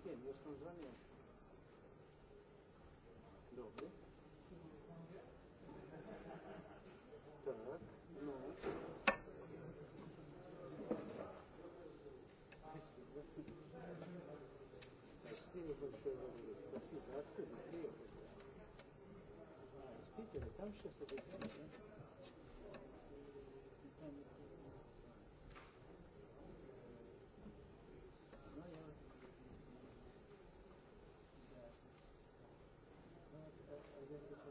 Etienne, io sono Zanio. Dove? Так, ну. Спасибо. Спасибо большое, Валерий. Спасибо. Откуда приехали? А, из Питера. Там сейчас это...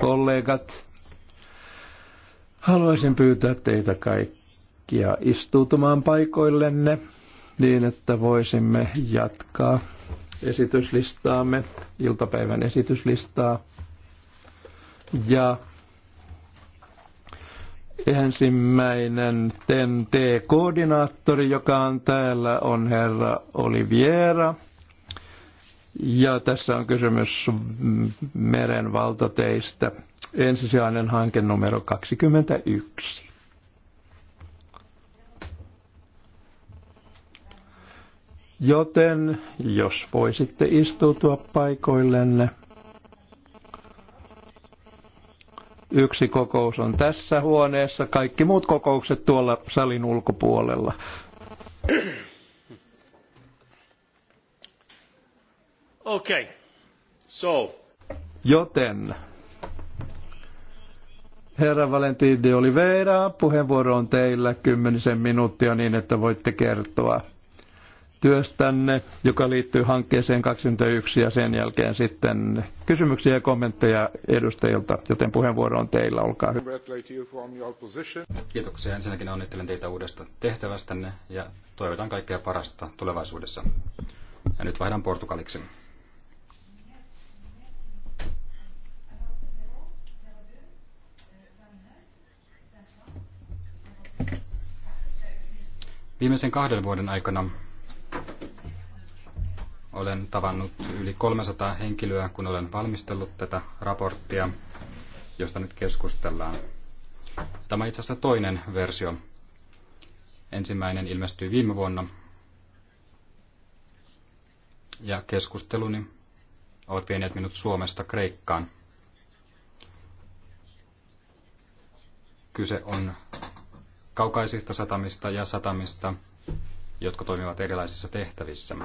Kollegat, haluaisin pyytää teitä kaikkia istuutumaan paikoillenne niin, että voisimme jatkaa esityslistaamme, iltapäivän esityslistaa. Ja ensimmäinen TEN-T-koordinaattori, joka on täällä, on herra Oliviera – ja tässä on kysymys meren valtateistä. Ensisijainen hanke numero 21. Joten jos voisitte istutua paikoillenne. Yksi kokous on tässä huoneessa, kaikki muut kokoukset tuolla salin ulkopuolella. Okay. So. Joten. Herra Valentin de Oliveira, puheenvuoro on teillä kymmenisen minuuttia niin, että voitte kertoa työstänne, joka liittyy hankkeeseen 21 ja sen jälkeen sitten kysymyksiä ja kommentteja edustajilta, joten puheenvuoro on teillä, olkaa hyvä. Kiitoksia. Ensinnäkin onnittelen teitä uudesta tehtävästänne ja toivotan kaikkea parasta tulevaisuudessa. Ja nyt vaihdan portugaliksi. Viimeisen kahden vuoden aikana olen tavannut yli 300 henkilöä, kun olen valmistellut tätä raporttia, josta nyt keskustellaan. Tämä on itse asiassa toinen versio. Ensimmäinen ilmestyi viime vuonna. Ja keskusteluni ovat vieneet minut Suomesta Kreikkaan. Kyse on kaukaisista satamista ja satamista, jotka toimivat erilaisissa tehtävissä.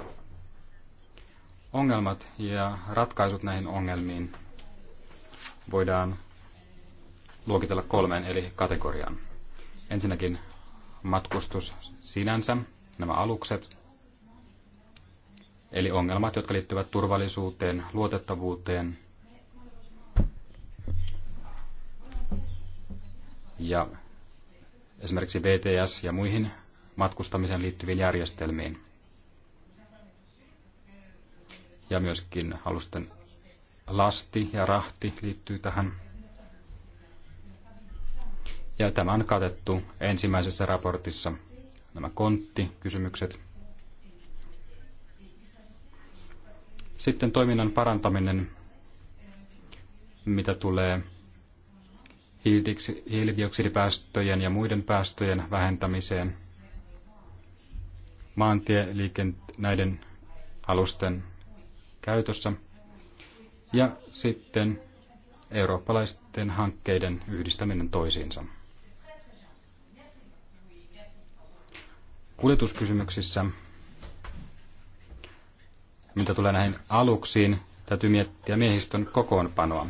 Ongelmat ja ratkaisut näihin ongelmiin voidaan luokitella kolmeen eli kategoriaan. Ensinnäkin matkustus sinänsä, nämä alukset, eli ongelmat, jotka liittyvät turvallisuuteen, luotettavuuteen ja esimerkiksi VTS ja muihin matkustamiseen liittyviin järjestelmiin. Ja myöskin alusten lasti ja rahti liittyy tähän. Ja tämä on katettu ensimmäisessä raportissa nämä konttikysymykset. Sitten toiminnan parantaminen, mitä tulee hiilidioksidipäästöjen ja muiden päästöjen vähentämiseen maantieliikent alusten käytössä ja sitten eurooppalaisten hankkeiden yhdistäminen toisiinsa. Kuljetuskysymyksissä, mitä tulee näihin aluksiin, täytyy miettiä miehistön kokoonpanoa.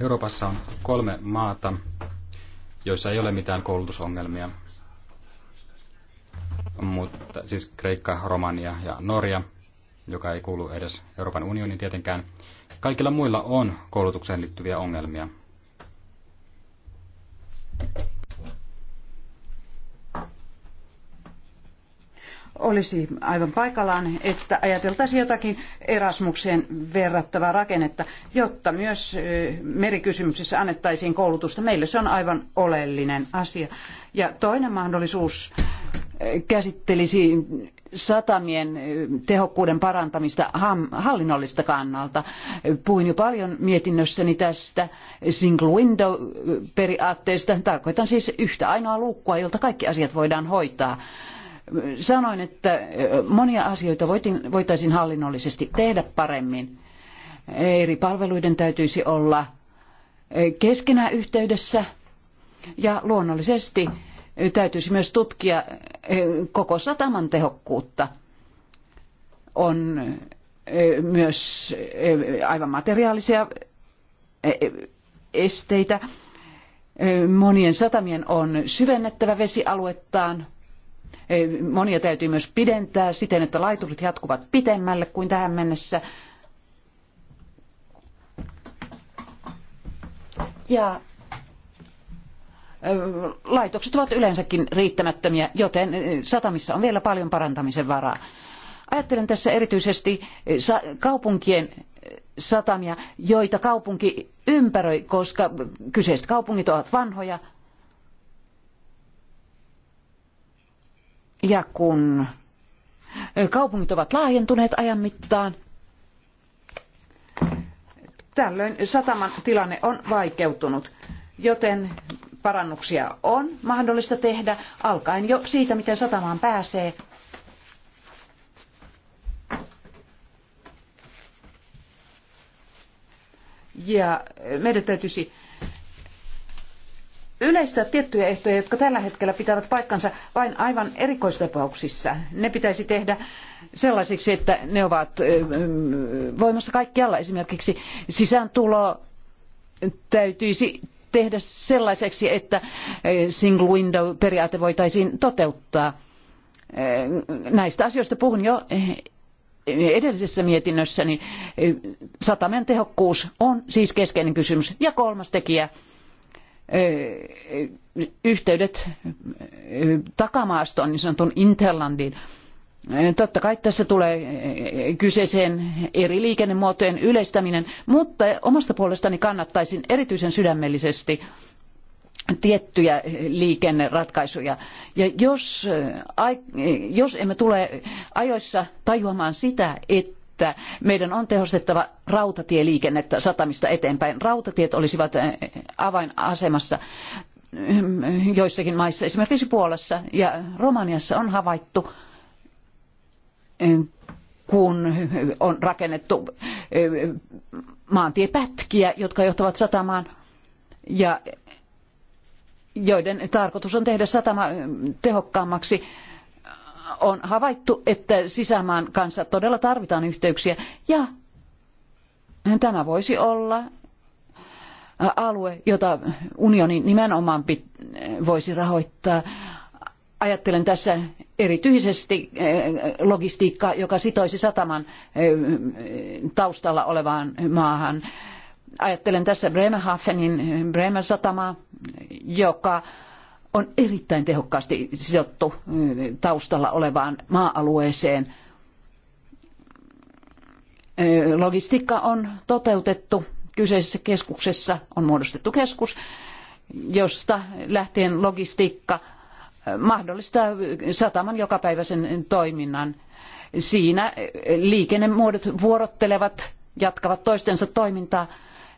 Euroopassa on kolme maata, joissa ei ole mitään koulutusongelmia. Mutta, siis Kreikka, Romania ja Norja, joka ei kuulu edes Euroopan unioniin tietenkään. Kaikilla muilla on koulutukseen liittyviä ongelmia. olisi aivan paikallaan, että ajateltaisiin jotakin Erasmukseen verrattavaa rakennetta, jotta myös merikysymyksissä annettaisiin koulutusta. Meille se on aivan oleellinen asia. Ja toinen mahdollisuus käsittelisi satamien tehokkuuden parantamista hallinnollista kannalta. Puhuin jo paljon mietinnössäni tästä single window-periaatteesta. Tarkoitan siis yhtä ainoa luukkua, jolta kaikki asiat voidaan hoitaa Sanoin, että monia asioita voitaisiin hallinnollisesti tehdä paremmin. Eri palveluiden täytyisi olla keskenään yhteydessä ja luonnollisesti täytyisi myös tutkia koko sataman tehokkuutta. On myös aivan materiaalisia esteitä. Monien satamien on syvennettävä vesialuettaan – Monia täytyy myös pidentää siten, että laiturit jatkuvat pitemmälle kuin tähän mennessä. Ja laitokset ovat yleensäkin riittämättömiä, joten satamissa on vielä paljon parantamisen varaa. Ajattelen tässä erityisesti kaupunkien satamia, joita kaupunki ympäröi, koska kyseiset kaupungit ovat vanhoja, Ja kun kaupungit ovat laajentuneet ajan mittaan, tällöin sataman tilanne on vaikeutunut, joten parannuksia on mahdollista tehdä alkaen jo siitä, miten satamaan pääsee Ja meidän täytyisi yleistää tiettyjä ehtoja, jotka tällä hetkellä pitävät paikkansa vain aivan erikoistapauksissa. Ne pitäisi tehdä sellaisiksi, että ne ovat voimassa kaikkialla. Esimerkiksi sisääntulo täytyisi tehdä sellaiseksi, että single window-periaate voitaisiin toteuttaa. Näistä asioista puhun jo edellisessä mietinnössäni. Satamen tehokkuus on siis keskeinen kysymys. Ja kolmas tekijä yhteydet takamaastoon, niin sanotun Interlandin. Totta kai tässä tulee kyseeseen eri liikennemuotojen yleistäminen, mutta omasta puolestani kannattaisin erityisen sydämellisesti tiettyjä liikenneratkaisuja. Ja jos, jos emme tule ajoissa tajuamaan sitä, että että meidän on tehostettava rautatieliikennettä satamista eteenpäin. Rautatiet olisivat eh, avainasemassa mm, joissakin maissa, esimerkiksi Puolassa ja Romaniassa on havaittu, eh, kun on rakennettu eh, maantiepätkiä, jotka johtavat satamaan ja joiden tarkoitus on tehdä satama tehokkaammaksi on havaittu, että sisämaan kanssa todella tarvitaan yhteyksiä ja tämä voisi olla alue, jota unioni nimenomaan voisi rahoittaa. Ajattelen tässä erityisesti logistiikkaa, joka sitoisi sataman taustalla olevaan maahan. Ajattelen tässä Bremerhavenin Bremer-satamaa, joka on erittäin tehokkaasti sidottu mm, taustalla olevaan maa-alueeseen. Mm, logistiikka on toteutettu kyseisessä keskuksessa, on muodostettu keskus, josta lähtien logistiikka mm, mahdollistaa sataman jokapäiväisen toiminnan. Siinä liikennemuodot vuorottelevat, jatkavat toistensa toimintaa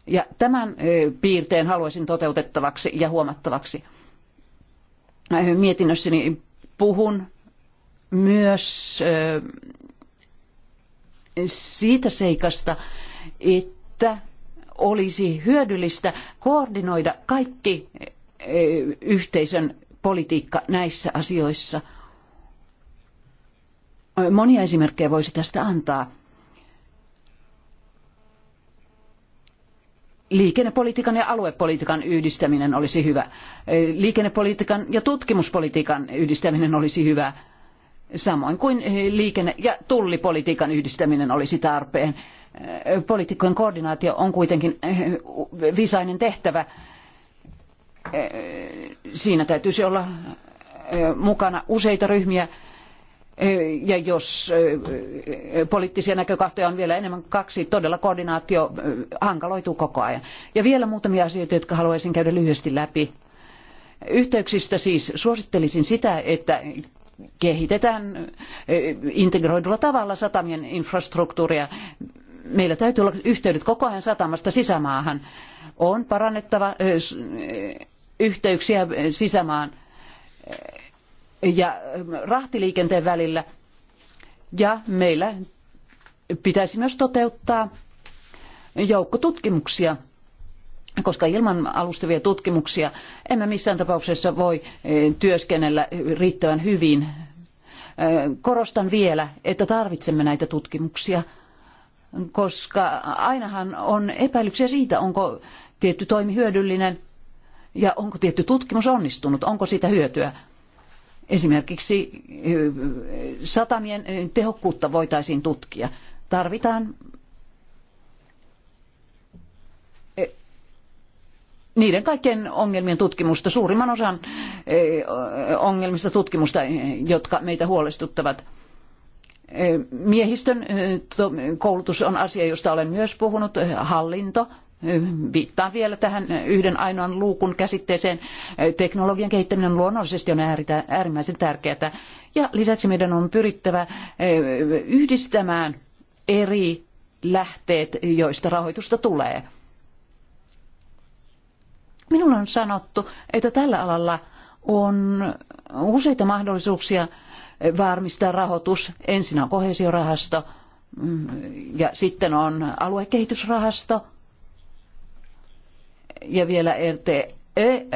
ja tämän piirteen haluaisin toteutettavaksi ja huomattavaksi mietinnössäni puhun myös siitä seikasta, että olisi hyödyllistä koordinoida kaikki yhteisön politiikka näissä asioissa. Monia esimerkkejä voisi tästä antaa. liikennepolitiikan ja aluepolitiikan yhdistäminen olisi hyvä. Liikennepolitiikan ja tutkimuspolitiikan yhdistäminen olisi hyvä. Samoin kuin liikenne- ja tullipolitiikan yhdistäminen olisi tarpeen. Poliitikkojen koordinaatio on kuitenkin visainen tehtävä. Siinä täytyisi olla mukana useita ryhmiä ja jos poliittisia näkökohtia on vielä enemmän kaksi, todella koordinaatio hankaloituu koko ajan. Ja vielä muutamia asioita, jotka haluaisin käydä lyhyesti läpi. Yhteyksistä siis suosittelisin sitä, että kehitetään integroidulla tavalla satamien infrastruktuuria. Meillä täytyy olla yhteydet koko ajan satamasta sisämaahan. On parannettava yhteyksiä sisämaan ja ähm, rahtiliikenteen välillä. Ja meillä pitäisi myös toteuttaa joukkotutkimuksia, koska ilman alustavia tutkimuksia emme missään tapauksessa voi äh, työskennellä riittävän hyvin. Äh, korostan vielä, että tarvitsemme näitä tutkimuksia, koska ainahan on epäilyksiä siitä, onko tietty toimi hyödyllinen ja onko tietty tutkimus onnistunut, onko siitä hyötyä Esimerkiksi satamien tehokkuutta voitaisiin tutkia. Tarvitaan niiden kaikkien ongelmien tutkimusta, suurimman osan ongelmista tutkimusta, jotka meitä huolestuttavat. Miehistön koulutus on asia, josta olen myös puhunut, hallinto, Viittaan vielä tähän yhden ainoan luukun käsitteeseen. Teknologian kehittäminen luonnollisesti on äärimmäisen tärkeää. Ja lisäksi meidän on pyrittävä eh, yhdistämään eri lähteet, joista rahoitusta tulee. Minulle on sanottu, että tällä alalla on useita mahdollisuuksia eh, varmistaa rahoitus. Ensin on kohesiorahasto mm, ja sitten on aluekehitysrahasto – ja vielä RT e, eh,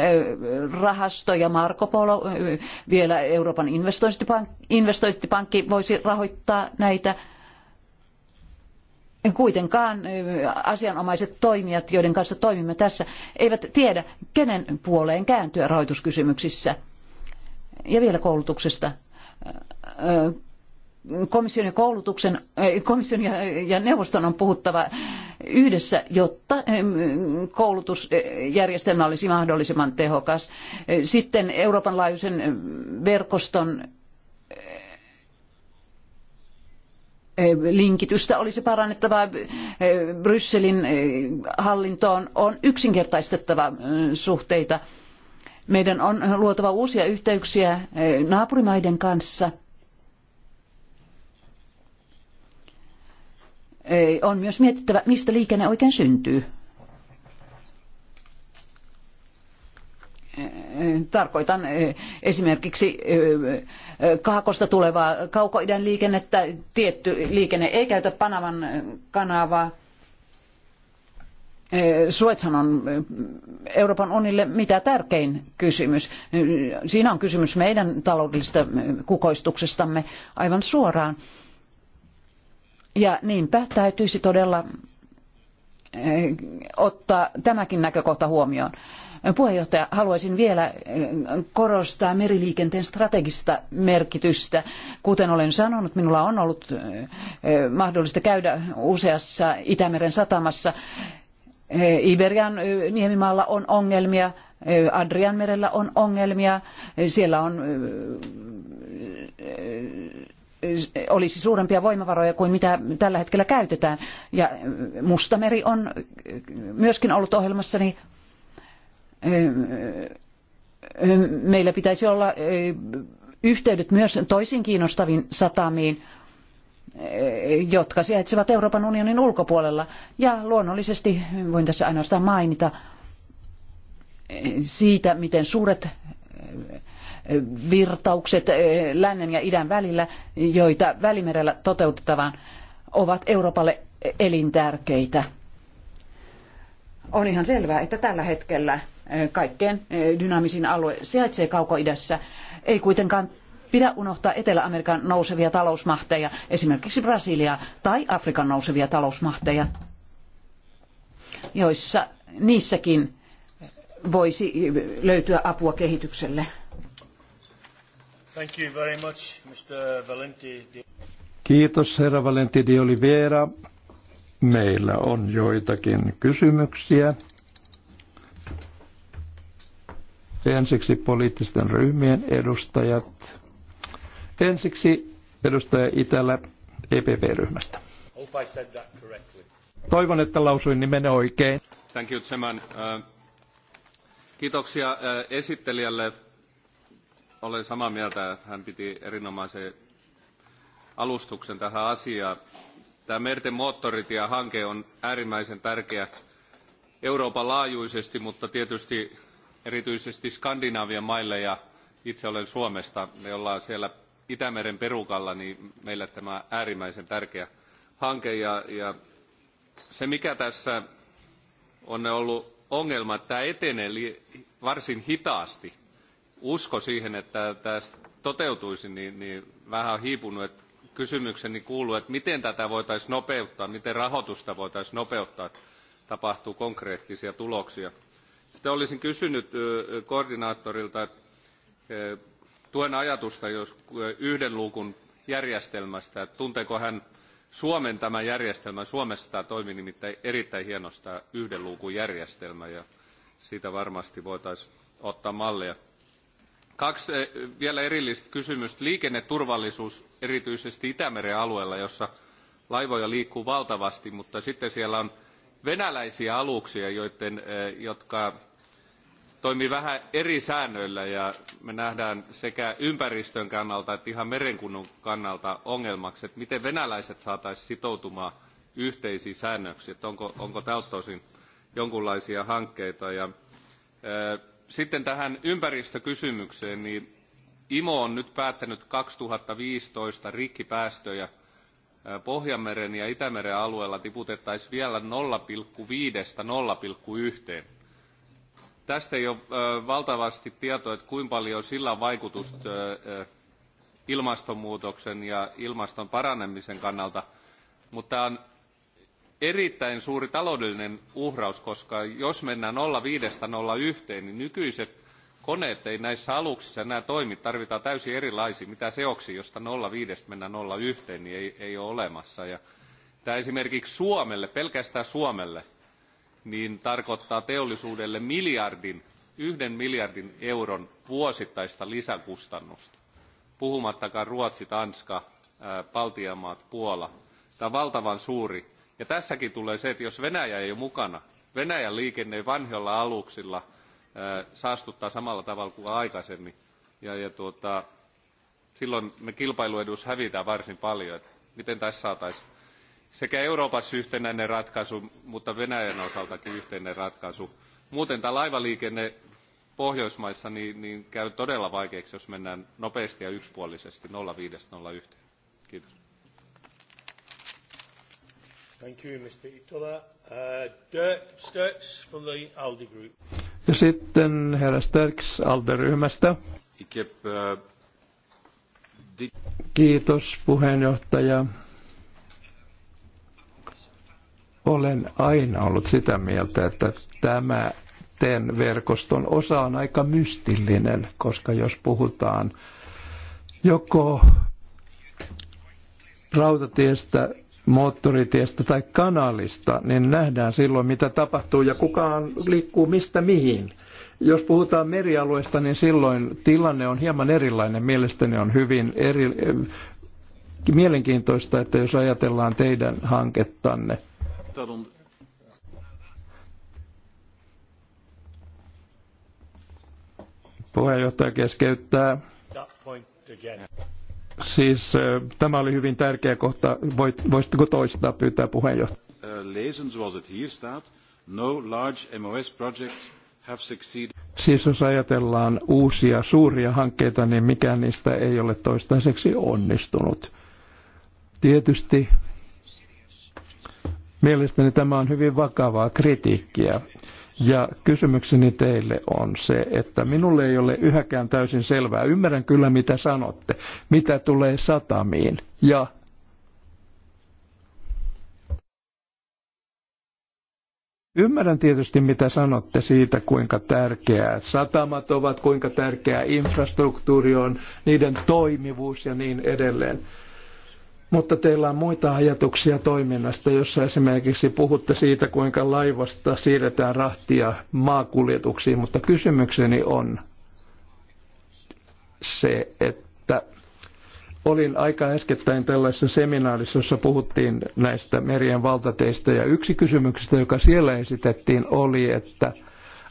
rahasto ja Marco Polo, eh, vielä Euroopan investointipankki, investointipankki voisi rahoittaa näitä kuitenkaan eh, asianomaiset toimijat, joiden kanssa toimimme tässä, eivät tiedä, kenen puoleen kääntyä rahoituskysymyksissä. Ja vielä koulutuksesta komission ja koulutuksen, eh, komission ja, neuvoston on puhuttava yhdessä, jotta eh, koulutusjärjestelmä olisi mahdollisimman tehokas. Eh, sitten Euroopan laajuisen verkoston linkitystä olisi parannettava Brysselin hallintoon, on yksinkertaistettava suhteita. Meidän on luotava uusia yhteyksiä naapurimaiden kanssa – on myös mietittävä, mistä liikenne oikein syntyy. Tarkoitan eh, esimerkiksi eh, Kaakosta tulevaa kaukoidän liikennettä. Tietty liikenne ei käytä Panaman kanavaa. Eh, Suethan on Euroopan unille mitä tärkein kysymys. Siinä on kysymys meidän taloudellisesta kukoistuksestamme aivan suoraan. Ja niinpä täytyisi todella eh, ottaa tämäkin näkökohta huomioon. Puheenjohtaja, haluaisin vielä eh, korostaa meriliikenteen strategista merkitystä. Kuten olen sanonut, minulla on ollut eh, mahdollista käydä useassa Itämeren satamassa. Iberian niemimaalla on ongelmia, Adrianmerellä on ongelmia, siellä on olisi suurempia voimavaroja kuin mitä tällä hetkellä käytetään. Ja Mustameri on myöskin ollut ohjelmassani meillä pitäisi olla yhteydet myös toisiin kiinnostaviin satamiin, jotka sijaitsevat Euroopan unionin ulkopuolella. Ja luonnollisesti voin tässä ainoastaan mainita siitä, miten suuret virtaukset eh, lännen ja idän välillä, joita Välimerellä toteutetaan, ovat Euroopalle elintärkeitä. On ihan selvää, että tällä hetkellä eh, kaikkein eh, dynaamisin alue sijaitsee kaukoidässä. Ei kuitenkaan pidä unohtaa Etelä-Amerikan nousevia talousmahteja, esimerkiksi Brasiliaa tai Afrikan nousevia talousmahteja, joissa niissäkin voisi löytyä apua kehitykselle. Thank you very much, Mr. Valenti. Kiitos, herra Valenti de Oliveira. Meillä on joitakin kysymyksiä. Ensiksi poliittisten ryhmien edustajat. Ensiksi edustaja Itälä EPP-ryhmästä. Toivon, että lausuin nimen oikein. Thank you, äh, Kiitoksia äh, esittelijälle olen samaa mieltä, että hän piti erinomaisen alustuksen tähän asiaan. Tämä merten moottoritiehanke on äärimmäisen tärkeä Euroopan laajuisesti, mutta tietysti erityisesti Skandinavian maille ja itse olen Suomesta, me ollaan siellä Itämeren perukalla, niin meillä tämä äärimmäisen tärkeä hanke ja, ja se mikä tässä on ollut ongelma, että tämä etenee varsin hitaasti – usko siihen, että tästä toteutuisi, niin, niin vähän on hiipunut. Että kysymykseni kuuluu, että miten tätä voitaisiin nopeuttaa, miten rahoitusta voitaisiin nopeuttaa, että tapahtuu konkreettisia tuloksia. Sitten olisin kysynyt koordinaattorilta, että tuen ajatusta jos yhden luukun järjestelmästä, että tunteeko hän Suomen tämän järjestelmän. Suomessa tämä toimi nimittäin erittäin hienosti tämä yhden luukun järjestelmä ja siitä varmasti voitaisiin ottaa mallia. Kaksi eh, vielä erillistä kysymystä. Liikenneturvallisuus erityisesti Itämeren alueella, jossa laivoja liikkuu valtavasti, mutta sitten siellä on venäläisiä aluksia, joiden, eh, jotka toimii vähän eri säännöillä ja me nähdään sekä ympäristön kannalta että ihan merenkunnan kannalta ongelmaksi, että miten venäläiset saataisiin sitoutumaan yhteisiin säännöksiin, että onko, onko tältä osin jonkunlaisia hankkeita. Ja, ää, eh, sitten tähän ympäristökysymykseen, niin IMO on nyt päättänyt 2015 rikkipäästöjä Pohjanmeren ja Itämeren alueella tiputettaisiin vielä 0,5-0,1. Tästä ei ole valtavasti tietoa, että kuinka paljon sillä on vaikutusta ilmastonmuutoksen ja ilmaston paranemisen kannalta, mutta tämä on erittäin suuri taloudellinen uhraus, koska jos mennään 05 yhteen, niin nykyiset koneet ei näissä aluksissa enää toimi, tarvitaan täysin erilaisia. Mitä seoksi, josta 05 mennään 01, niin ei, ei ole olemassa. Ja tämä esimerkiksi Suomelle, pelkästään Suomelle, niin tarkoittaa teollisuudelle miljardin, yhden miljardin euron vuosittaista lisäkustannusta. Puhumattakaan Ruotsi, Tanska, Baltian maat, Puola. Tämä on valtavan suuri ja tässäkin tulee se, että jos Venäjä ei ole mukana, Venäjän liikenne vanhoilla aluksilla ää, saastuttaa samalla tavalla kuin aikaisemmin. Ja, ja tuota, silloin me kilpailuedus hävitään varsin paljon. Että miten tässä saataisiin sekä Euroopassa yhtenäinen ratkaisu, mutta Venäjän osaltakin yhteinen ratkaisu. Muuten tämä laivaliikenne Pohjoismaissa niin, niin käy todella vaikeaksi, jos mennään nopeasti ja yksipuolisesti 0501. Kiitos. Thank you, Mr. Uh, Dirk from the ALDE group. Ja sitten herra ALDE-ryhmästä. Uh, Kiitos puheenjohtaja. Olen aina ollut sitä mieltä, että tämä TEN-verkoston osa on aika mystillinen, koska jos puhutaan joko rautatiestä moottoritiestä tai kanalista, niin nähdään silloin, mitä tapahtuu ja kukaan liikkuu mistä mihin. Jos puhutaan merialueesta, niin silloin tilanne on hieman erilainen. Mielestäni on hyvin eri, mielenkiintoista, että jos ajatellaan teidän hankettanne. Puheenjohtaja keskeyttää. Siis tämä oli hyvin tärkeä kohta. Voit, voisitteko toistaa, pyytää puheenjohtaja? No siis jos ajatellaan uusia suuria hankkeita, niin mikään niistä ei ole toistaiseksi onnistunut. Tietysti mielestäni tämä on hyvin vakavaa kritiikkiä. Ja kysymykseni teille on se, että minulle ei ole yhäkään täysin selvää. Ymmärrän kyllä, mitä sanotte. Mitä tulee satamiin ja Ymmärrän tietysti, mitä sanotte siitä, kuinka tärkeää satamat ovat, kuinka tärkeää infrastruktuuri on, niiden toimivuus ja niin edelleen. Mutta teillä on muita ajatuksia toiminnasta, jossa esimerkiksi puhutte siitä, kuinka laivasta siirretään rahtia maakuljetuksiin, mutta kysymykseni on se, että olin aika äskettäin tällaisessa seminaarissa, jossa puhuttiin näistä merien valtateista, ja yksi kysymyksistä, joka siellä esitettiin, oli, että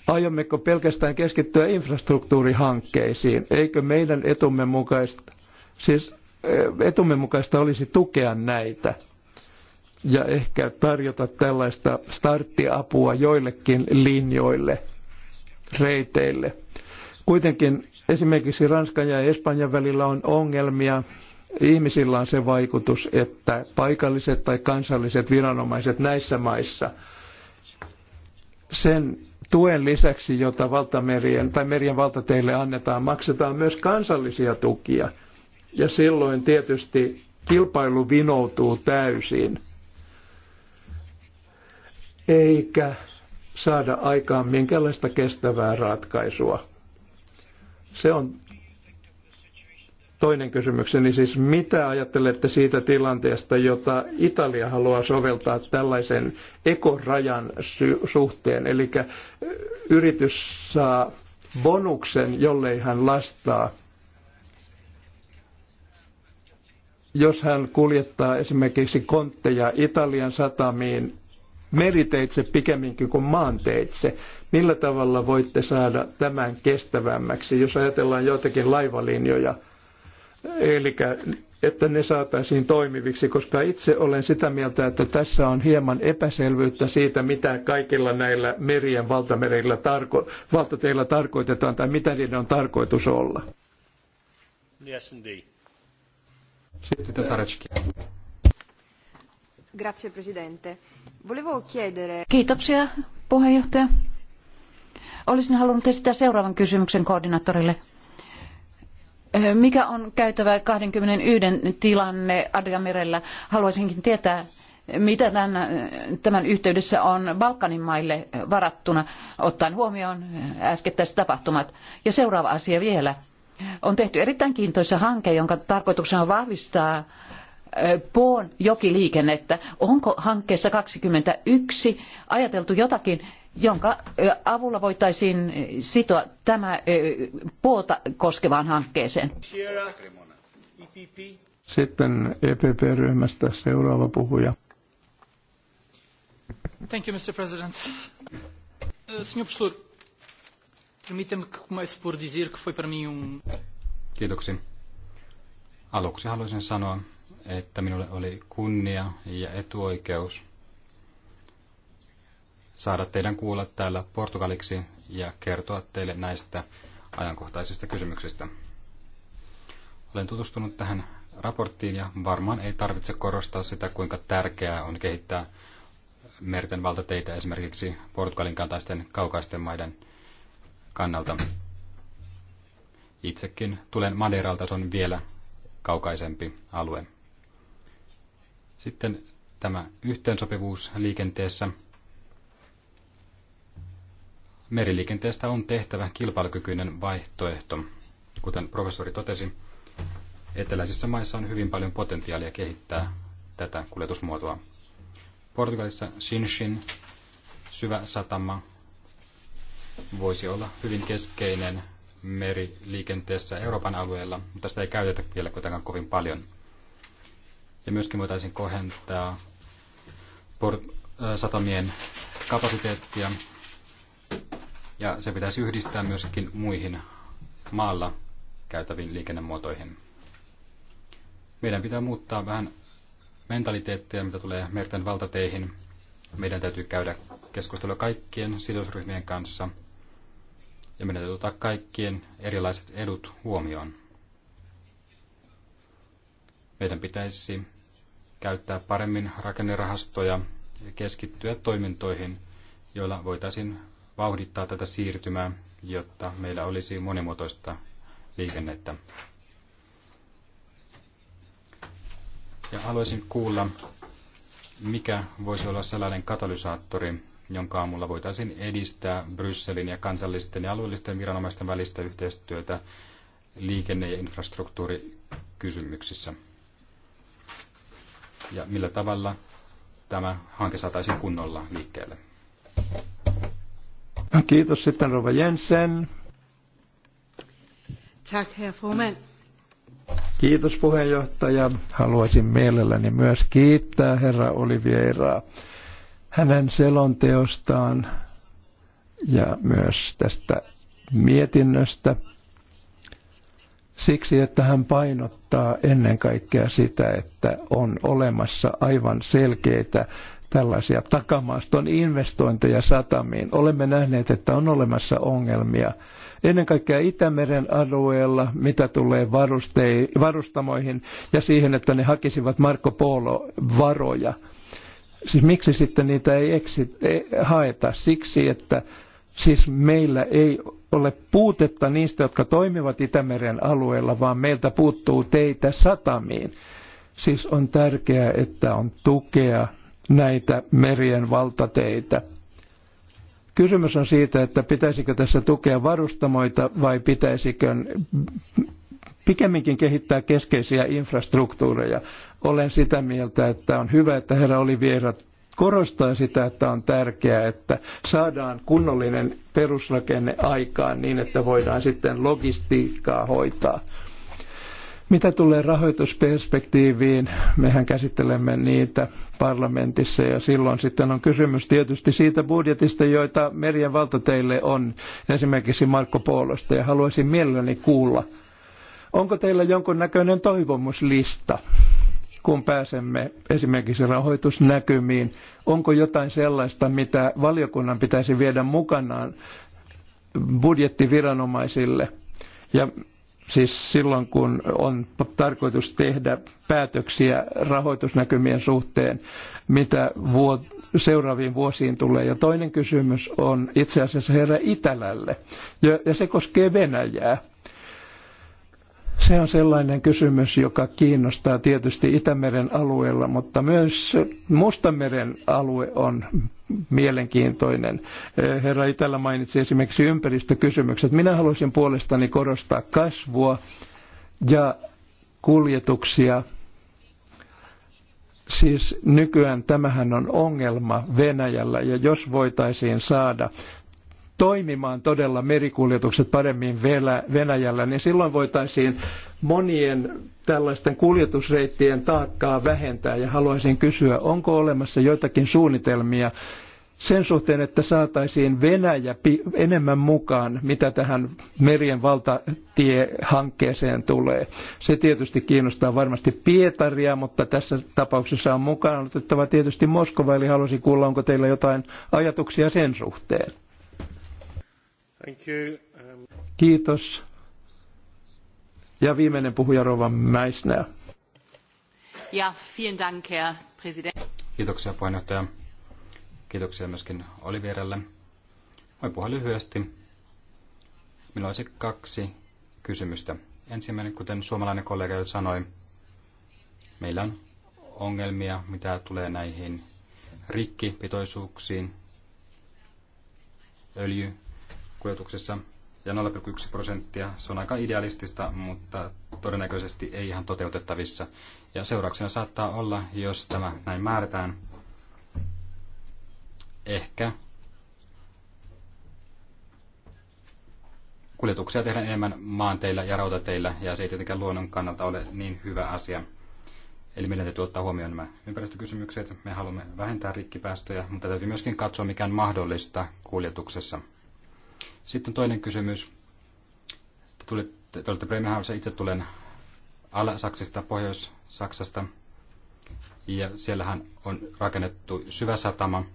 aiommeko pelkästään keskittyä infrastruktuurihankkeisiin, eikö meidän etumme mukaista, siis etumme mukaista olisi tukea näitä ja ehkä tarjota tällaista starttiapua joillekin linjoille, reiteille. Kuitenkin esimerkiksi Ranskan ja Espanjan välillä on ongelmia. Ihmisillä on se vaikutus, että paikalliset tai kansalliset viranomaiset näissä maissa sen tuen lisäksi, jota valtamerien tai merien valtateille annetaan, maksetaan myös kansallisia tukia – ja silloin tietysti kilpailu vinoutuu täysin, eikä saada aikaan minkäänlaista kestävää ratkaisua. Se on toinen kysymykseni siis, mitä ajattelette siitä tilanteesta, jota Italia haluaa soveltaa tällaisen ekorajan suhteen, eli yritys saa bonuksen, jollei hän lastaa jos hän kuljettaa esimerkiksi kontteja Italian satamiin meriteitse pikemminkin kuin maanteitse, millä tavalla voitte saada tämän kestävämmäksi, jos ajatellaan joitakin laivalinjoja, eli että ne saataisiin toimiviksi, koska itse olen sitä mieltä, että tässä on hieman epäselvyyttä siitä, mitä kaikilla näillä merien valtamerillä tarko- valtateillä tarkoitetaan tai mitä niiden on tarkoitus olla. Yes, indeed. Kiitoksia puheenjohtaja. Olisin halunnut esittää seuraavan kysymyksen koordinaattorille. Mikä on käytävä 21 tilanne Adgamirella? Haluaisinkin tietää, mitä tämän, tämän yhteydessä on Balkanin maille varattuna, ottaen huomioon äskettäiset tapahtumat. Ja seuraava asia vielä on tehty erittäin kiintoisa hanke, jonka tarkoituksena on vahvistaa Poon jokiliikennettä. Onko hankkeessa 21 ajateltu jotakin, jonka avulla voitaisiin sitoa tämä Poota koskevaan hankkeeseen? Sitten EPP-ryhmästä seuraava puhuja. Thank you, Mr. President permitam me que comece por dizer que foi para mim um... Kiitoksia. Aluksi haluaisin sanoa, että minulle oli kunnia ja etuoikeus saada teidän kuulla täällä portugaliksi ja kertoa teille näistä ajankohtaisista kysymyksistä. Olen tutustunut tähän raporttiin ja varmaan ei tarvitse korostaa sitä, kuinka tärkeää on kehittää merten valtateitä esimerkiksi Portugalin kaltaisten kaukaisten maiden kannalta. Itsekin tulen Madeiralta, se on vielä kaukaisempi alue. Sitten tämä yhteensopivuus liikenteessä. Meriliikenteestä on tehtävä kilpailukykyinen vaihtoehto. Kuten professori totesi, eteläisissä maissa on hyvin paljon potentiaalia kehittää tätä kuljetusmuotoa. Portugalissa Sinshin, syvä satama, voisi olla hyvin keskeinen meriliikenteessä Euroopan alueella, mutta sitä ei käytetä vielä kuitenkaan kovin paljon. Ja myöskin voitaisiin kohentaa port- satamien kapasiteettia, ja se pitäisi yhdistää myöskin muihin maalla käytäviin liikennemuotoihin. Meidän pitää muuttaa vähän mentaliteettia, mitä tulee merten valtateihin. Meidän täytyy käydä keskustelua kaikkien sidosryhmien kanssa – ja meidän täytyy ottaa kaikkien erilaiset edut huomioon. Meidän pitäisi käyttää paremmin rakennerahastoja ja keskittyä toimintoihin, joilla voitaisiin vauhdittaa tätä siirtymää, jotta meillä olisi monimuotoista liikennettä. Ja haluaisin kuulla, mikä voisi olla sellainen katalysaattori, jonka aamulla voitaisiin edistää Brysselin ja kansallisten ja alueellisten viranomaisten välistä yhteistyötä liikenne- ja infrastruktuurikysymyksissä. Ja millä tavalla tämä hanke saataisiin kunnolla liikkeelle. Kiitos sitten Rova Jensen. Tack, herr Kiitos puheenjohtaja. Haluaisin mielelläni myös kiittää herra Olivieraa hänen selonteostaan ja myös tästä mietinnöstä siksi, että hän painottaa ennen kaikkea sitä, että on olemassa aivan selkeitä tällaisia takamaaston investointeja satamiin. Olemme nähneet, että on olemassa ongelmia ennen kaikkea Itämeren alueella, mitä tulee varustamoihin ja siihen, että ne hakisivat Marko Polo varoja. Siis miksi sitten niitä ei exit, ei haeta? Siksi, että siis meillä ei ole puutetta niistä, jotka toimivat Itämeren alueella, vaan meiltä puuttuu teitä satamiin. Siis on tärkeää, että on tukea näitä merien valtateitä. Kysymys on siitä, että pitäisikö tässä tukea varustamoita vai pitäisikö pikemminkin kehittää keskeisiä infrastruktuureja. Olen sitä mieltä, että on hyvä, että herra Oliviera korostaa sitä, että on tärkeää, että saadaan kunnollinen perusrakenne aikaan niin, että voidaan sitten logistiikkaa hoitaa. Mitä tulee rahoitusperspektiiviin, mehän käsittelemme niitä parlamentissa ja silloin sitten on kysymys tietysti siitä budjetista, joita merien valtateille on, esimerkiksi Marko Poolosta ja haluaisin mielelläni kuulla, onko teillä näköinen toivomuslista kun pääsemme esimerkiksi rahoitusnäkymiin? Onko jotain sellaista, mitä valiokunnan pitäisi viedä mukanaan budjettiviranomaisille? Ja siis silloin, kun on tarkoitus tehdä päätöksiä rahoitusnäkymien suhteen, mitä vuot- seuraaviin vuosiin tulee. Ja toinen kysymys on itse asiassa herra Itälälle, ja, ja se koskee Venäjää. Se on sellainen kysymys, joka kiinnostaa tietysti Itämeren alueella, mutta myös Mustanmeren alue on mielenkiintoinen. Eh, herra Itälä mainitsi esimerkiksi ympäristökysymykset. Minä haluaisin puolestani korostaa kasvua ja kuljetuksia. Siis nykyään tämähän on ongelma Venäjällä ja jos voitaisiin saada toimimaan todella merikuljetukset paremmin Venäjällä, niin silloin voitaisiin monien tällaisten kuljetusreittien taakkaa vähentää. Ja haluaisin kysyä, onko olemassa joitakin suunnitelmia sen suhteen, että saataisiin Venäjä enemmän mukaan, mitä tähän merien valtatiehankkeeseen tulee. Se tietysti kiinnostaa varmasti Pietaria, mutta tässä tapauksessa on mukaan otettava tietysti Moskova, eli haluaisin kuulla, onko teillä jotain ajatuksia sen suhteen. Thank you. Um, Kiitos. Ja viimeinen puhuja Rova Mäisnä. Ja, vielen dank, Herr President. Kiitoksia puheenjohtaja. Kiitoksia myöskin Olivierelle. Voin puhua lyhyesti. Minulla olisi kaksi kysymystä. Ensimmäinen, kuten suomalainen kollega jo sanoi, meillä on ongelmia, mitä tulee näihin rikkipitoisuuksiin, öljy- kuljetuksissa ja 0,1 prosenttia. Se on aika idealistista, mutta todennäköisesti ei ihan toteutettavissa. Ja seurauksena saattaa olla, jos tämä näin määrätään, ehkä kuljetuksia tehdään enemmän maanteillä ja rautateillä, ja se ei tietenkään luonnon kannalta ole niin hyvä asia. Eli meidän täytyy ottaa huomioon nämä ympäristökysymykset. Me haluamme vähentää rikkipäästöjä, mutta täytyy myöskin katsoa, mikä on mahdollista kuljetuksessa – sitten toinen kysymys. Te, tulitte, te olette Bremenhavissa, itse tulen Ala-Saksista, Pohjois-Saksasta. Ja siellähän on rakennettu syvä satama.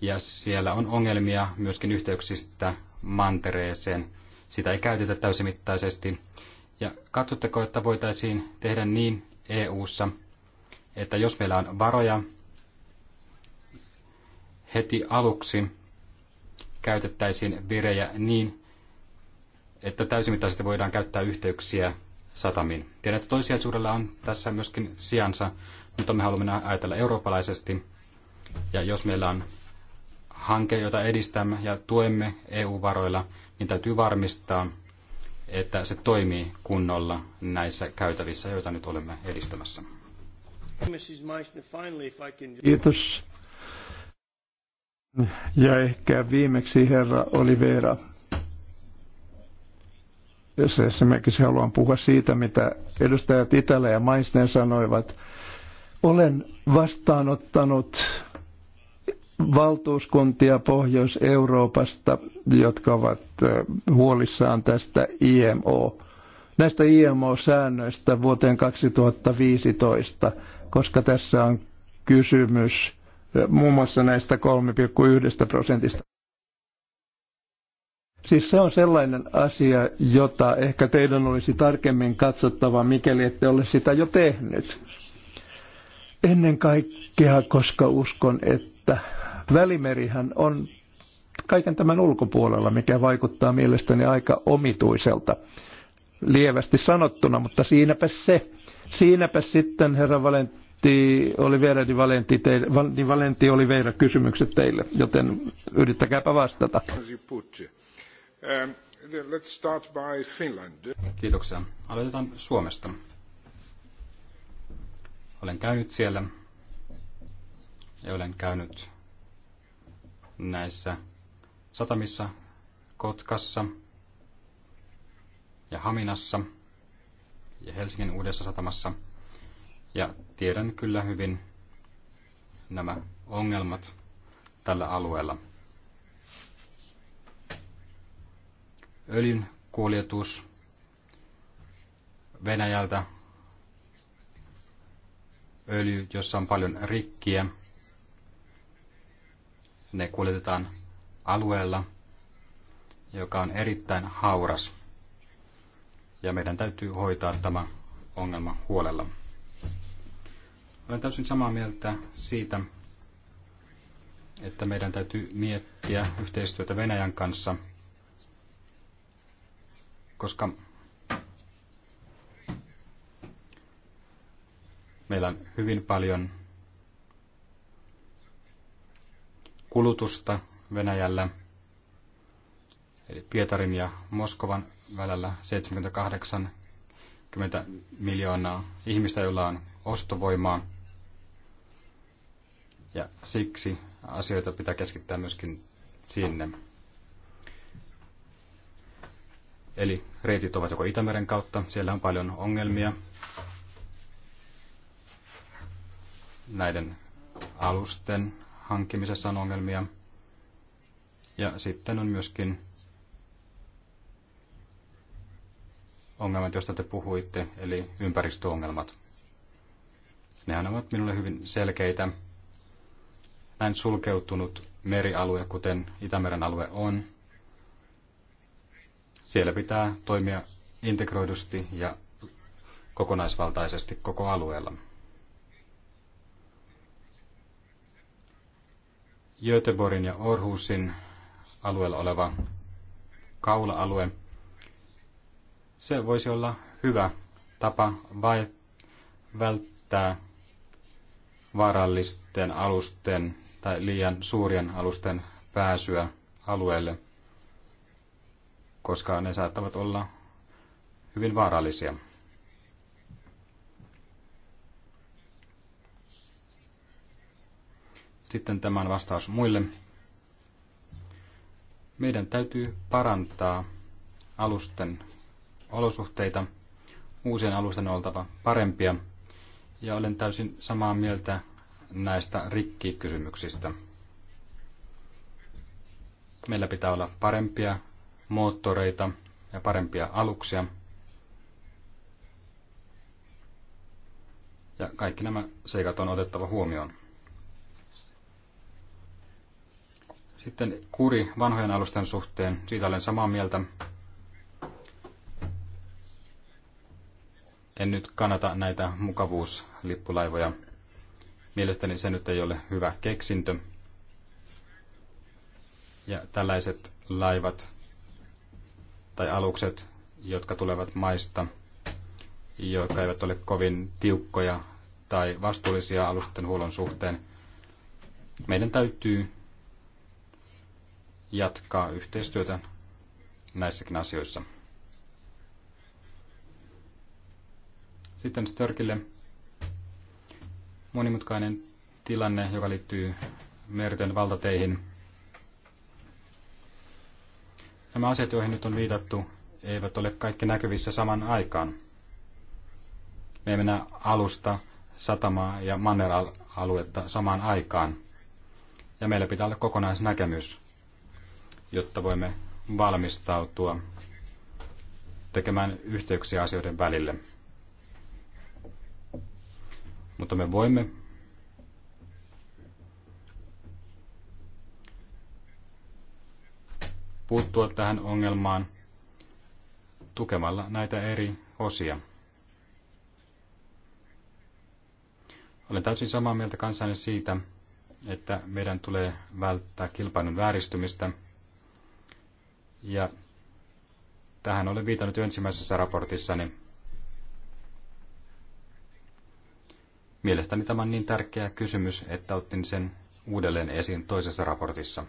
Ja siellä on ongelmia myöskin yhteyksistä mantereeseen. Sitä ei käytetä täysimittaisesti. Ja katsotteko, että voitaisiin tehdä niin EU-ssa, että jos meillä on varoja heti aluksi, käytettäisiin virejä niin, että täysimittaisesti voidaan käyttää yhteyksiä satamiin. Tiedän, että toissijaisuudella on tässä myöskin sijansa, mutta me haluamme ajatella eurooppalaisesti. Ja jos meillä on hanke, jota edistämme ja tuemme EU-varoilla, niin täytyy varmistaa, että se toimii kunnolla näissä käytävissä, joita nyt olemme edistämässä. Kiitos. Ja ehkä viimeksi herra Oliveira, Jos esimerkiksi haluan puhua siitä, mitä edustajat Itälä ja Maisnen sanoivat. Olen vastaanottanut valtuuskuntia Pohjois-Euroopasta, jotka ovat huolissaan tästä IMO, näistä IMO-säännöistä vuoteen 2015, koska tässä on kysymys muun muassa näistä 3,1 prosentista. Siis se on sellainen asia, jota ehkä teidän olisi tarkemmin katsottava, mikäli ette ole sitä jo tehnyt. Ennen kaikkea, koska uskon, että välimerihän on kaiken tämän ulkopuolella, mikä vaikuttaa mielestäni aika omituiselta. Lievästi sanottuna, mutta siinäpä se. Siinäpä sitten, herra Valent, Valentti oli vielä, niin Valentti, teille, niin Valentti oli vielä kysymykset teille, joten yrittäkääpä vastata. Let's start by Finland. Kiitoksia. Aloitetaan Suomesta. Olen käynyt siellä ja olen käynyt näissä satamissa Kotkassa ja Haminassa ja Helsingin uudessa satamassa. Ja tiedän kyllä hyvin nämä ongelmat tällä alueella. Öljyn kuljetus Venäjältä, öljy, jossa on paljon rikkiä, ne kuljetetaan alueella, joka on erittäin hauras. Ja meidän täytyy hoitaa tämä ongelma huolella. Olen täysin samaa mieltä siitä, että meidän täytyy miettiä yhteistyötä Venäjän kanssa, koska meillä on hyvin paljon kulutusta Venäjällä, eli Pietarin ja Moskovan välillä 78 miljoonaa ihmistä, joilla on ostovoimaa. Ja siksi asioita pitää keskittää myöskin sinne. Eli reitit ovat joko Itämeren kautta, siellä on paljon ongelmia näiden alusten hankkimisessa on ongelmia. Ja sitten on myöskin ongelmat, joista te puhuitte, eli ympäristöongelmat. Nehän ovat minulle hyvin selkeitä näin sulkeutunut merialue, kuten Itämeren alue on, siellä pitää toimia integroidusti ja kokonaisvaltaisesti koko alueella. Göteborgin ja Orhusin alueella oleva kaula-alue, se voisi olla hyvä tapa vai välttää vaarallisten alusten tai liian suurien alusten pääsyä alueelle, koska ne saattavat olla hyvin vaarallisia. Sitten tämän vastaus muille. Meidän täytyy parantaa alusten olosuhteita. Uusien alusten on oltava parempia. Ja olen täysin samaa mieltä näistä rikkikysymyksistä. Meillä pitää olla parempia moottoreita ja parempia aluksia. Ja kaikki nämä seikat on otettava huomioon. Sitten kuri vanhojen alusten suhteen, siitä olen samaa mieltä. En nyt kannata näitä mukavuuslippulaivoja. Mielestäni se nyt ei ole hyvä keksintö. Ja tällaiset laivat tai alukset, jotka tulevat maista, jotka eivät ole kovin tiukkoja tai vastuullisia alusten huollon suhteen, meidän täytyy jatkaa yhteistyötä näissäkin asioissa. Sitten Störkille monimutkainen tilanne, joka liittyy merten valtateihin. Nämä asiat, joihin nyt on viitattu, eivät ole kaikki näkyvissä saman aikaan. Me emme näe alusta, satamaa ja manneraluetta samaan aikaan. Ja meillä pitää olla kokonaisnäkemys, jotta voimme valmistautua tekemään yhteyksiä asioiden välille. Mutta me voimme puuttua tähän ongelmaan tukemalla näitä eri osia. Olen täysin samaa mieltä kanssani siitä, että meidän tulee välttää kilpailun vääristymistä. Ja tähän olen viitannut jo ensimmäisessä raportissani. Mielestäni tämä on niin tärkeä kysymys, että otin sen uudelleen esiin toisessa raportissa.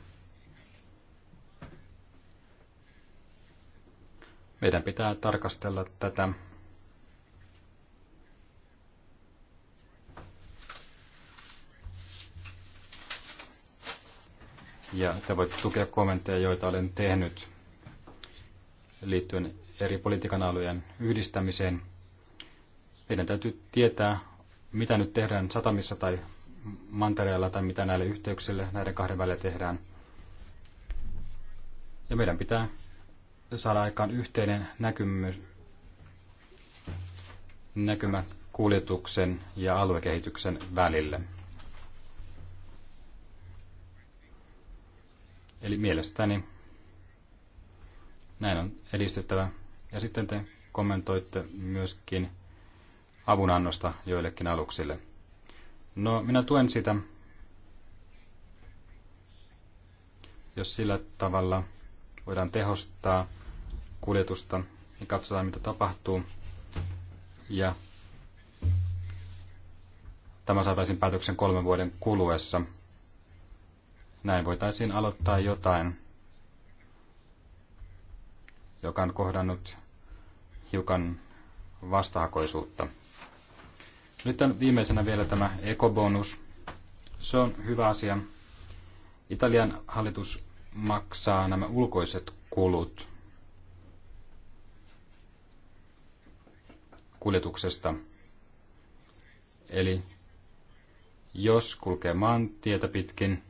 Meidän pitää tarkastella tätä Ja te voitte tukea kommentteja, joita olen tehnyt liittyen eri politiikan alueen yhdistämiseen. Meidän täytyy tietää, mitä nyt tehdään satamissa tai mantereella tai mitä näille yhteyksille näiden kahden välillä tehdään. Ja meidän pitää saada aikaan yhteinen näkymys, näkymä kuljetuksen ja aluekehityksen välille. Eli mielestäni näin on edistettävä. Ja sitten te kommentoitte myöskin avunannosta joillekin aluksille. No, minä tuen sitä, jos sillä tavalla voidaan tehostaa kuljetusta ja katsotaan, mitä tapahtuu. Ja tämä saataisiin päätöksen kolmen vuoden kuluessa. Näin voitaisiin aloittaa jotain, joka on kohdannut hiukan vastahakoisuutta. Nyt on viimeisenä vielä tämä ekobonus. Se on hyvä asia. Italian hallitus maksaa nämä ulkoiset kulut kuljetuksesta. Eli jos kulkee maantietä pitkin,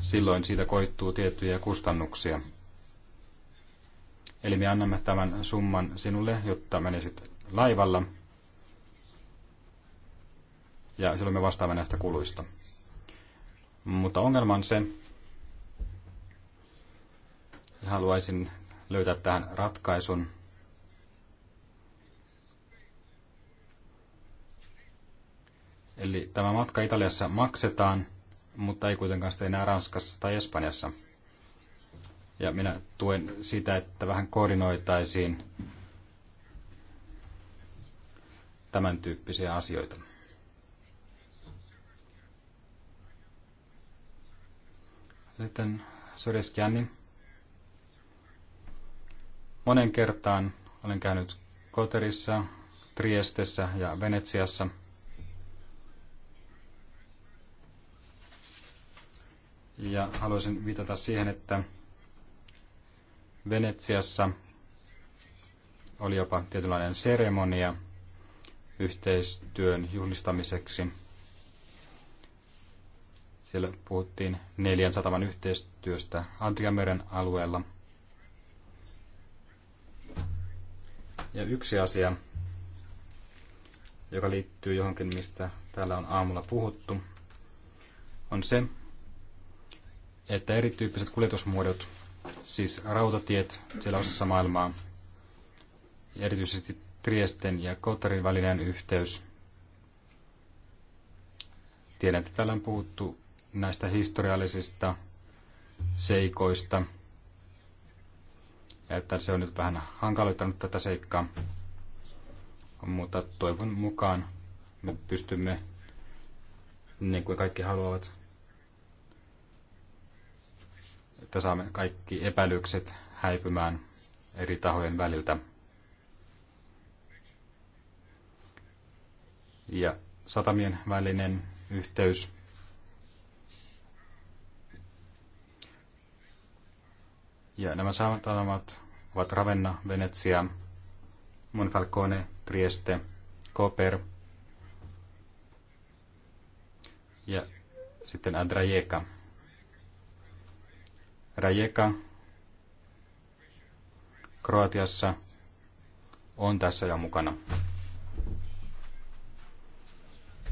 silloin siitä koittuu tiettyjä kustannuksia. Eli me annamme tämän summan sinulle, jotta menisit laivalla – ja silloin me vastaamme näistä kuluista. Mutta ongelma on se, ja haluaisin löytää tähän ratkaisun, Eli tämä matka Italiassa maksetaan, mutta ei kuitenkaan sitä enää Ranskassa tai Espanjassa. Ja minä tuen sitä, että vähän koordinoitaisiin tämän tyyppisiä asioita. Sitten Syrjäskäni. Monen kertaan olen käynyt Koterissa, Triestessä ja Venetsiassa. Ja haluaisin viitata siihen, että Venetsiassa oli jopa tietynlainen seremonia yhteistyön juhlistamiseksi. Siellä puhuttiin neljän sataman yhteistyöstä Adriameren alueella. Ja yksi asia, joka liittyy johonkin, mistä täällä on aamulla puhuttu, on se, että erityyppiset kuljetusmuodot, siis rautatiet siellä osassa maailmaa, ja erityisesti Triesten ja Kotarin välinen yhteys. Tiedän, että täällä on puhuttu näistä historiallisista seikoista. Ja että se on nyt vähän hankaloittanut tätä seikkaa. Mutta toivon mukaan me pystymme, niin kuin kaikki haluavat, että saamme kaikki epäilykset häipymään eri tahojen väliltä. Ja satamien välinen yhteys Ja nämä satamat ovat Ravenna, Venetsia, Monfalcone, Trieste, Koper ja sitten Adrajeka. Rajeka Kroatiassa on tässä jo mukana.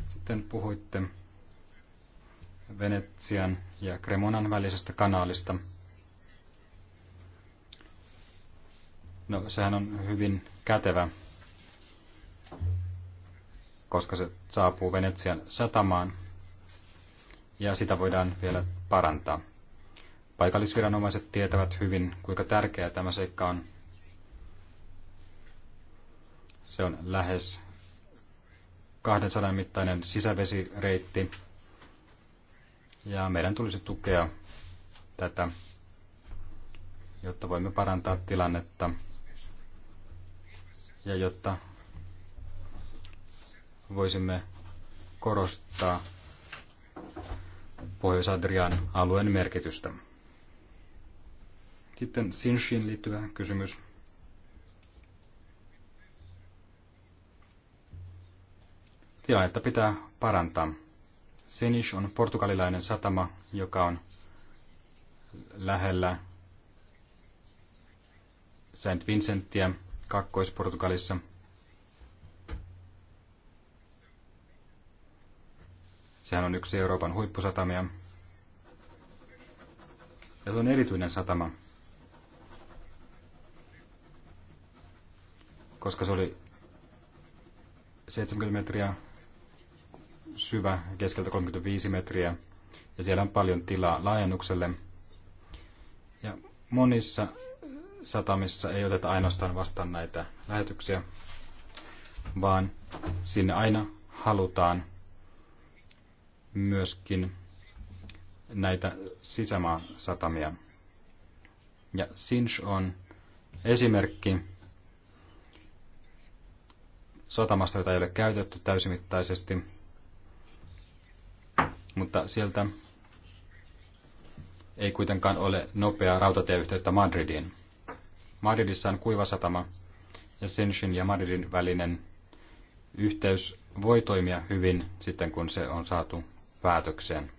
Sitten puhuitte Venetsian ja Kremonan välisestä kanaalista – No sehän on hyvin kätevä, koska se saapuu Venetsian satamaan ja sitä voidaan vielä parantaa. Paikallisviranomaiset tietävät hyvin, kuinka tärkeä tämä seikka on. Se on lähes 200 mittainen sisävesireitti ja meidän tulisi tukea tätä, jotta voimme parantaa tilannetta ja jotta voisimme korostaa Pohjois-Adrian alueen merkitystä. Sitten Sinshin liittyvä kysymys. Tilannetta pitää parantaa. Sinish on portugalilainen satama, joka on lähellä Saint Vincentia. Kakkois-Portugalissa. Sehän on yksi Euroopan huippusatamia. Ja se on erityinen satama, koska se oli 70 metriä syvä, keskeltä 35 metriä, ja siellä on paljon tilaa laajennukselle. Ja monissa satamissa ei oteta ainoastaan vastaan näitä lähetyksiä, vaan sinne aina halutaan myöskin näitä satamia. Ja Sinch on esimerkki satamasta, jota ei ole käytetty täysimittaisesti, mutta sieltä ei kuitenkaan ole nopeaa rautatieyhteyttä Madridiin. Madridissa on kuivasatama ja Senshin ja Madridin välinen yhteys voi toimia hyvin sitten, kun se on saatu päätökseen.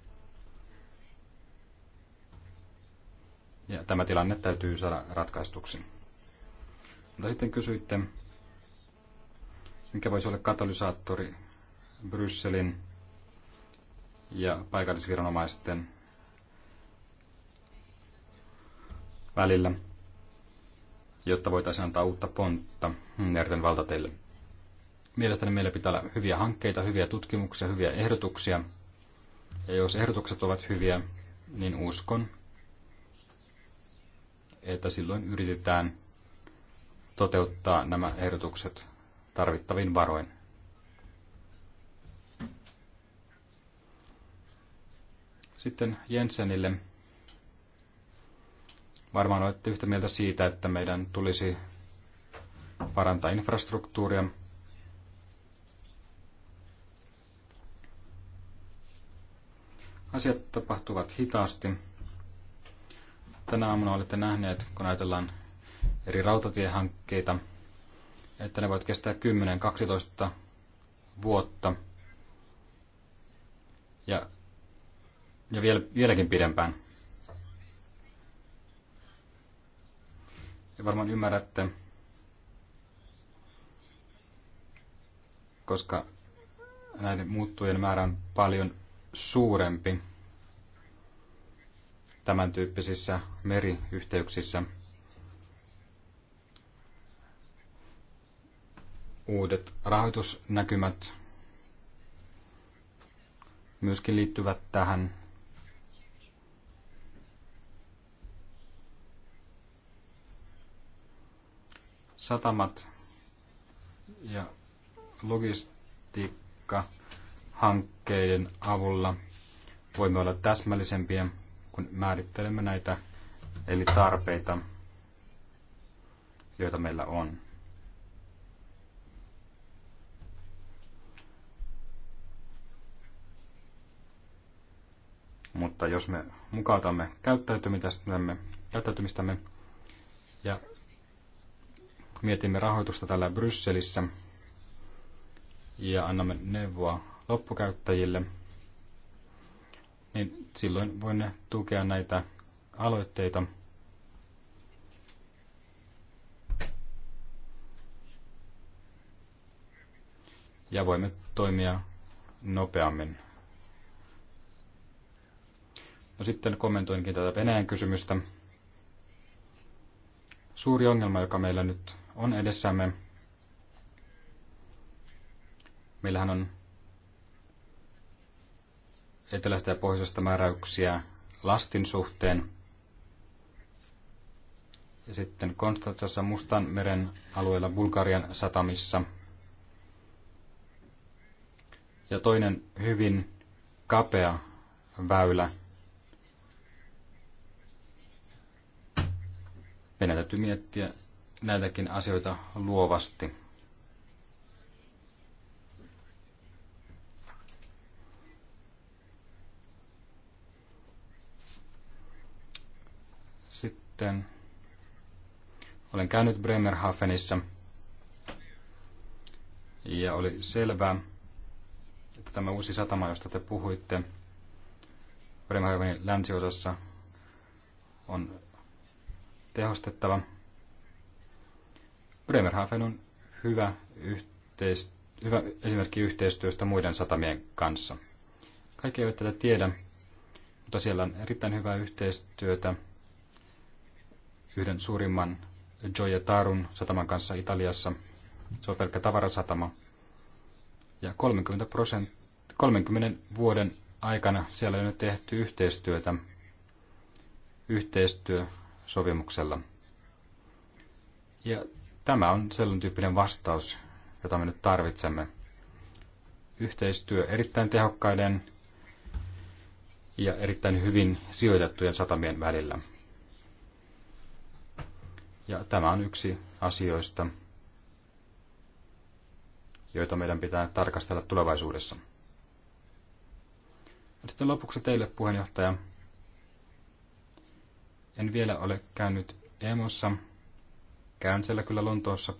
Ja tämä tilanne täytyy saada ratkaistuksi. Mutta sitten kysyitte, mikä voisi olla katalysaattori Brysselin ja paikallisviranomaisten välillä jotta voitaisiin antaa uutta pontta Nerten valtateille. Mielestäni meillä pitää olla hyviä hankkeita, hyviä tutkimuksia, hyviä ehdotuksia. Ja jos ehdotukset ovat hyviä, niin uskon, että silloin yritetään toteuttaa nämä ehdotukset tarvittavin varoin. Sitten Jensenille. Varmaan olette yhtä mieltä siitä, että meidän tulisi parantaa infrastruktuuria. Asiat tapahtuvat hitaasti. Tänä aamuna olette nähneet, kun ajatellaan eri rautatiehankkeita, että ne voivat kestää 10-12 vuotta ja, ja vielä, vieläkin pidempään. Ja varmaan ymmärrätte, koska näiden muuttujen määrä on paljon suurempi tämän tyyppisissä meriyhteyksissä. Uudet rahoitusnäkymät myöskin liittyvät tähän. Satamat ja logistiikka hankkeiden avulla voimme olla täsmällisempiä, kun määrittelemme näitä eli tarpeita, joita meillä on. Mutta jos me mukautamme käyttäytymistämme, käyttäytymistämme mietimme rahoitusta täällä Brysselissä ja annamme neuvoa loppukäyttäjille, niin silloin voimme tukea näitä aloitteita. Ja voimme toimia nopeammin. No sitten kommentoinkin tätä Venäjän kysymystä. Suuri ongelma, joka meillä nyt on edessämme. Meillähän on etelästä ja pohjoisesta määräyksiä lastin suhteen. Ja sitten Konstantsassa Mustan meren alueella Bulgarian satamissa. Ja toinen hyvin kapea väylä. Meidän täytyy miettiä näitäkin asioita luovasti. Sitten olen käynyt Bremerhavenissa ja oli selvää, että tämä uusi satama, josta te puhuitte, Bremerhavenin länsiosassa on tehostettava Bremerhaven on hyvä, yhteis, hyvä esimerkki yhteistyöstä muiden satamien kanssa. Kaikki eivät tätä tiedä, mutta siellä on erittäin hyvää yhteistyötä yhden suurimman Gioia Tarun sataman kanssa Italiassa. Se on pelkkä tavarasatama. Ja 30, prosent, 30 vuoden aikana siellä on nyt tehty yhteistyötä yhteistyösopimuksella. Ja Tämä on sellainen tyyppinen vastaus, jota me nyt tarvitsemme. Yhteistyö erittäin tehokkaiden ja erittäin hyvin sijoitettujen satamien välillä. Ja tämä on yksi asioista, joita meidän pitää tarkastella tulevaisuudessa. Sitten lopuksi teille, puheenjohtaja. En vielä ole käynyt EMOssa, Käyn siellä kyllä Lontoossa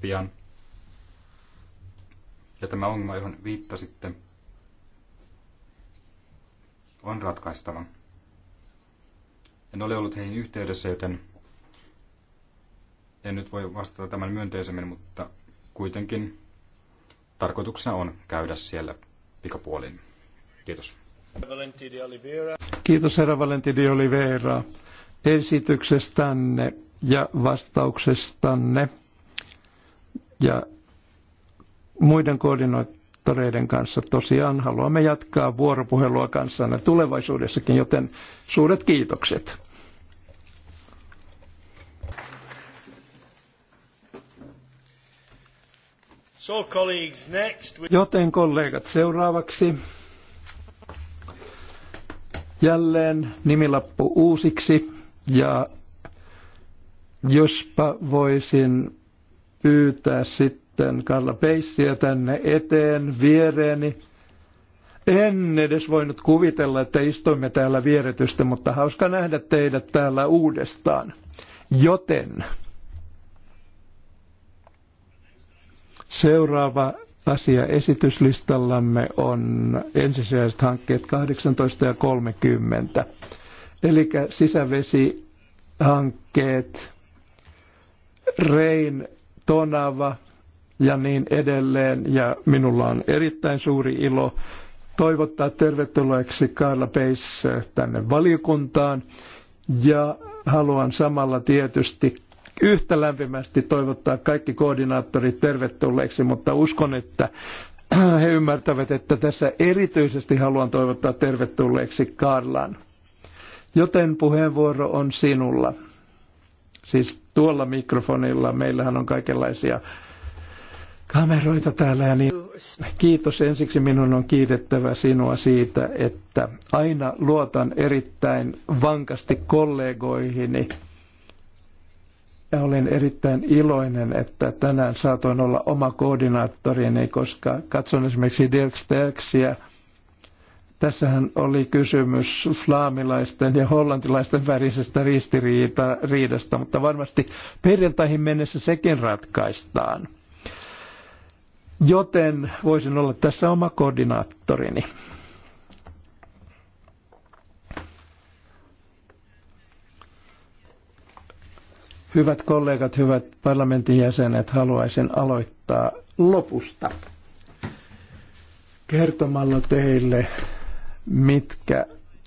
pian. Ja tämä ongelma, johon viittasitte, on ratkaistava. En ole ollut heihin yhteydessä, joten en nyt voi vastata tämän myönteisemmin, mutta kuitenkin tarkoituksena on käydä siellä pikapuolin. Kiitos. Kiitos herra Valentini Oliveira esityksestänne ja vastauksestanne ja muiden koordinoittoreiden kanssa. Tosiaan haluamme jatkaa vuoropuhelua kanssanne tulevaisuudessakin, joten suuret kiitokset. So, colleagues, next Joten kollegat, seuraavaksi jälleen nimilappu uusiksi ja Jospa voisin pyytää sitten Karla Peissiä tänne eteen viereeni. En edes voinut kuvitella, että istuimme täällä vieretystä, mutta hauska nähdä teidät täällä uudestaan. Joten seuraava asia esityslistallamme on ensisijaiset hankkeet 18 ja 30. Eli sisävesihankkeet Rein Tonava ja niin edelleen. Ja minulla on erittäin suuri ilo toivottaa tervetulleeksi Karla Peis äh, tänne valiokuntaan. Ja haluan samalla tietysti yhtä lämpimästi toivottaa kaikki koordinaattorit tervetulleeksi, mutta uskon, että he ymmärtävät, että tässä erityisesti haluan toivottaa tervetulleeksi Karlan. Joten puheenvuoro on sinulla. Siis tuolla mikrofonilla meillähän on kaikenlaisia kameroita täällä. Ja niin. Kiitos ensiksi minun on kiitettävä sinua siitä, että aina luotan erittäin vankasti kollegoihini. Ja olen erittäin iloinen, että tänään saatoin olla oma koordinaattorini, koska katson esimerkiksi Dirk Sterksiä, Tässähän oli kysymys flaamilaisten ja hollantilaisten värisestä ristiriidasta, mutta varmasti perjantaihin mennessä sekin ratkaistaan. Joten voisin olla tässä oma koordinaattorini. Hyvät kollegat, hyvät parlamentin jäsenet, haluaisin aloittaa lopusta kertomalla teille mitkä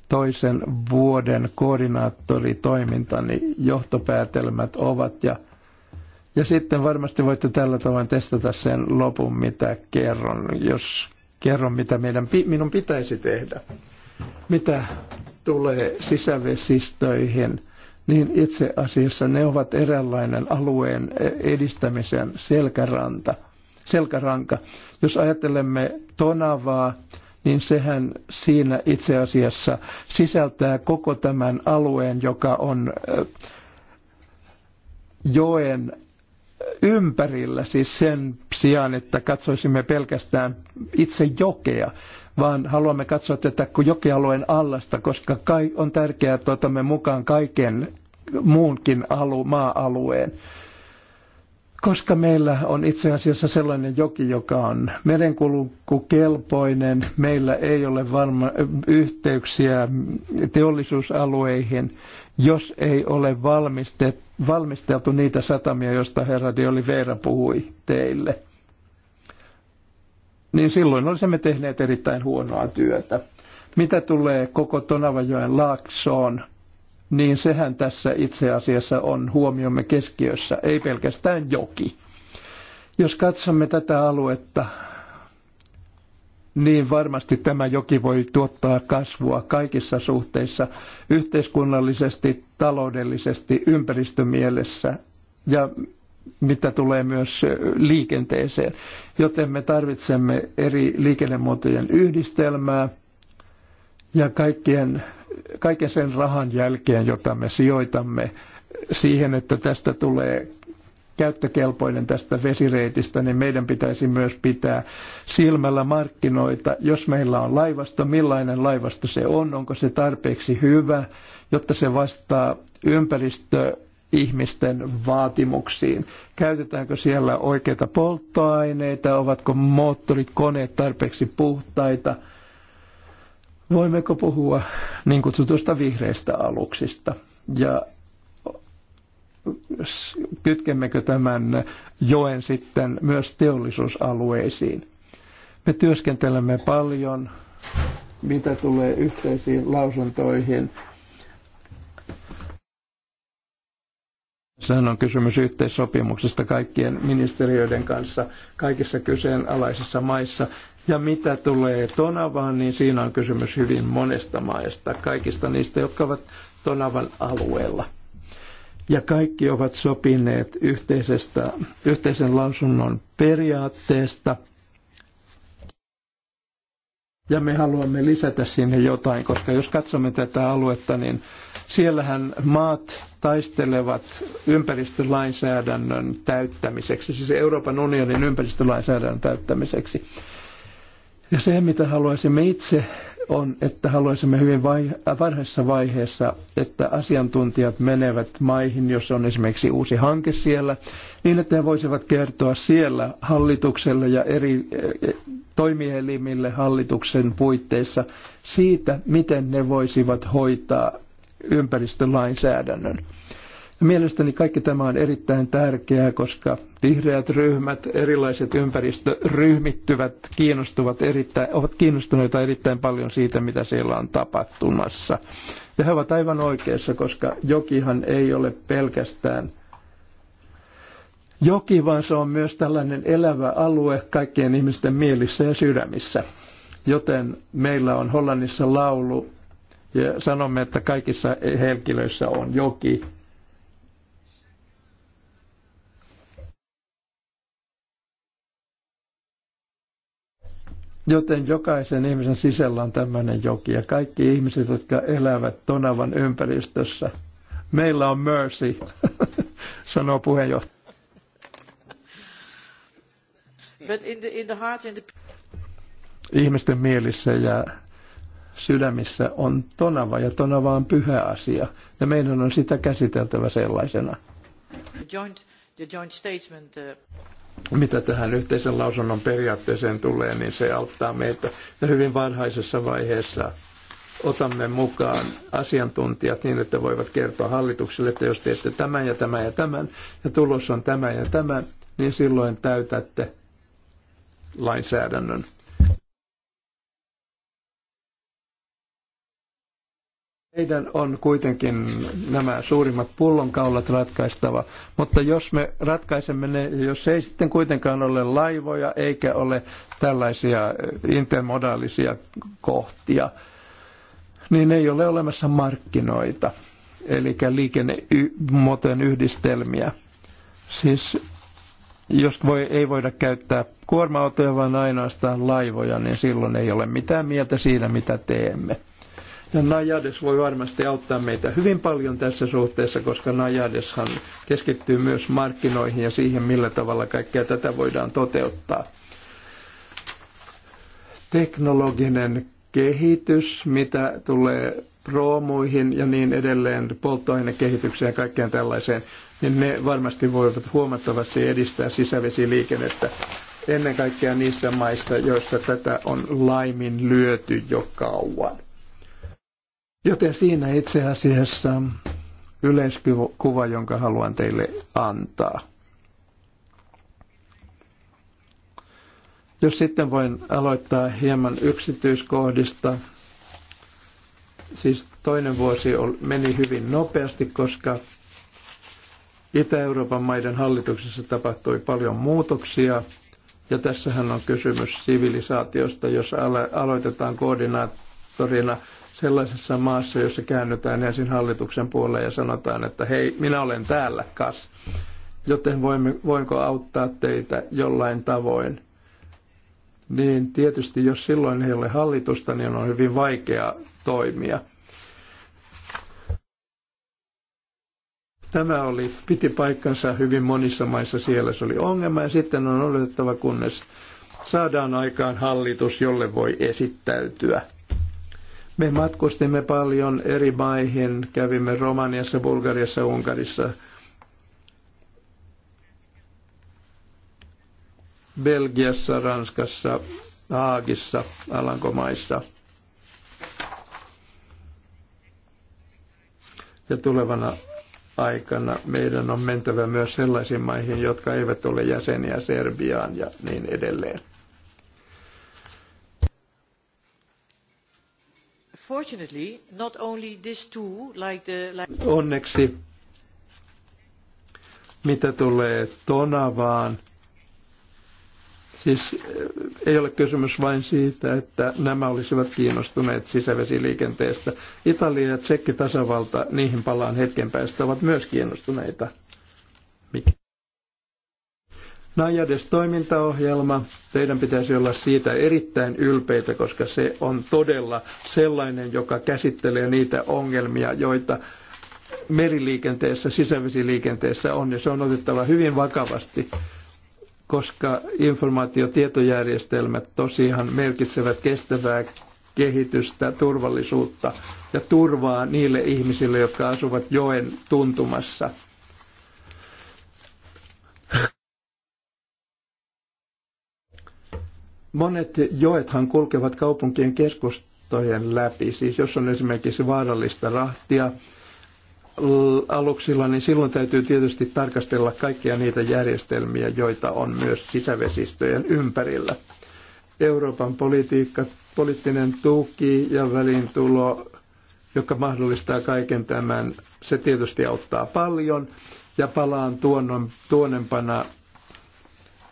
toisen vuoden koordinaattoritoimintani johtopäätelmät ovat ja ja sitten varmasti voitte tällä tavoin testata sen lopun, mitä kerron, jos kerron, mitä meidän, minun pitäisi tehdä. Mitä tulee sisävesistöihin, niin itse asiassa ne ovat eräänlainen alueen edistämisen selkäranta. Selkäranka. Jos ajattelemme Tonavaa, niin sehän siinä itse asiassa sisältää koko tämän alueen, joka on joen ympärillä, siis sen sijaan, että katsoisimme pelkästään itse jokea, vaan haluamme katsoa tätä jokialueen allasta, koska on tärkeää, että otamme mukaan kaiken muunkin alu, maa-alueen koska meillä on itse asiassa sellainen joki, joka on merenkulkukelpoinen, meillä ei ole varma, yhteyksiä teollisuusalueihin, jos ei ole valmisteltu niitä satamia, joista herra de Oliveira puhui teille. Niin silloin olisimme tehneet erittäin huonoa työtä. Mitä tulee koko Tonavajoen laaksoon, niin sehän tässä itse asiassa on huomiomme keskiössä, ei pelkästään joki. Jos katsomme tätä aluetta, niin varmasti tämä joki voi tuottaa kasvua kaikissa suhteissa, yhteiskunnallisesti, taloudellisesti, ympäristömielessä ja mitä tulee myös liikenteeseen. Joten me tarvitsemme eri liikennemuotojen yhdistelmää ja kaikkien kaiken sen rahan jälkeen, jota me sijoitamme siihen, että tästä tulee käyttökelpoinen tästä vesireitistä, niin meidän pitäisi myös pitää silmällä markkinoita, jos meillä on laivasto, millainen laivasto se on, onko se tarpeeksi hyvä, jotta se vastaa ympäristö ihmisten vaatimuksiin. Käytetäänkö siellä oikeita polttoaineita, ovatko moottorit, koneet tarpeeksi puhtaita – voimmeko puhua niin kutsutusta vihreistä aluksista ja kytkemmekö tämän joen sitten myös teollisuusalueisiin. Me työskentelemme paljon, mitä tulee yhteisiin lausuntoihin. Sehän on kysymys yhteissopimuksesta kaikkien ministeriöiden kanssa kaikissa kyseenalaisissa maissa. Ja mitä tulee Tonavaan, niin siinä on kysymys hyvin monesta maista, kaikista niistä, jotka ovat Tonavan alueella. Ja kaikki ovat sopineet yhteisestä, yhteisen lausunnon periaatteesta. Ja me haluamme lisätä sinne jotain, koska jos katsomme tätä aluetta, niin siellähän maat taistelevat ympäristölainsäädännön täyttämiseksi, siis Euroopan unionin ympäristölainsäädännön täyttämiseksi. Ja se, mitä haluaisimme itse, on, että haluaisimme hyvin vai, varhaisessa vaiheessa, että asiantuntijat menevät maihin, jos on esimerkiksi uusi hanke siellä, niin että he voisivat kertoa siellä hallitukselle ja eri eh, toimielimille hallituksen puitteissa siitä, miten ne voisivat hoitaa ympäristölainsäädännön. Mielestäni kaikki tämä on erittäin tärkeää, koska vihreät ryhmät, erilaiset ympäristöryhmittyvät kiinnostuvat erittäin, ovat kiinnostuneita erittäin paljon siitä, mitä siellä on tapahtumassa. Ja he ovat aivan oikeassa, koska jokihan ei ole pelkästään joki, vaan se on myös tällainen elävä alue kaikkien ihmisten mielissä ja sydämissä. Joten meillä on Hollannissa laulu ja sanomme, että kaikissa helkilöissä on joki, Joten jokaisen ihmisen sisällä on tämmöinen joki ja kaikki ihmiset, jotka elävät Tonavan ympäristössä. Meillä on mercy, sanoo puheenjohtaja. But in the, in the heart, in the... Ihmisten mielissä ja sydämissä on tonava ja tonava on pyhä asia ja meidän on sitä käsiteltävä sellaisena. The joint, the joint statement, uh... Mitä tähän yhteisen lausunnon periaatteeseen tulee, niin se auttaa meitä ja hyvin varhaisessa vaiheessa otamme mukaan asiantuntijat niin, että voivat kertoa hallitukselle, että jos teette tämän ja tämän ja tämän ja tulos on tämä ja tämä, niin silloin täytätte lainsäädännön Meidän on kuitenkin nämä suurimmat pullonkaulat ratkaistava, mutta jos me ratkaisemme ne, jos ei sitten kuitenkaan ole laivoja eikä ole tällaisia eh, intermodaalisia kohtia, niin ei ole olemassa markkinoita, eli liikennemuotojen yhdistelmiä. Siis jos voi, ei voida käyttää kuorma-autoja, vaan ainoastaan laivoja, niin silloin ei ole mitään mieltä siinä, mitä teemme. No, Najades voi varmasti auttaa meitä hyvin paljon tässä suhteessa, koska Najadeshan keskittyy myös markkinoihin ja siihen, millä tavalla kaikkea tätä voidaan toteuttaa. Teknologinen kehitys, mitä tulee proomuihin ja niin edelleen, polttoainekehitykseen ja kaikkeen tällaiseen, niin ne varmasti voivat huomattavasti edistää sisävesiliikennettä ennen kaikkea niissä maissa, joissa tätä on laiminlyöty jo kauan. Joten siinä itse asiassa yleiskuva, jonka haluan teille antaa. Jos sitten voin aloittaa hieman yksityiskohdista. Siis toinen vuosi meni hyvin nopeasti, koska Itä-Euroopan maiden hallituksessa tapahtui paljon muutoksia. Ja tässähän on kysymys sivilisaatiosta, jos aloitetaan koordinaattorina – sellaisessa maassa, jossa käännytään ensin hallituksen puoleen ja sanotaan, että hei, minä olen täällä, kas. Joten voimme, voinko auttaa teitä jollain tavoin? Niin tietysti, jos silloin ei ole hallitusta, niin on hyvin vaikea toimia. Tämä oli, piti paikkansa hyvin monissa maissa siellä. Se oli ongelma ja sitten on odotettava, kunnes saadaan aikaan hallitus, jolle voi esittäytyä. Me matkustimme paljon eri maihin, kävimme Romaniassa, Bulgariassa, Unkarissa, Belgiassa, Ranskassa, Haagissa, Alankomaissa. Ja tulevana aikana meidän on mentävä myös sellaisiin maihin, jotka eivät ole jäseniä Serbiaan ja niin edelleen. Fortunately, not only this tool, like the, like... Onneksi, mitä tulee Tonavaan, Siis eh, ei ole kysymys vain siitä, että nämä olisivat kiinnostuneet sisävesiliikenteestä. Italia ja Tsekki tasavalta, niihin palaan hetken päästä, ovat myös kiinnostuneita. Mikä? Najades toimintaohjelma, teidän pitäisi olla siitä erittäin ylpeitä, koska se on todella sellainen, joka käsittelee niitä ongelmia, joita meriliikenteessä, sisävesiliikenteessä on, ja se on otettava hyvin vakavasti, koska informaatiotietojärjestelmät tosiaan merkitsevät kestävää kehitystä, turvallisuutta ja turvaa niille ihmisille, jotka asuvat joen tuntumassa – Monet joethan kulkevat kaupunkien keskustojen läpi, siis jos on esimerkiksi vaarallista rahtia aluksilla, niin silloin täytyy tietysti tarkastella kaikkia niitä järjestelmiä, joita on myös sisävesistöjen ympärillä. Euroopan politiikka, poliittinen tuki ja välintulo, joka mahdollistaa kaiken tämän, se tietysti auttaa paljon. Ja palaan tuonnon, tuonempana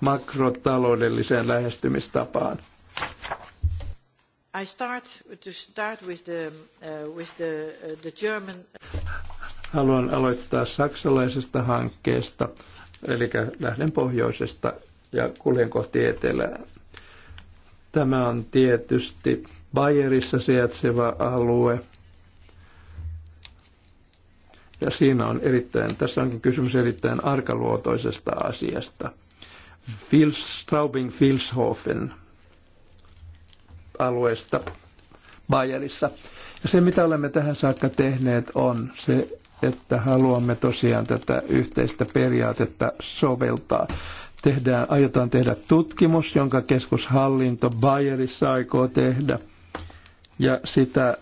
makrotaloudelliseen lähestymistapaan. I start to start with the, uh, with the, uh, the German... Haluan aloittaa saksalaisesta hankkeesta, eli lähden pohjoisesta ja kuljen kohti etelää. Tämä on tietysti Bayerissa sijaitseva alue. Ja siinä on erittäin, tässä onkin kysymys erittäin arkaluotoisesta asiasta – Fils, Straubing Filshofen alueesta Bayerissa. Ja se, mitä olemme tähän saakka tehneet, on se, että haluamme tosiaan tätä yhteistä periaatetta soveltaa. Tehdään, aiotaan tehdä tutkimus, jonka keskushallinto Bayerissa aikoo tehdä. Ja sitä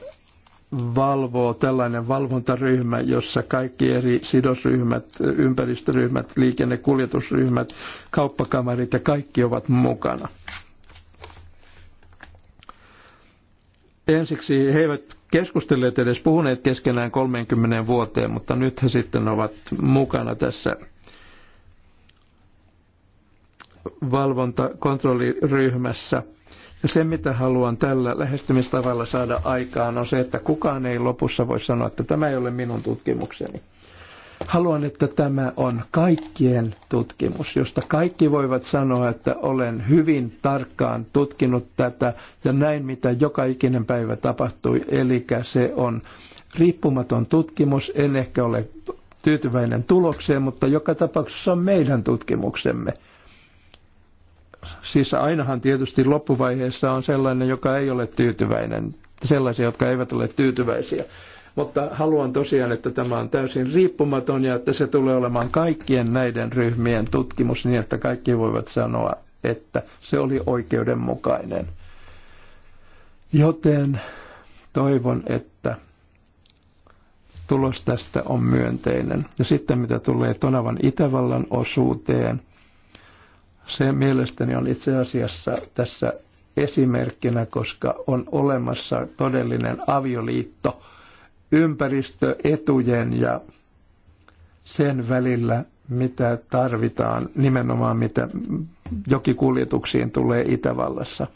valvoo tällainen valvontaryhmä, jossa kaikki eri sidosryhmät, ympäristöryhmät, liikennekuljetusryhmät, kauppakamarit ja kaikki ovat mukana. Ensiksi he eivät keskustelleet edes puhuneet keskenään 30 vuoteen, mutta nyt he sitten ovat mukana tässä valvontakontrolliryhmässä – se, mitä haluan tällä lähestymistavalla saada aikaan, on se, että kukaan ei lopussa voi sanoa, että tämä ei ole minun tutkimukseni. Haluan, että tämä on kaikkien tutkimus, josta kaikki voivat sanoa, että olen hyvin tarkkaan tutkinut tätä ja näin, mitä joka ikinen päivä tapahtui. Eli se on riippumaton tutkimus, en ehkä ole tyytyväinen tulokseen, mutta joka tapauksessa on meidän tutkimuksemme siis ainahan tietysti loppuvaiheessa on sellainen, joka ei ole tyytyväinen, sellaisia, jotka eivät ole tyytyväisiä. Mutta haluan tosiaan, että tämä on täysin riippumaton ja että se tulee olemaan kaikkien näiden ryhmien tutkimus niin, että kaikki voivat sanoa, että se oli oikeudenmukainen. Joten toivon, että tulos tästä on myönteinen. Ja sitten mitä tulee Tonavan Itävallan osuuteen – se mielestäni on itse asiassa tässä esimerkkinä, koska on olemassa todellinen avioliitto ympäristöetujen ja sen välillä, mitä tarvitaan, nimenomaan mitä jokikuljetuksiin tulee Itävallassa.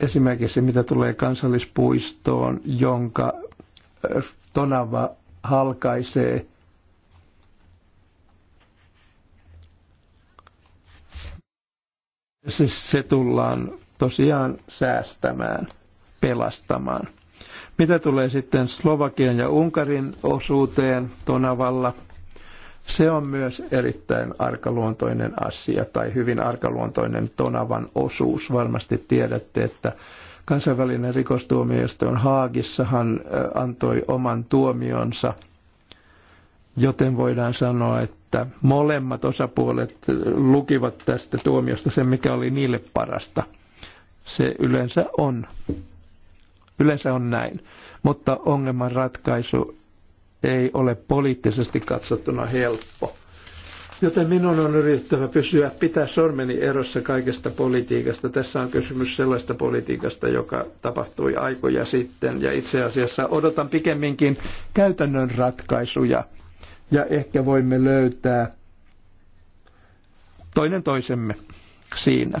Esimerkiksi mitä tulee kansallispuistoon, jonka Tonava halkaisee Siis se tullaan tosiaan säästämään, pelastamaan. Mitä tulee sitten Slovakian ja Unkarin osuuteen Tonavalla, se on myös erittäin arkaluontoinen asia tai hyvin arkaluontoinen Tonavan osuus. Varmasti tiedätte, että kansainvälinen rikostuomioistuin Haagissahan antoi oman tuomionsa, joten voidaan sanoa, että että molemmat osapuolet lukivat tästä tuomiosta sen, mikä oli niille parasta. Se yleensä on. Yleensä on näin. Mutta ongelman ratkaisu ei ole poliittisesti katsottuna helppo. Joten minun on yritettävä pysyä, pitää sormeni erossa kaikesta politiikasta. Tässä on kysymys sellaista politiikasta, joka tapahtui aikoja sitten. Ja itse asiassa odotan pikemminkin käytännön ratkaisuja ja ehkä voimme löytää toinen toisemme siinä.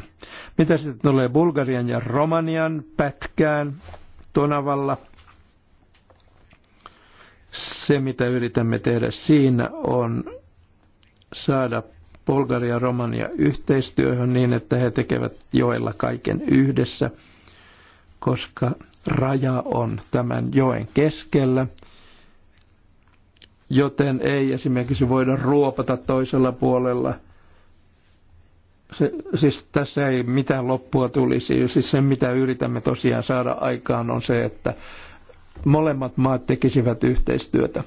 Mitä sitten tulee Bulgarian ja Romanian pätkään Tonavalla? Se, mitä yritämme tehdä siinä, on saada Bulgaria ja Romania yhteistyöhön niin, että he tekevät joella kaiken yhdessä, koska raja on tämän joen keskellä – joten ei esimerkiksi voida ruopata toisella puolella. Se, siis tässä ei mitään loppua tulisi. Siis se, mitä yritämme tosiaan saada aikaan, on se, että molemmat maat tekisivät yhteistyötä.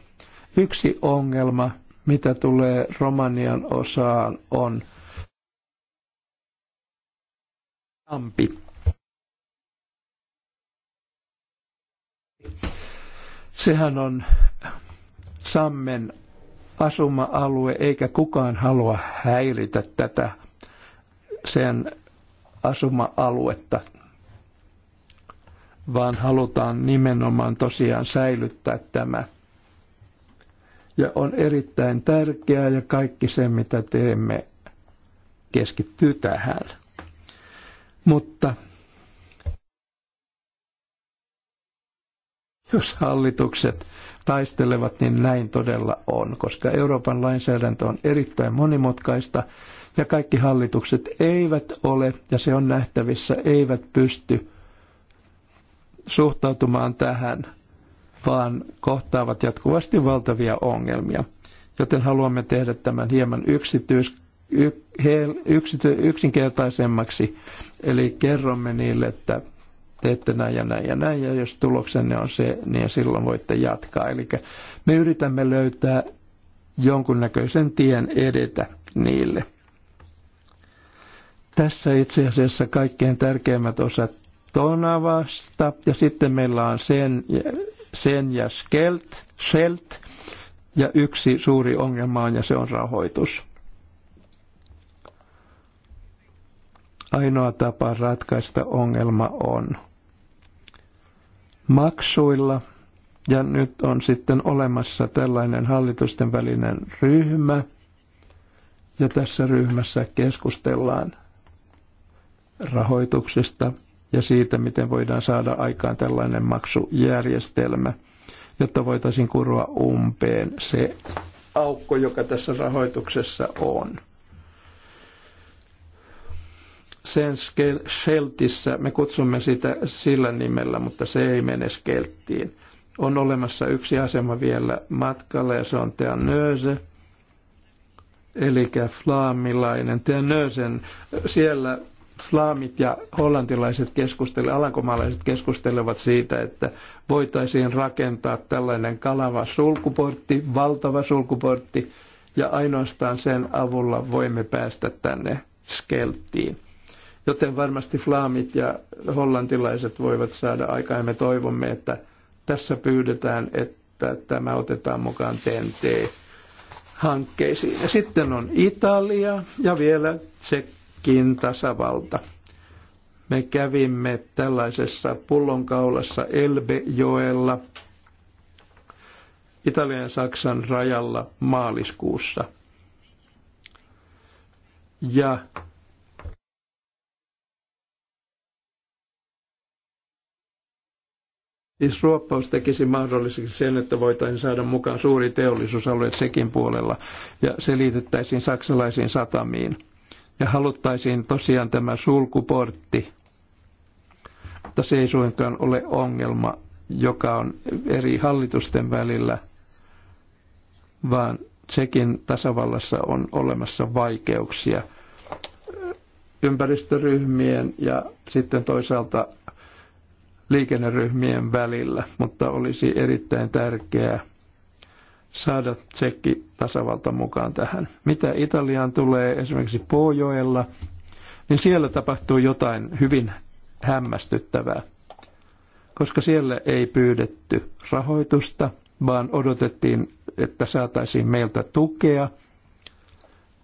Yksi ongelma, mitä tulee Romanian osaan, on Ampi. Sehän on Sammen asuma-alue, eikä kukaan halua häiritä tätä sen asuma-aluetta, vaan halutaan nimenomaan tosiaan säilyttää tämä. Ja on erittäin tärkeää ja kaikki se, mitä teemme, keskittyy tähän. Mutta jos hallitukset taistelevat, niin näin todella on, koska Euroopan lainsäädäntö on erittäin monimutkaista ja kaikki hallitukset eivät ole, ja se on nähtävissä, eivät pysty suhtautumaan tähän, vaan kohtaavat jatkuvasti valtavia ongelmia. Joten haluamme tehdä tämän hieman yksityis, y, he, yksity, yksinkertaisemmaksi, eli kerromme niille, että teette näin ja näin ja näin, ja jos tuloksenne on se, niin silloin voitte jatkaa. Eli me yritämme löytää jonkunnäköisen tien edetä niille. Tässä itse asiassa kaikkein tärkeimmät osat Tonavasta, ja sitten meillä on sen, sen ja skelt, Shelt, ja yksi suuri ongelma on, ja se on rahoitus. Ainoa tapa ratkaista ongelma on maksuilla. Ja nyt on sitten olemassa tällainen hallitusten välinen ryhmä. Ja tässä ryhmässä keskustellaan rahoituksesta ja siitä, miten voidaan saada aikaan tällainen maksujärjestelmä, jotta voitaisiin kurua umpeen se aukko, joka tässä rahoituksessa on sen Sheltissä, me kutsumme sitä sillä nimellä, mutta se ei mene Skelttiin. On olemassa yksi asema vielä matkalla ja se on Teanöse, eli flaamilainen. Teanösen, siellä flaamit ja hollantilaiset keskustelevat, alankomaalaiset keskustelevat siitä, että voitaisiin rakentaa tällainen kalava sulkuportti, valtava sulkuportti, ja ainoastaan sen avulla voimme päästä tänne Skelttiin. Joten varmasti flaamit ja hollantilaiset voivat saada aikaa ja me toivomme, että tässä pyydetään, että tämä otetaan mukaan TNT hankkeisiin. Ja sitten on Italia ja vielä Tsekkin tasavalta. Me kävimme tällaisessa pullonkaulassa Elbejoella Italian Saksan rajalla maaliskuussa. Ja Siis ruoppaus tekisi mahdolliseksi sen, että voitaisiin saada mukaan suuri teollisuusalue sekin puolella ja se liitettäisiin saksalaisiin satamiin. Ja haluttaisiin tosiaan tämä sulkuportti, mutta se ei suinkaan ole ongelma, joka on eri hallitusten välillä, vaan sekin tasavallassa on olemassa vaikeuksia ympäristöryhmien ja sitten toisaalta liikenneryhmien välillä, mutta olisi erittäin tärkeää saada tsekki tasavalta mukaan tähän. Mitä Italiaan tulee esimerkiksi Pohjoella, niin siellä tapahtuu jotain hyvin hämmästyttävää, koska siellä ei pyydetty rahoitusta, vaan odotettiin, että saataisiin meiltä tukea.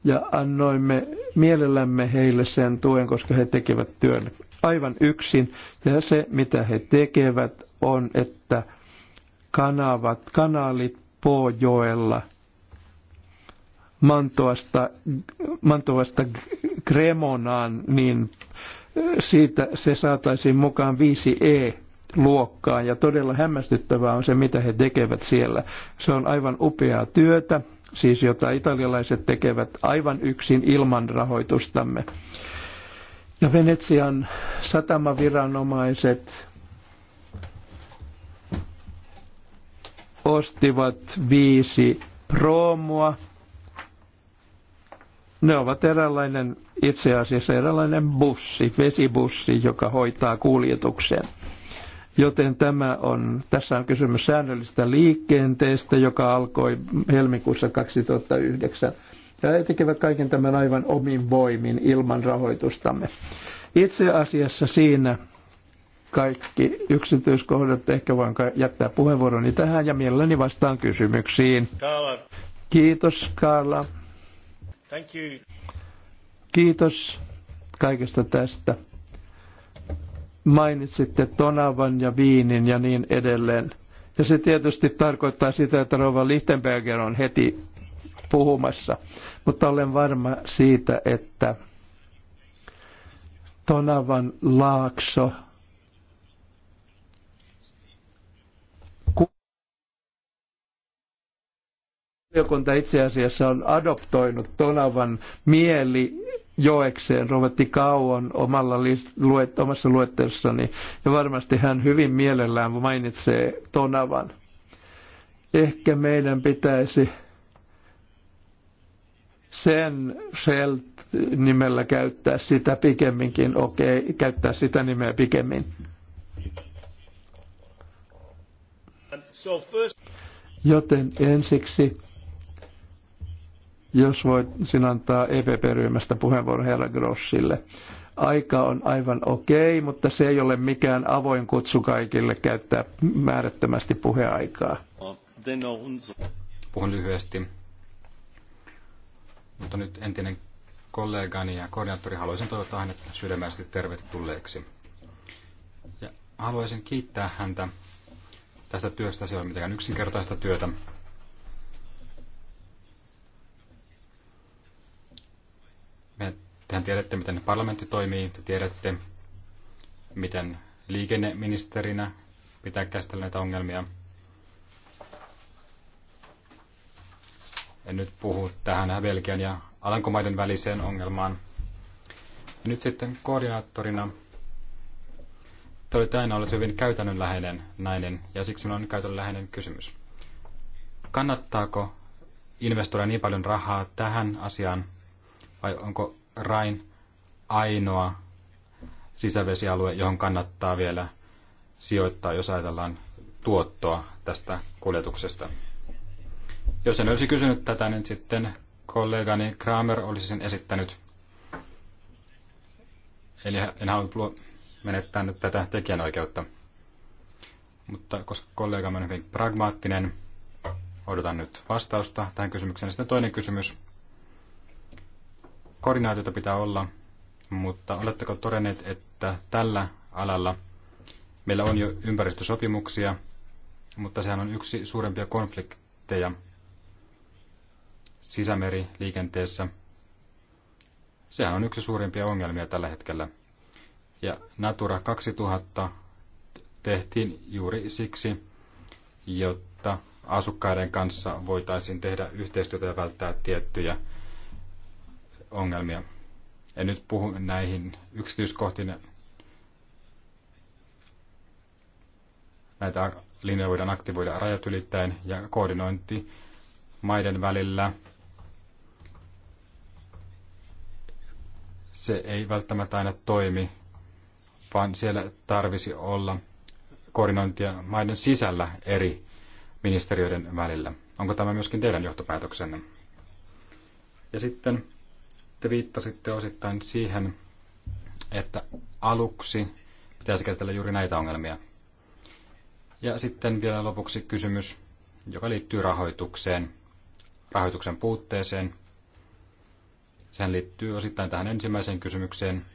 Ja annoimme mielellämme heille sen tuen, koska he tekevät työn aivan yksin. Ja se, mitä he tekevät, on, että kanavat, kanaalit pojoella Mantoasta, Mantoasta Cremonaan, niin siitä se saataisiin mukaan 5E luokkaan. Ja todella hämmästyttävää on se, mitä he tekevät siellä. Se on aivan upeaa työtä, siis jota italialaiset tekevät aivan yksin ilman rahoitustamme ja Venetsian satamaviranomaiset ostivat viisi proomua. Ne ovat eräänlainen, itse asiassa eräänlainen bussi, vesibussi, joka hoitaa kuljetuksen. Joten tämä on, tässä on kysymys säännöllistä liikenteestä, joka alkoi helmikuussa 2009 ja he tekevät kaiken tämän aivan omin voimin ilman rahoitustamme. Itse asiassa siinä kaikki yksityiskohdat ehkä voin jättää puheenvuoroni tähän ja mielelläni vastaan kysymyksiin. Kaala. Kiitos Kaala. Thank you. Kiitos kaikesta tästä. Mainitsitte Tonavan ja Viinin ja niin edelleen. Ja se tietysti tarkoittaa sitä, että Rova Lichtenberger on heti puhumassa, mutta olen varma siitä, että Tonavan laakso valiokunta itse asiassa on adoptoinut Tonavan mieli joekseen ruvetti Kauon omalla list, luet, omassa luettelossani, ja varmasti hän hyvin mielellään mainitsee Tonavan. Ehkä meidän pitäisi sen Shell nimellä käyttää sitä pikemminkin, okei, okay, käyttää sitä nimeä pikemmin. Joten ensiksi, jos voisin antaa EPP-ryhmästä puheenvuoron herra Grossille. Aika on aivan okei, okay, mutta se ei ole mikään avoin kutsu kaikille käyttää määrättömästi puheaikaa. Puhun lyhyesti mutta nyt entinen kollegani ja koordinaattori haluaisin toivottaa hänet sydämellisesti tervetulleeksi. Ja haluaisin kiittää häntä tästä työstä. Se ei ole mitenkään yksinkertaista työtä. Me, tehän tiedätte, miten parlamentti toimii. Te tiedätte, miten liikenneministerinä pitää käsitellä näitä ongelmia – En nyt puhu tähän Belgian ja Alankomaiden väliseen ongelmaan. Ja nyt sitten koordinaattorina te olette aina ollut hyvin käytännönläheinen nainen, ja siksi minulla on käytännönläheinen kysymys. Kannattaako investoida niin paljon rahaa tähän asiaan, vai onko Rain ainoa sisävesialue, johon kannattaa vielä sijoittaa, jos ajatellaan tuottoa tästä kuljetuksesta? Jos en olisi kysynyt tätä, niin sitten kollegani Kramer olisi sen esittänyt. Eli en halua menettää nyt tätä tekijänoikeutta. Mutta koska kollega on hyvin pragmaattinen, odotan nyt vastausta tähän kysymykseen. Sitten toinen kysymys. Koordinaatiota pitää olla, mutta oletteko todenneet, että tällä alalla meillä on jo ympäristösopimuksia, mutta sehän on yksi suurempia konflikteja sisämeriliikenteessä. Sehän on yksi suurimpia ongelmia tällä hetkellä. Ja Natura 2000 tehtiin juuri siksi, jotta asukkaiden kanssa voitaisiin tehdä yhteistyötä ja välttää tiettyjä ongelmia. En nyt puhu näihin yksityiskohtiin. Näitä linjoja voidaan aktivoida rajat ylittäen ja koordinointi maiden välillä se ei välttämättä aina toimi, vaan siellä tarvisi olla koordinointia maiden sisällä eri ministeriöiden välillä. Onko tämä myöskin teidän johtopäätöksenne? Ja sitten te viittasitte osittain siihen, että aluksi pitäisi käsitellä juuri näitä ongelmia. Ja sitten vielä lopuksi kysymys, joka liittyy rahoitukseen, rahoituksen puutteeseen Sehän liittyy osittain tähän ensimmäiseen kysymykseen.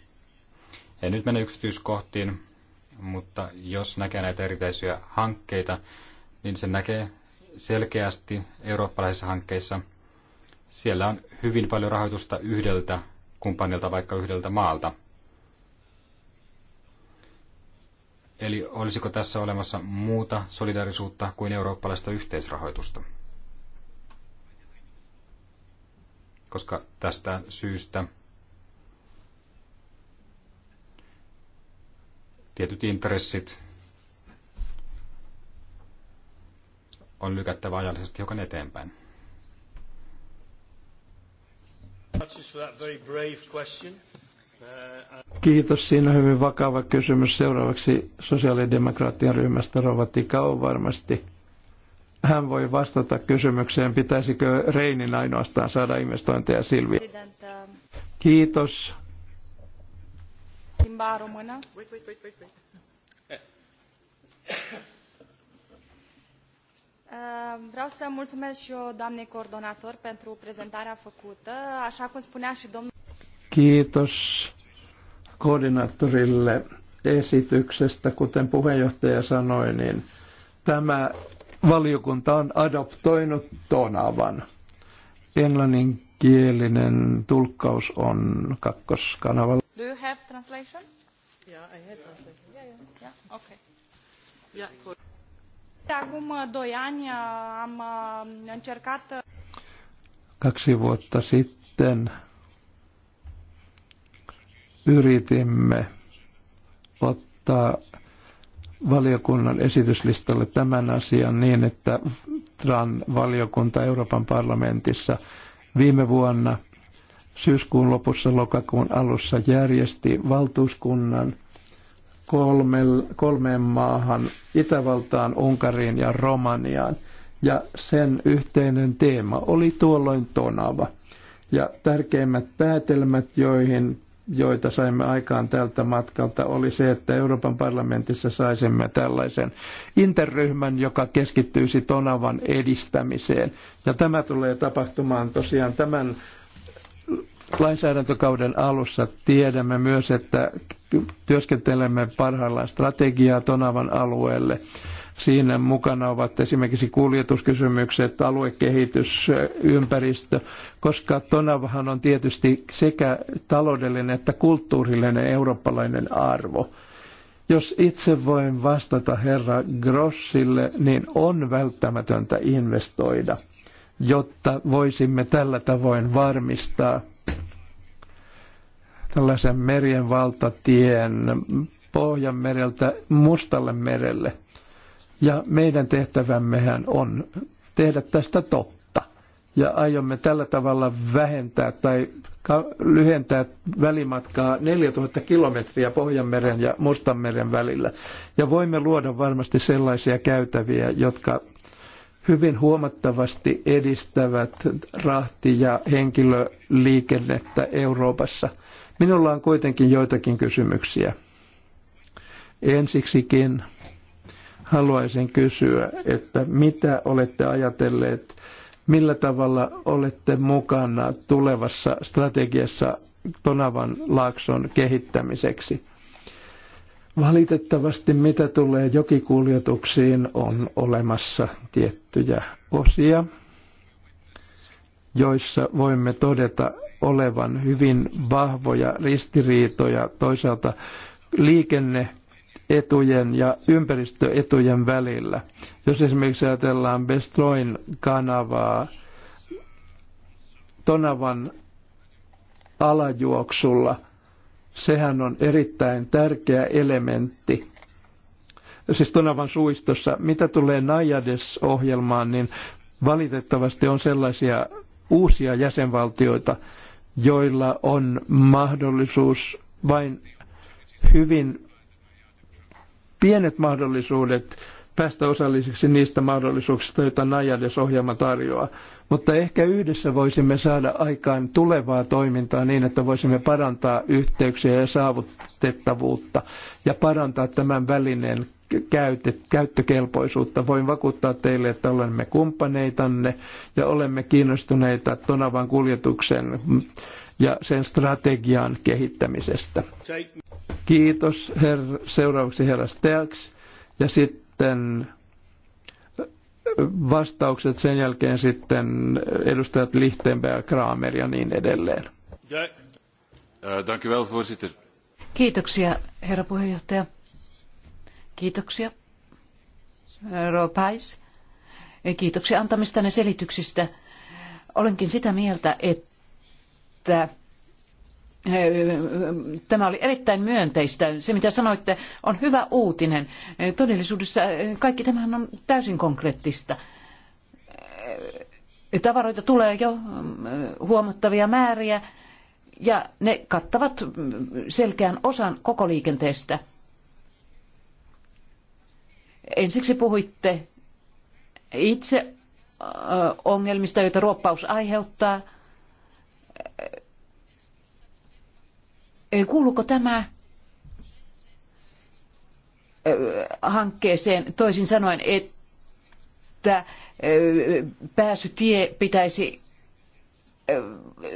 En nyt mene yksityiskohtiin, mutta jos näkee näitä erityisiä hankkeita, niin se näkee selkeästi eurooppalaisissa hankkeissa. Siellä on hyvin paljon rahoitusta yhdeltä kumppanilta, vaikka yhdeltä maalta. Eli olisiko tässä olemassa muuta solidarisuutta kuin eurooppalaista yhteisrahoitusta? koska tästä syystä tietyt intressit on lykättävä ajallisesti hiukan eteenpäin. Kiitos. Siinä on hyvin vakava kysymys. Seuraavaksi sosiaalidemokraattien ryhmästä tika Tikau varmasti hän voi vastata kysymykseen, pitäisikö Reinin ainoastaan saada investointeja Silviä. Kiitos. Vreau să mulțumesc și eu doamnei coordonator pentru prezentarea făcută. Așa cum spunea și domnul... Kiitos koordinaattorille esityksestä. Kuten puheenjohtaja sanoi, niin tämä valiokunta on adoptoinut Tonavan. Englanninkielinen tulkkaus on kakkoskanavalla. Do you have translation? Yeah, I have translation. Yeah, yeah. yeah. Okay. Yeah, cool. Acum doi ani uh, am uh, încercat... Uh, Kaksi vuotta sitten yritimme ottaa valiokunnan esityslistalle tämän asian niin, että TRAN valiokunta Euroopan parlamentissa viime vuonna syyskuun lopussa lokakuun alussa järjesti valtuuskunnan kolmeen maahan, Itävaltaan, Unkariin ja Romaniaan. Ja sen yhteinen teema oli tuolloin tonava. Ja tärkeimmät päätelmät, joihin joita saimme aikaan tältä matkalta, oli se, että Euroopan parlamentissa saisimme tällaisen interryhmän, joka keskittyisi Tonavan edistämiseen. Ja tämä tulee tapahtumaan tosiaan tämän lainsäädäntökauden alussa tiedämme myös, että työskentelemme parhaillaan strategiaa Tonavan alueelle. Siinä mukana ovat esimerkiksi kuljetuskysymykset, aluekehitys, ympäristö, koska Tonavahan on tietysti sekä taloudellinen että kulttuurillinen eurooppalainen arvo. Jos itse voin vastata herra Grossille, niin on välttämätöntä investoida, jotta voisimme tällä tavoin varmistaa – tällaisen merien valtatien Pohjanmereltä Mustalle merelle. Ja meidän tehtävämmehän on tehdä tästä totta. Ja aiomme tällä tavalla vähentää tai lyhentää välimatkaa 4000 kilometriä Pohjanmeren ja Mustanmeren välillä. Ja voimme luoda varmasti sellaisia käytäviä, jotka hyvin huomattavasti edistävät rahti- ja henkilöliikennettä Euroopassa – Minulla on kuitenkin joitakin kysymyksiä. Ensiksikin haluaisin kysyä, että mitä olette ajatelleet, millä tavalla olette mukana tulevassa strategiassa Tonavan laakson kehittämiseksi? Valitettavasti mitä tulee jokikuljetuksiin, on olemassa tiettyjä osia, joissa voimme todeta, olevan hyvin vahvoja ristiriitoja toisaalta liikenne etujen ja ympäristöetujen välillä. Jos esimerkiksi ajatellaan Bestroin kanavaa Tonavan alajuoksulla, sehän on erittäin tärkeä elementti siis Tonavan suistossa. Mitä tulee Najades-ohjelmaan, niin valitettavasti on sellaisia uusia jäsenvaltioita, joilla on mahdollisuus vain hyvin pienet mahdollisuudet päästä osallisiksi niistä mahdollisuuksista, joita Najades-ohjelma tarjoaa. Mutta ehkä yhdessä voisimme saada aikaan tulevaa toimintaa niin, että voisimme parantaa yhteyksiä ja saavutettavuutta ja parantaa tämän välineen käyttökelpoisuutta. Voin vakuuttaa teille, että olemme kumppaneitanne ja olemme kiinnostuneita Tonavan kuljetuksen ja sen strategian kehittämisestä. Kiitos. Her- seuraavaksi herra Stelks ja sitten vastaukset sen jälkeen sitten edustajat Lichtenberg, Kramer ja niin edelleen. Dank u wel, voorzitter. Kiitoksia, herra puheenjohtaja. Kiitoksia. Ropais. Kiitoksia antamistanne selityksistä. Olenkin sitä mieltä, että eh, Tämä oli erittäin myönteistä. Se, mitä sanoitte, on hyvä uutinen. Todellisuudessa eh, kaikki tämähän on täysin konkreettista. Eh, tavaroita tulee jo huomattavia määriä ja ne kattavat mm, selkeän osan koko liikenteestä – Ensiksi puhuitte itse ongelmista, joita ruoppaus aiheuttaa. Kuuluuko tämä hankkeeseen toisin sanoen, että pääsytie pitäisi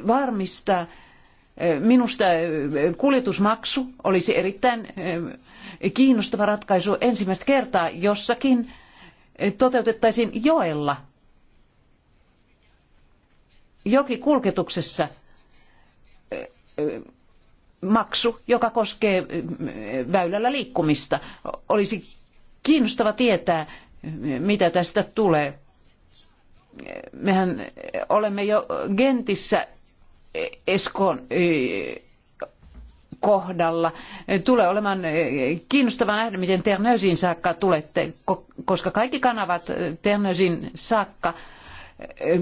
varmistaa. Minusta kuljetusmaksu olisi erittäin kiinnostava ratkaisu ensimmäistä kertaa jossakin toteutettaisiin joella jokikulketuksessa maksu, joka koskee väylällä liikkumista. Olisi kiinnostava tietää, mitä tästä tulee. Mehän olemme jo Gentissä Eskon kohdalla. Tulee olemaan kiinnostavaa nähdä, miten Terneusin saakka tulette, koska kaikki kanavat Terneusin saakka eh,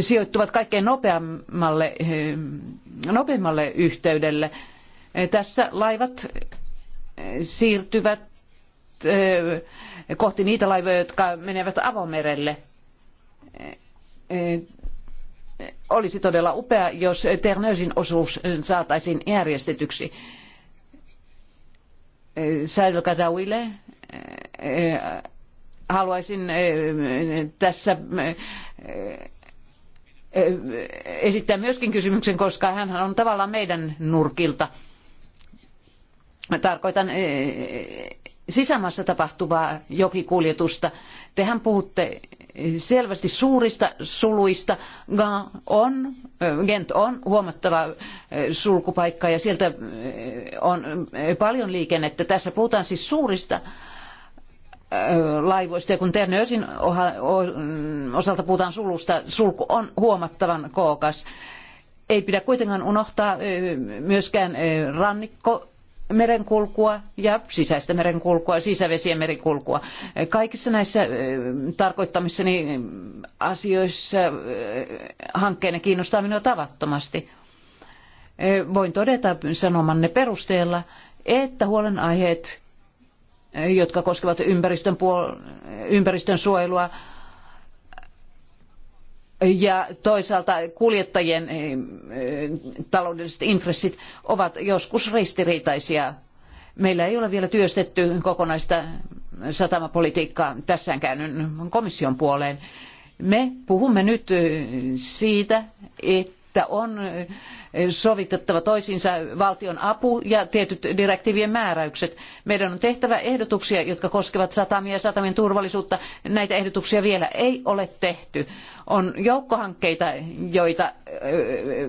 sijoittuvat kaikkein nopeammalle, eh, nopeammalle yhteydelle. Eh, tässä laivat siirtyvät kohti niitä laivoja, jotka menevät avomerelle olisi todella upea, jos Terneusin osuus saataisiin järjestetyksi. Sail Kadawille eh, haluaisin eh, tässä eh, esittää myöskin kysymyksen, koska hän on tavallaan meidän nurkilta. Tarkoitan sisämaassa tapahtuvaa jokikuljetusta. Tehän puhutte eh, selvästi suurista suluista. Gant on, eh, Gent on huomattava eh, sulkupaikka ja sieltä on paljon liikennettä. Tässä puhutaan siis suurista laivoista ja kun Ternöösin mm, osalta puhutaan sulusta, sulku on huomattavan kookas. Ei pidä kuitenkaan unohtaa myöskään rannikko merenkulkua ja sisäistä merenkulkua, sisävesien merenkulkua. Kaikissa näissä tarkoittamissani asioissa hankkeena kiinnostaa minua tavattomasti. Voin todeta sanomanne perusteella, että huolenaiheet, jotka koskevat ympäristön, puol- ympäristön suojelua, ja toisaalta kuljettajien eh, eh, taloudelliset intressit ovat joskus ristiriitaisia. Meillä ei ole vielä työstetty kokonaista satamapolitiikkaa. Tässä käännyn komission puoleen. Me puhumme nyt eh, siitä, että että on sovitettava toisiinsa valtion apu ja tietyt direktiivien määräykset. Meidän on tehtävä ehdotuksia, jotka koskevat satamia ja satamien turvallisuutta. Näitä ehdotuksia vielä ei ole tehty. On joukkohankkeita, joita,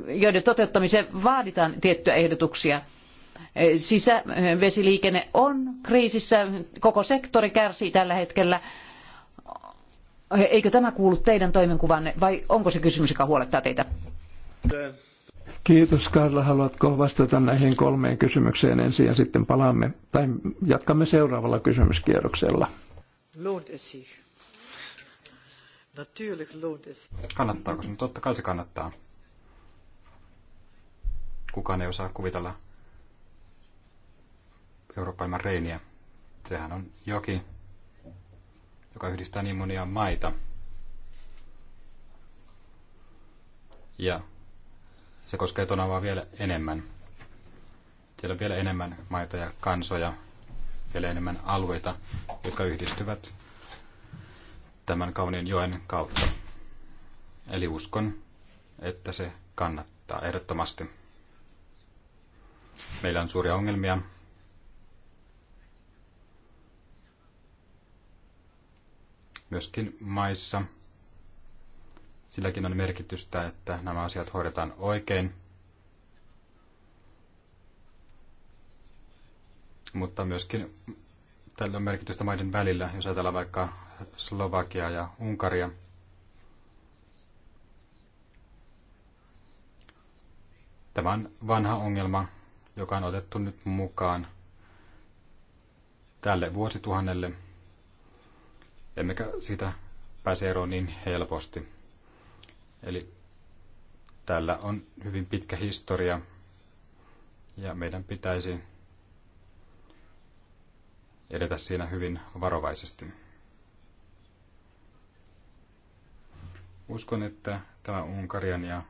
joiden toteuttamiseen vaaditaan tiettyjä ehdotuksia sisävesiliikenne on kriisissä, koko sektori kärsii tällä hetkellä. Eikö tämä kuulu teidän toimenkuvanne vai onko se kysymys, joka huolettaa teitä? Kiitos Karla. Haluatko vastata näihin kolmeen kysymykseen ensin ja sitten palaamme tai jatkamme seuraavalla kysymyskierroksella. Kannattaako se? totta kai se kannattaa. Kukaan ei osaa kuvitella Euroopan reiniä. Sehän on joki, joka yhdistää niin monia maita. Ja se koskee Tonavaa vielä enemmän. Siellä on vielä enemmän maita ja kansoja, vielä enemmän alueita, jotka yhdistyvät tämän kauniin joen kautta. Eli uskon, että se kannattaa ehdottomasti. Meillä on suuria ongelmia. Myöskin maissa, silläkin on merkitystä, että nämä asiat hoidetaan oikein. Mutta myöskin tällä on merkitystä maiden välillä, jos ajatellaan vaikka Slovakiaa ja Unkaria. Tämä on vanha ongelma, joka on otettu nyt mukaan tälle vuosituhannelle, emmekä sitä pääse eroon niin helposti. Eli tällä on hyvin pitkä historia ja meidän pitäisi edetä siinä hyvin varovaisesti. Uskon, että tämä Unkarian ja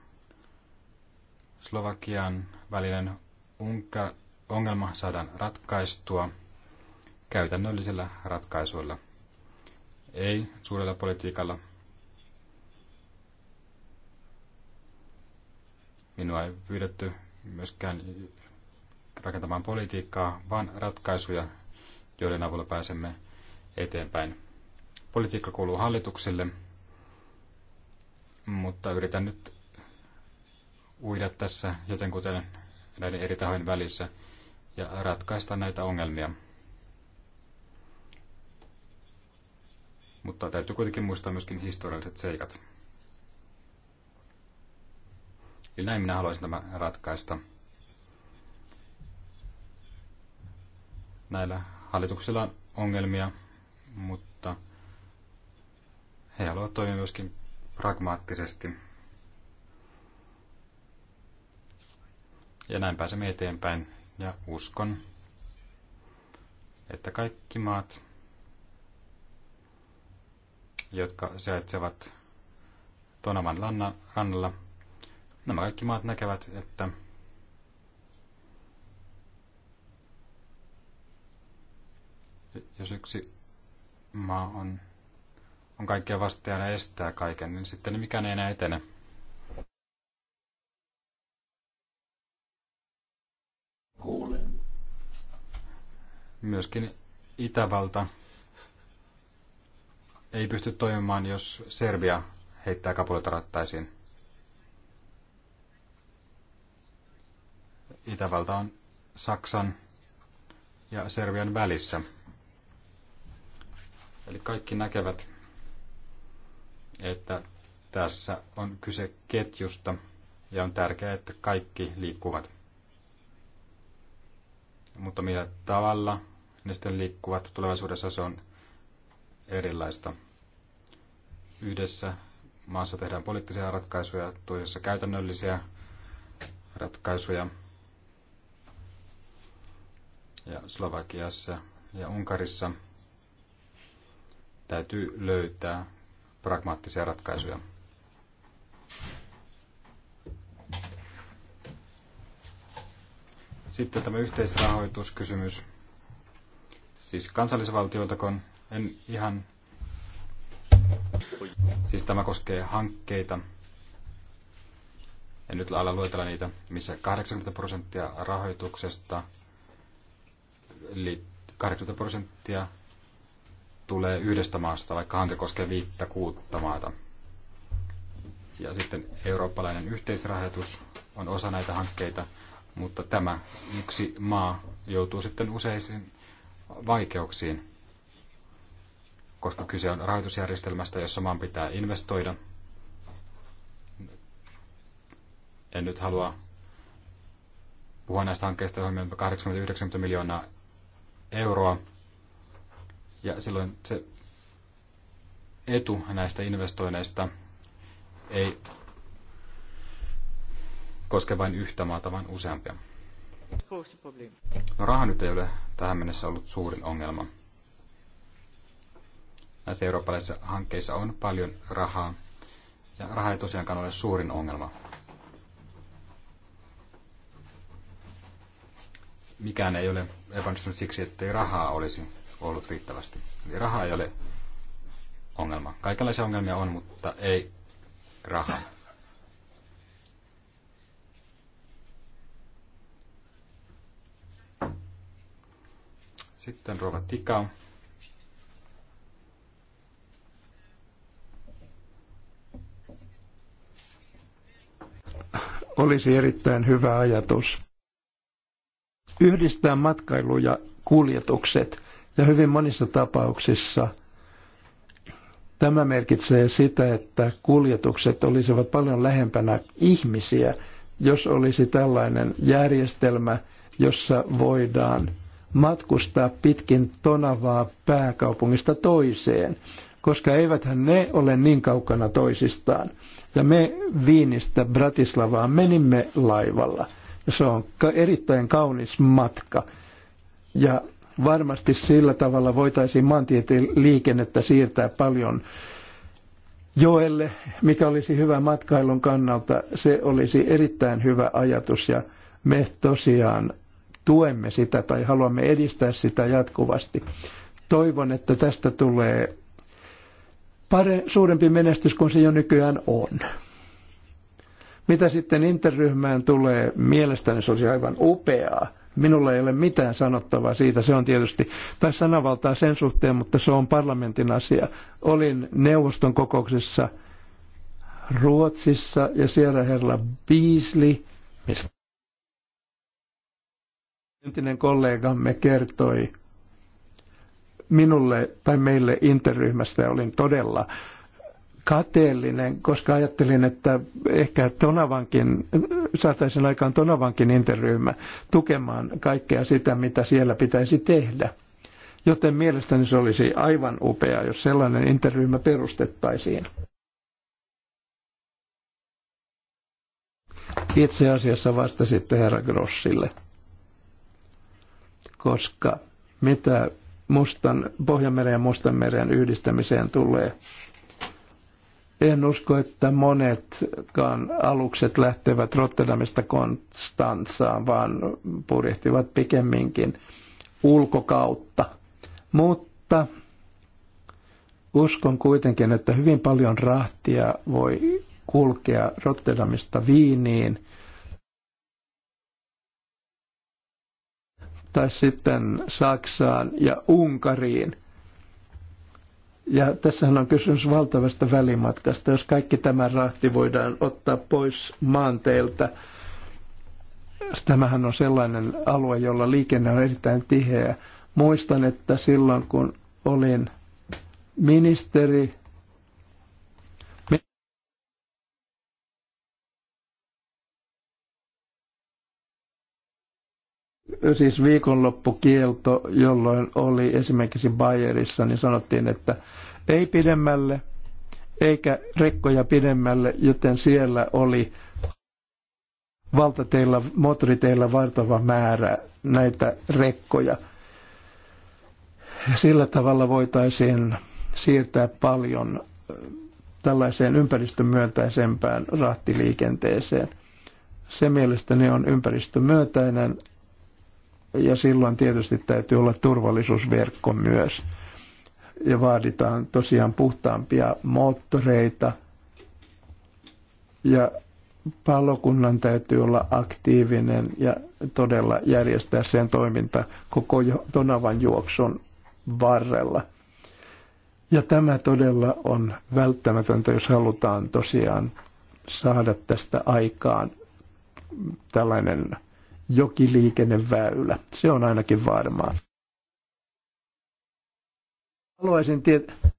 Slovakian välinen ongelma saadaan ratkaistua käytännöllisillä ratkaisuilla, ei suurella politiikalla, Minua ei pyydetty myöskään rakentamaan politiikkaa, vaan ratkaisuja, joiden avulla pääsemme eteenpäin. Politiikka kuuluu hallitukselle, mutta yritän nyt uida tässä jotenkuten näiden eri tahojen välissä ja ratkaista näitä ongelmia. Mutta täytyy kuitenkin muistaa myöskin historialliset seikat. Eli näin minä haluaisin tämän ratkaista. Näillä hallituksilla on ongelmia, mutta he haluavat toimia myöskin pragmaattisesti. Ja näin pääsemme eteenpäin. Ja uskon, että kaikki maat, jotka sijaitsevat Tonavan rannalla, Nämä kaikki maat näkevät, että jos yksi maa on, on kaikkea vastaan ja estää kaiken, niin sitten mikään ei enää etene. Kuulen. Myöskin Itävalta ei pysty toimimaan, jos Serbia heittää kapuloita rattaisiin. Itävalta on Saksan ja Serbian välissä. Eli kaikki näkevät, että tässä on kyse ketjusta ja on tärkeää, että kaikki liikkuvat. Mutta millä tavalla ne sitten liikkuvat tulevaisuudessa, se on erilaista. Yhdessä maassa tehdään poliittisia ratkaisuja, toisessa käytännöllisiä ratkaisuja – ja Slovakiassa ja Unkarissa täytyy löytää pragmaattisia ratkaisuja. Sitten tämä yhteisrahoituskysymys. Siis kun en ihan... Siis tämä koskee hankkeita. En nyt ala luetella niitä, missä 80 prosenttia rahoituksesta 80 prosenttia tulee yhdestä maasta, vaikka hanke koskee viittä kuutta maata. Ja sitten eurooppalainen yhteisrahoitus on osa näitä hankkeita, mutta tämä yksi maa joutuu sitten useisiin vaikeuksiin, koska kyse on rahoitusjärjestelmästä, jossa maan pitää investoida. En nyt halua puhua näistä hankkeista, joihin 80-90 miljoonaa euroa. Ja silloin se etu näistä investoinneista ei koske vain yhtä maata, vaan useampia. No raha nyt ei ole tähän mennessä ollut suurin ongelma. Näissä eurooppalaisissa hankkeissa on paljon rahaa, ja raha ei tosiaankaan ole suurin ongelma. Mikään ei ole epäonnistunut siksi, että ei rahaa olisi ollut riittävästi. Eli raha ei ole ongelma. Kaikenlaisia ongelmia on, mutta ei raha. Sitten Rova Tika. Olisi erittäin hyvä ajatus, yhdistää matkailu ja kuljetukset. Ja hyvin monissa tapauksissa tämä merkitsee sitä, että kuljetukset olisivat paljon lähempänä ihmisiä, jos olisi tällainen järjestelmä, jossa voidaan matkustaa pitkin Tonavaa pääkaupungista toiseen, koska eiväthän ne ole niin kaukana toisistaan. Ja me Viinistä Bratislavaan menimme laivalla. Se on erittäin kaunis matka. Ja varmasti sillä tavalla voitaisiin maantieteen liikennettä siirtää paljon joelle, mikä olisi hyvä matkailun kannalta. Se olisi erittäin hyvä ajatus ja me tosiaan tuemme sitä tai haluamme edistää sitä jatkuvasti. Toivon, että tästä tulee pare, suurempi menestys kuin se jo nykyään on. Mitä sitten interryhmään tulee, mielestäni se olisi aivan upeaa. Minulla ei ole mitään sanottavaa siitä, se on tietysti, tai sanavaltaa sen suhteen, mutta se on parlamentin asia. Olin neuvoston kokouksessa Ruotsissa ja siellä herra Beasley, entinen kollegamme kertoi minulle tai meille interryhmästä ja olin todella kateellinen, koska ajattelin, että ehkä Tonavankin, saataisiin aikaan Tonavankin interryhmä tukemaan kaikkea sitä, mitä siellä pitäisi tehdä. Joten mielestäni se olisi aivan upea, jos sellainen interryhmä perustettaisiin. Itse asiassa vastasitte herra Grossille, koska mitä Mustan, Pohjanmeren ja Mustanmeren yhdistämiseen tulee, en usko, että monetkaan alukset lähtevät Rotterdamista Konstantsaan, vaan purjehtivat pikemminkin ulkokautta. Mutta uskon kuitenkin, että hyvin paljon rahtia voi kulkea Rotterdamista Viiniin tai sitten Saksaan ja Unkariin – ja tässähän on kysymys valtavasta välimatkasta. Jos kaikki tämä rahti voidaan ottaa pois maanteilta, tämähän on sellainen alue, jolla liikenne on erittäin tiheä. Muistan, että silloin kun olin ministeri, siis viikonloppukielto, jolloin oli esimerkiksi Bayerissa, niin sanottiin, että ei pidemmälle eikä rekkoja pidemmälle, joten siellä oli valtateillä, moottoriteillä vartava määrä näitä rekkoja. sillä tavalla voitaisiin siirtää paljon tällaiseen ympäristömyöntäisempään rahtiliikenteeseen. Se mielestäni on ympäristömyöntäinen ja silloin tietysti täytyy olla turvallisuusverkko myös ja vaaditaan tosiaan puhtaampia moottoreita. Ja palokunnan täytyy olla aktiivinen ja todella järjestää sen toiminta koko Tonavan juoksun varrella. Ja tämä todella on välttämätöntä, jos halutaan tosiaan saada tästä aikaan tällainen jokiliikenneväylä. Se on ainakin varmaa. Haluaisin, tiet-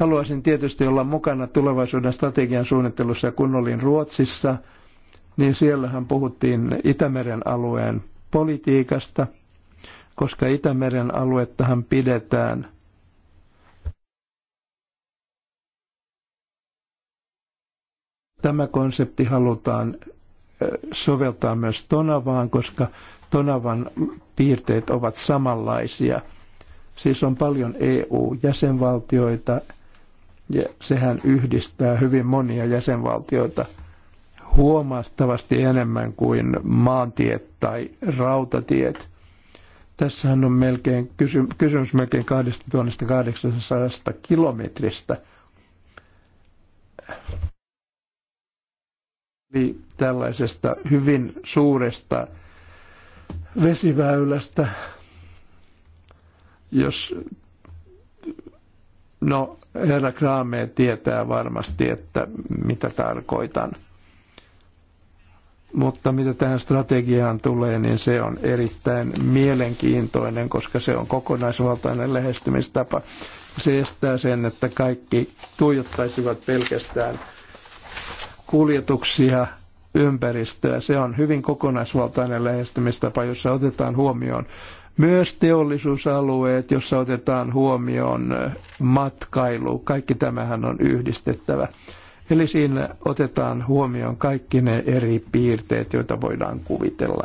Haluaisin tietysti olla mukana tulevaisuuden strategian suunnittelussa, kun olin Ruotsissa, niin siellähän puhuttiin Itämeren alueen politiikasta, koska Itämeren aluettahan pidetään Tämä konsepti halutaan soveltaa myös Tonavaan, koska Tonavan piirteet ovat samanlaisia – Siis on paljon EU-jäsenvaltioita ja sehän yhdistää hyvin monia jäsenvaltioita huomattavasti enemmän kuin maantiet tai rautatiet. Tässähän on melkein, kysy, kysymys melkein 2800 kilometristä. Eli tällaisesta hyvin suuresta vesiväylästä, jos, no herra Kraame tietää varmasti, että mitä tarkoitan. Mutta mitä tähän strategiaan tulee, niin se on erittäin mielenkiintoinen, koska se on kokonaisvaltainen lähestymistapa. Se estää sen, että kaikki tuijottaisivat pelkästään kuljetuksia, ympäristöä. Se on hyvin kokonaisvaltainen lähestymistapa, jossa otetaan huomioon myös teollisuusalueet, jossa otetaan huomioon matkailu, kaikki tämähän on yhdistettävä. Eli siinä otetaan huomioon kaikki ne eri piirteet, joita voidaan kuvitella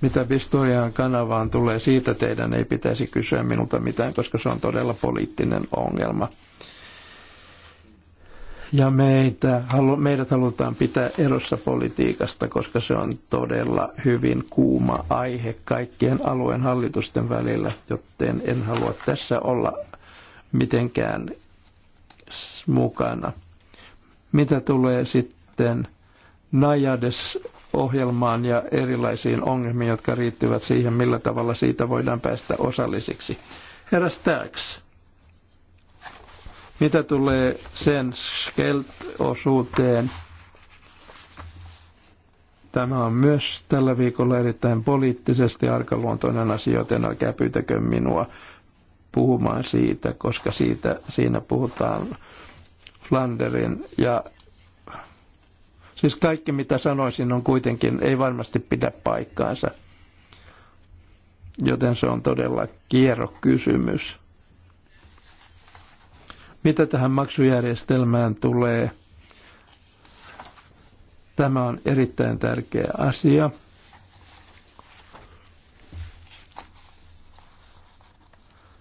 mitä Pistorian kanavaan tulee, siitä teidän ei pitäisi kysyä minulta mitään, koska se on todella poliittinen ongelma ja meitä, meidät halutaan pitää erossa politiikasta, koska se on todella hyvin kuuma aihe kaikkien alueen hallitusten välillä, joten en halua tässä olla mitenkään mukana. Mitä tulee sitten Najades-ohjelmaan ja erilaisiin ongelmiin, jotka riittyvät siihen, millä tavalla siitä voidaan päästä osallisiksi? Herra Stärks. Mitä tulee sen Skelt-osuuteen, tämä on myös tällä viikolla erittäin poliittisesti arkaluontoinen asia, joten oikein pyytäkö minua puhumaan siitä, koska siitä, siinä puhutaan Flanderin ja Siis kaikki mitä sanoisin on kuitenkin, ei varmasti pidä paikkaansa. Joten se on todella kierrokysymys. Mitä tähän maksujärjestelmään tulee? Tämä on erittäin tärkeä asia.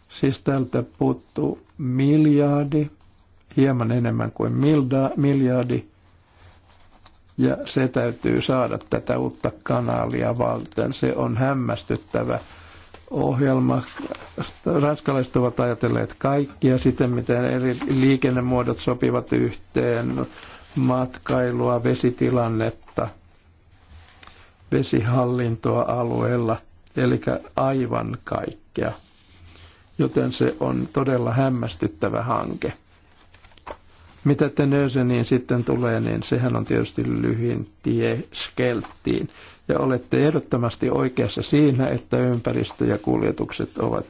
Siis tältä puuttuu miljardi, hieman enemmän kuin miljardi. Ja se täytyy saada tätä uutta kanaalia valten. Se on hämmästyttävä ohjelma. Ranskalaiset ovat ajatelleet kaikkia siten, miten eri liikennemuodot sopivat yhteen, matkailua, vesitilannetta, vesihallintoa alueella, eli aivan kaikkea. Joten se on todella hämmästyttävä hanke. Mitä Tenöseniin sitten tulee, niin sehän on tietysti lyhin tie Skelttiin. Ja olette ehdottomasti oikeassa siinä, että ympäristö ja kuljetukset ovat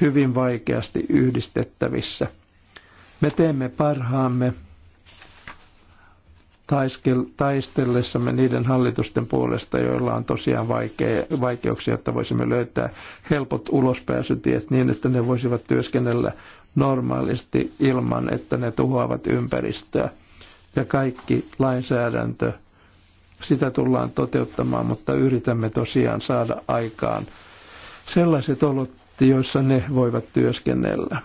hyvin vaikeasti yhdistettävissä. Me teemme parhaamme taistellessamme niiden hallitusten puolesta, joilla on tosiaan vaikea, vaikeuksia, että voisimme löytää helpot ulospääsytiet niin, että ne voisivat työskennellä normaalisti ilman, että ne tuhoavat ympäristöä. Ja kaikki lainsäädäntö sitä tullaan toteuttamaan, mutta yritämme tosiaan saada aikaan sellaiset olot, joissa ne voivat työskennellä.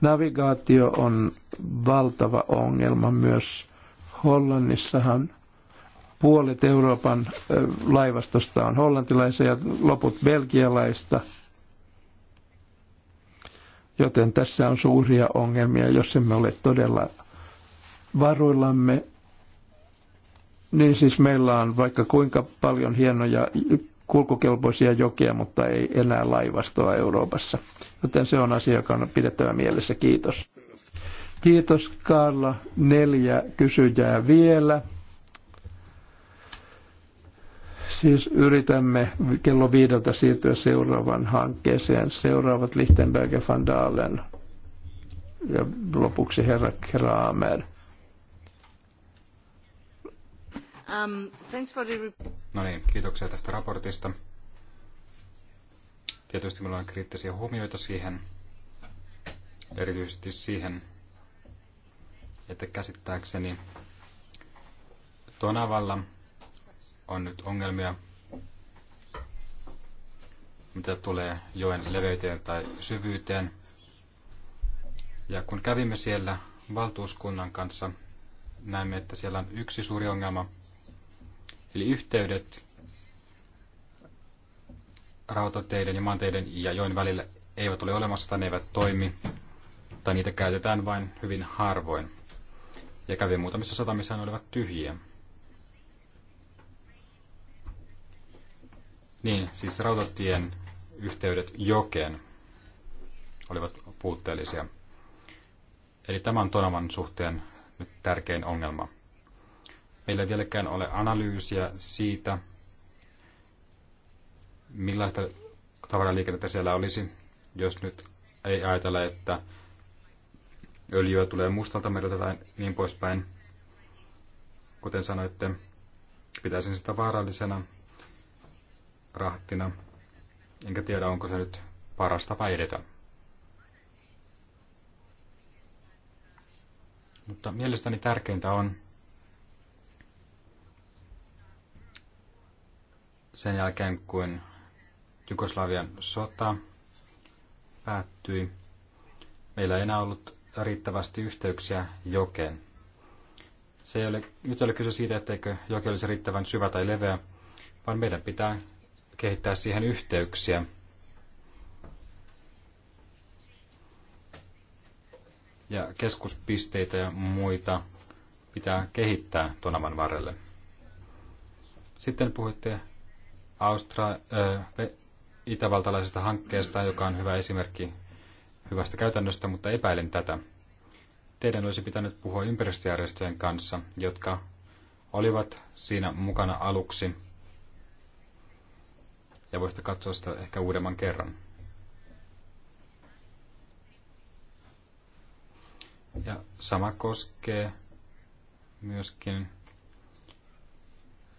Navigaatio on valtava ongelma myös Hollannissahan. Puolet Euroopan laivastosta on hollantilaisia ja loput belgialaista – Joten tässä on suuria ongelmia, jos emme ole todella varuillamme. Niin siis meillä on vaikka kuinka paljon hienoja kulkukelpoisia jokia, mutta ei enää laivastoa Euroopassa. Joten se on asia, joka on pidettävä mielessä. Kiitos. Kiitos Karla. Neljä kysyjää vielä. Siis yritämme kello viideltä siirtyä seuraavaan hankkeeseen. Seuraavat Lichtenberg ja Van Dalen. Ja lopuksi herra Kramer. Um, thanks for the... No niin, kiitoksia tästä raportista. Tietysti meillä on kriittisiä huomioita siihen, erityisesti siihen, että käsittääkseni Tonavalla on nyt ongelmia, mitä tulee joen leveyteen tai syvyyteen. Ja kun kävimme siellä valtuuskunnan kanssa, näemme, että siellä on yksi suuri ongelma, eli yhteydet rautateiden ja maanteiden ja joen välillä eivät ole olemassa tai ne eivät toimi, tai niitä käytetään vain hyvin harvoin. Ja kävi muutamissa satamissa ne olivat tyhjiä. Niin, siis rautatien yhteydet jokeen olivat puutteellisia. Eli tämä on Tonavan suhteen nyt tärkein ongelma. Meillä ei vieläkään ole analyysiä siitä, millaista tavaraliikennettä siellä olisi, jos nyt ei ajatella, että öljyä tulee mustalta mereltä tai niin poispäin. Kuten sanoitte, pitäisin sitä vaarallisena rahtina, enkä tiedä onko se nyt paras tapa edetä. Mutta mielestäni tärkeintä on sen jälkeen, kun Jugoslavian sota päättyi, meillä ei enää ollut riittävästi yhteyksiä jokeen. Se ei ole, nyt ei ole kyse siitä, etteikö joki olisi riittävän syvä tai leveä, vaan meidän pitää kehittää siihen yhteyksiä. Ja keskuspisteitä ja muita pitää kehittää Tonavan varrelle. Sitten puhuitte Austra- äh, itävaltalaisesta hankkeesta, joka on hyvä esimerkki hyvästä käytännöstä, mutta epäilen tätä. Teidän olisi pitänyt puhua ympäristöjärjestöjen kanssa, jotka olivat siinä mukana aluksi ja voisitte katsoa sitä ehkä uudemman kerran. Ja sama koskee myöskin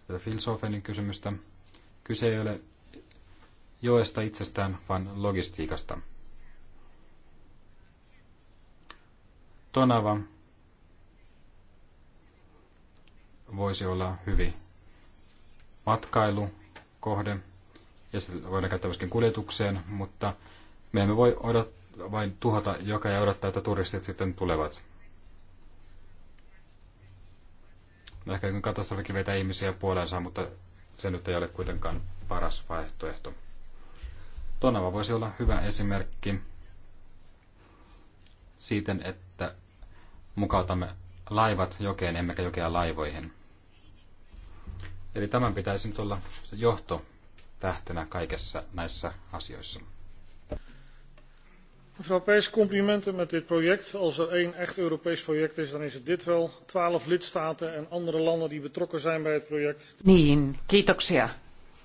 tätä filosofenin kysymystä. Kyse ei ole joesta itsestään, vaan logistiikasta. Tonava voisi olla hyvin matkailukohde, ja sitä voidaan käyttää myöskin kuljetukseen, mutta me emme voi odot- vain tuhota joka ja odottaa, että turistit sitten tulevat. No ehkä katastrofikin vetää ihmisiä puoleensa, mutta se nyt ei ole kuitenkaan paras vaihtoehto. Tonava voisi olla hyvä esimerkki siitä, että mukautamme laivat jokeen, emmekä jokea laivoihin. Eli tämän pitäisi nyt olla se johto tähtenä kaikessa näissä asioissa. Mevrouw Pees, complimenten met dit project. Als er één echt Europees project is, dan is het dit wel. Twaalf lidstaten en andere landen die betrokken zijn bij het project. Niin, kiitoksia.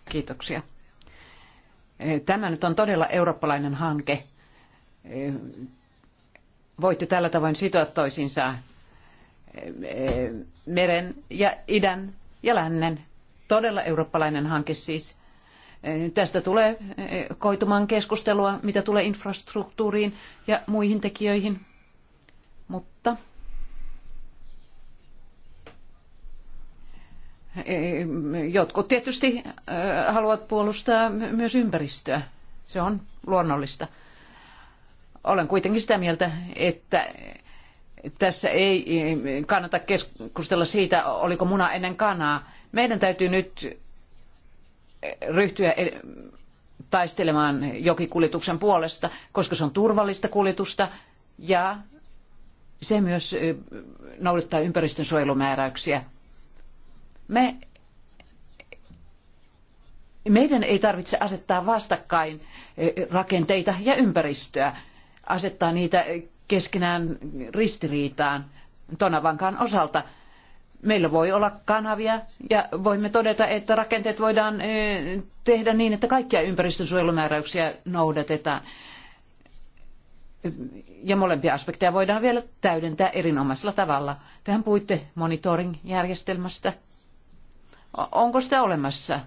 Kiitoksia. Eh, tämä nyt on todella eurooppalainen hanke. Eh, voitte tällä tavoin sitoa toisinsa eh, meren ja idän ja lännen. Todella eurooppalainen hanke siis. Tästä tulee eh, koitumaan keskustelua, mitä tulee infrastruktuuriin ja muihin tekijöihin. Mutta eh, jotkut tietysti eh, haluavat puolustaa myös ympäristöä. Se on luonnollista. Olen kuitenkin sitä mieltä, että tässä ei kannata keskustella siitä, oliko muna ennen kanaa. Meidän täytyy nyt ryhtyä taistelemaan jokikuljetuksen puolesta, koska se on turvallista kuljetusta ja se myös noudattaa ympäristönsuojelumääräyksiä. Me, meidän ei tarvitse asettaa vastakkain rakenteita ja ympäristöä, asettaa niitä keskenään ristiriitaan Tonavankaan osalta – meillä voi olla kanavia ja voimme todeta, että rakenteet voidaan tehdä niin, että kaikkia ympäristönsuojelumääräyksiä noudatetaan. Ja molempia aspekteja voidaan vielä täydentää erinomaisella tavalla. Tähän puitte monitoring-järjestelmästä. Onko sitä olemassa?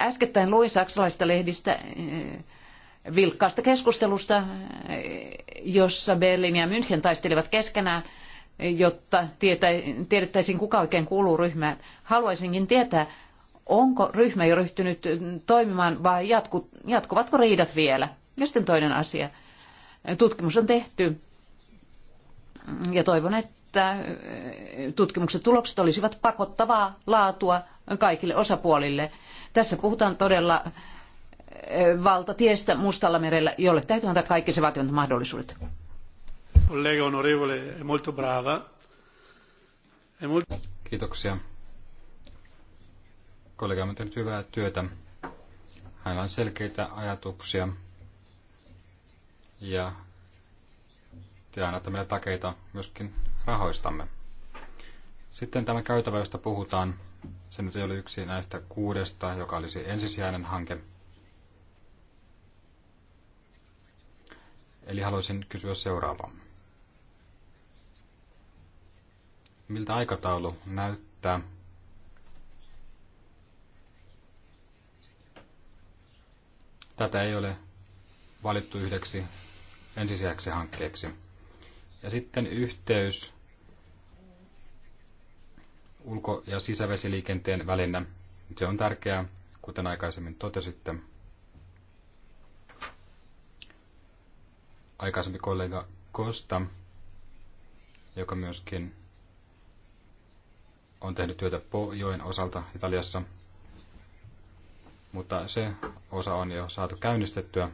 Äskettäin luin saksalaista lehdistä vilkkaasta keskustelusta, jossa Berlin ja München taistelivat keskenään – jotta tiedettäisiin kuka oikein kuuluu ryhmään. Haluaisinkin tietää, onko ryhmä jo ryhtynyt toimimaan vai jatku, jatkuvatko riidat vielä? Ja sitten toinen asia. Tutkimus on tehty ja toivon, että tutkimuksen tulokset olisivat pakottavaa laatua kaikille osapuolille. Tässä puhutaan todella eh, valtatiestä Mustalla merellä, jolle täytyy antaa kaikki se vaativat mahdollisuudet collega onorevole è molto brava. È molto... Kiitoksia. Kollega on tehnyt hyvää työtä. Hänellä on selkeitä ajatuksia ja te annatte meille takeita myöskin rahoistamme. Sitten tämä käytävä, josta puhutaan, se nyt ei ole yksi näistä kuudesta, joka olisi ensisijainen hanke. Eli haluaisin kysyä seuraavaa. miltä aikataulu näyttää. Tätä ei ole valittu yhdeksi ensisijaiseksi hankkeeksi. Ja sitten yhteys ulko- ja sisävesiliikenteen välinä. Se on tärkeää, kuten aikaisemmin totesitte. Aikaisempi kollega Kosta, joka myöskin on tehnyt työtä Pojoen osalta Italiassa, mutta se osa on jo saatu käynnistettyä.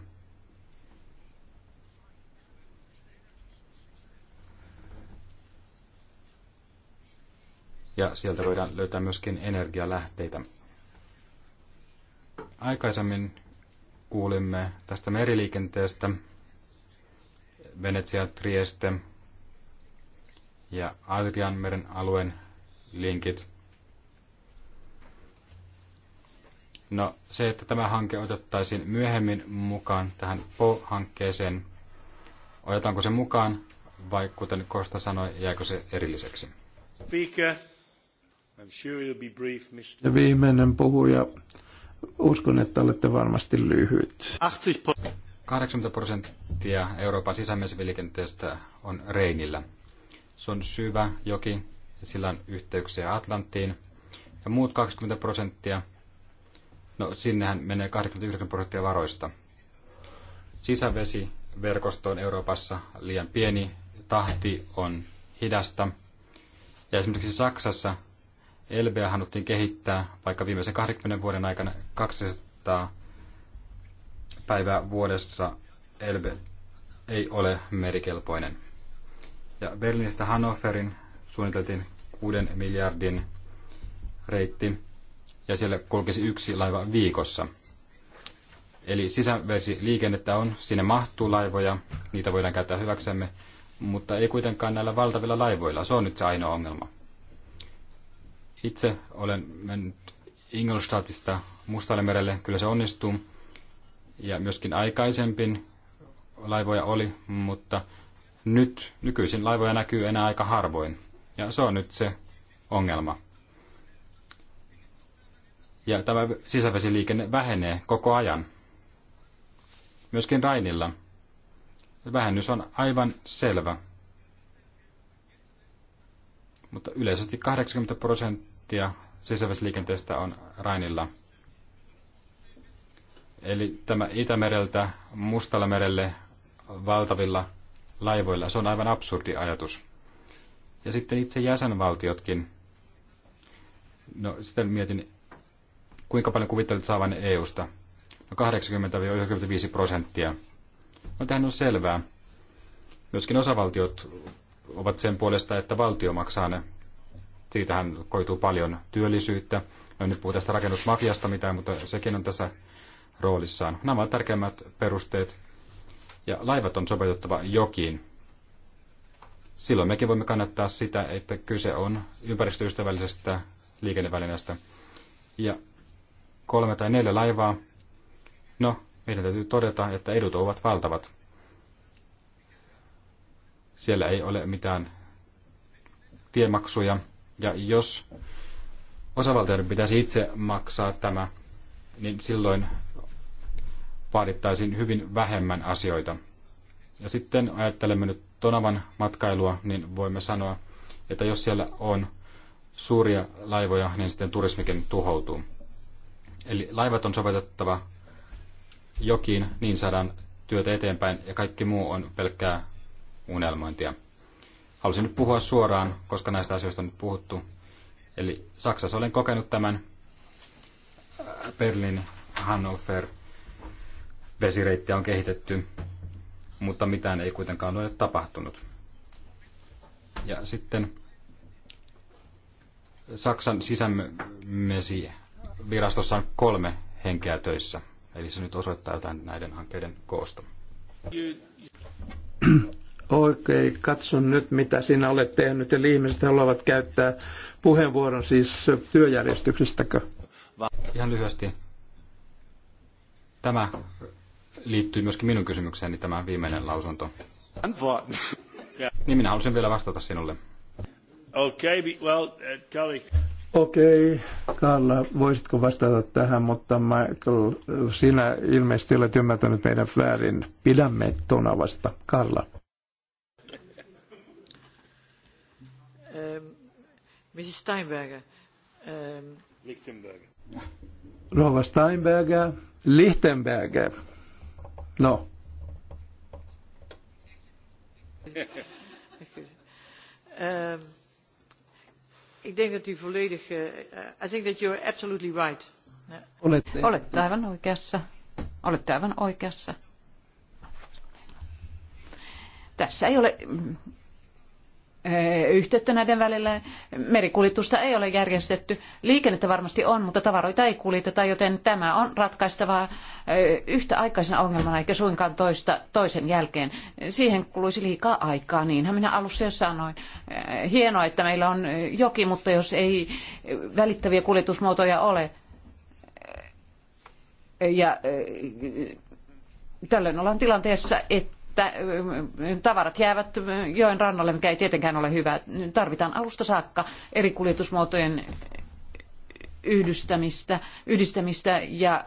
Ja sieltä voidaan löytää myöskin energialähteitä. Aikaisemmin kuulimme tästä meriliikenteestä, Venetsia, Trieste ja Adrianmeren alueen linkit. No se, että tämä hanke otettaisiin myöhemmin mukaan tähän PO-hankkeeseen, otetaanko se mukaan vai kuten Kosta sanoi, jääkö se erilliseksi? Speaker. I'm sure you'll be brief, Mr. Ja viimeinen puhuja. Uskon, että olette varmasti lyhyt. 80 prosenttia Euroopan sisämesiliikenteestä on Reinillä. Se on syvä joki, sillä on yhteyksiä Atlanttiin. Ja muut 20 prosenttia, no sinnehän menee 29 prosenttia varoista. Sisävesiverkosto on Euroopassa liian pieni, tahti on hidasta. Ja esimerkiksi Saksassa LBA haluttiin kehittää vaikka viimeisen 20 vuoden aikana 200 päivää vuodessa LB ei ole merikelpoinen. Ja Berliinistä Hannoverin suunniteltiin 6 miljardin reitti, ja siellä kulkisi yksi laiva viikossa. Eli sisävesiliikennettä on, sinne mahtuu laivoja, niitä voidaan käyttää hyväksemme, mutta ei kuitenkaan näillä valtavilla laivoilla. Se on nyt se ainoa ongelma. Itse olen mennyt Ingolstadtista Mustalle merelle, kyllä se onnistuu. Ja myöskin aikaisempin laivoja oli, mutta nyt nykyisin laivoja näkyy enää aika harvoin. Ja se on nyt se ongelma. Ja tämä sisävesiliikenne vähenee koko ajan. Myöskin Rainilla. Vähennys on aivan selvä. Mutta yleisesti 80 prosenttia sisävesiliikenteestä on Rainilla. Eli tämä Itämereltä Mustalla merelle valtavilla laivoilla, se on aivan absurdi ajatus. Ja sitten itse jäsenvaltiotkin. No sitten mietin, kuinka paljon kuvittelet saavan EU-sta? No 80-95 prosenttia. No tähän on selvää. Myöskin osavaltiot ovat sen puolesta, että valtio maksaa ne. Siitähän koituu paljon työllisyyttä. No nyt puhutaan tästä rakennusmafiasta mitään, mutta sekin on tässä roolissaan. Nämä ovat tärkeimmät perusteet. Ja laivat on sopeutettava jokiin silloin mekin voimme kannattaa sitä, että kyse on ympäristöystävällisestä liikennevälineestä. Ja kolme tai neljä laivaa, no, meidän täytyy todeta, että edut ovat valtavat. Siellä ei ole mitään tiemaksuja, ja jos osavaltioiden pitäisi itse maksaa tämä, niin silloin vaadittaisiin hyvin vähemmän asioita. Ja sitten ajattelemme nyt Tonavan matkailua, niin voimme sanoa, että jos siellä on suuria laivoja, niin sitten turismikin tuhoutuu. Eli laivat on sovitettava jokiin, niin saadaan työtä eteenpäin ja kaikki muu on pelkkää unelmointia. Halusin nyt puhua suoraan, koska näistä asioista on nyt puhuttu. Eli Saksassa olen kokenut tämän Berlin Hannover vesireittiä on kehitetty mutta mitään ei kuitenkaan ole tapahtunut. Ja sitten Saksan sisämesi virastossa on kolme henkeä töissä. Eli se nyt osoittaa jotain näiden hankkeiden koosta. Okei, okay, katson nyt mitä sinä olet tehnyt. Eli ihmiset haluavat käyttää puheenvuoron siis työjärjestyksestäkö? Ihan lyhyesti. Tämä liittyy myöskin minun kysymykseeni tämä viimeinen lausunto. Niin minä halusin vielä vastata sinulle. Okei, okay, well, uh, Okei, okay, Karla, voisitko vastata tähän, mutta Michael, sinä ilmeisesti olet ymmärtänyt meidän väärin. Pidämme Tonavasta. Karla. Um, Mrs. Steinberger. Um... Ähm, Lichtenberger. Rova Steinberger, Lichtenberger. לא. No. Ehm, ik denk dat u volledig. Uh, I think that you are absolutely right. Olette, Olette aivan oikeassa. Olette aivan oikeassa. Tässä ei ole mm, Eh, yhteyttä näiden välillä. Merikuljetusta ei ole järjestetty. Liikennettä varmasti on, mutta tavaroita ei kuljeteta, joten tämä on ratkaistavaa eh, yhtä ongelmana eikä suinkaan toista, toisen jälkeen. Siihen kuluisi liikaa aikaa, niinhän minä alussa jo sanoin. Eh, hienoa, että meillä on joki, mutta jos ei välittäviä kuljetusmuotoja ole, ja tällöin ollaan tilanteessa, että että tavarat jäävät joen rannalle, mikä ei tietenkään ole hyvä. Tarvitaan alusta saakka eri kuljetusmuotojen yhdistämistä, yhdistämistä ja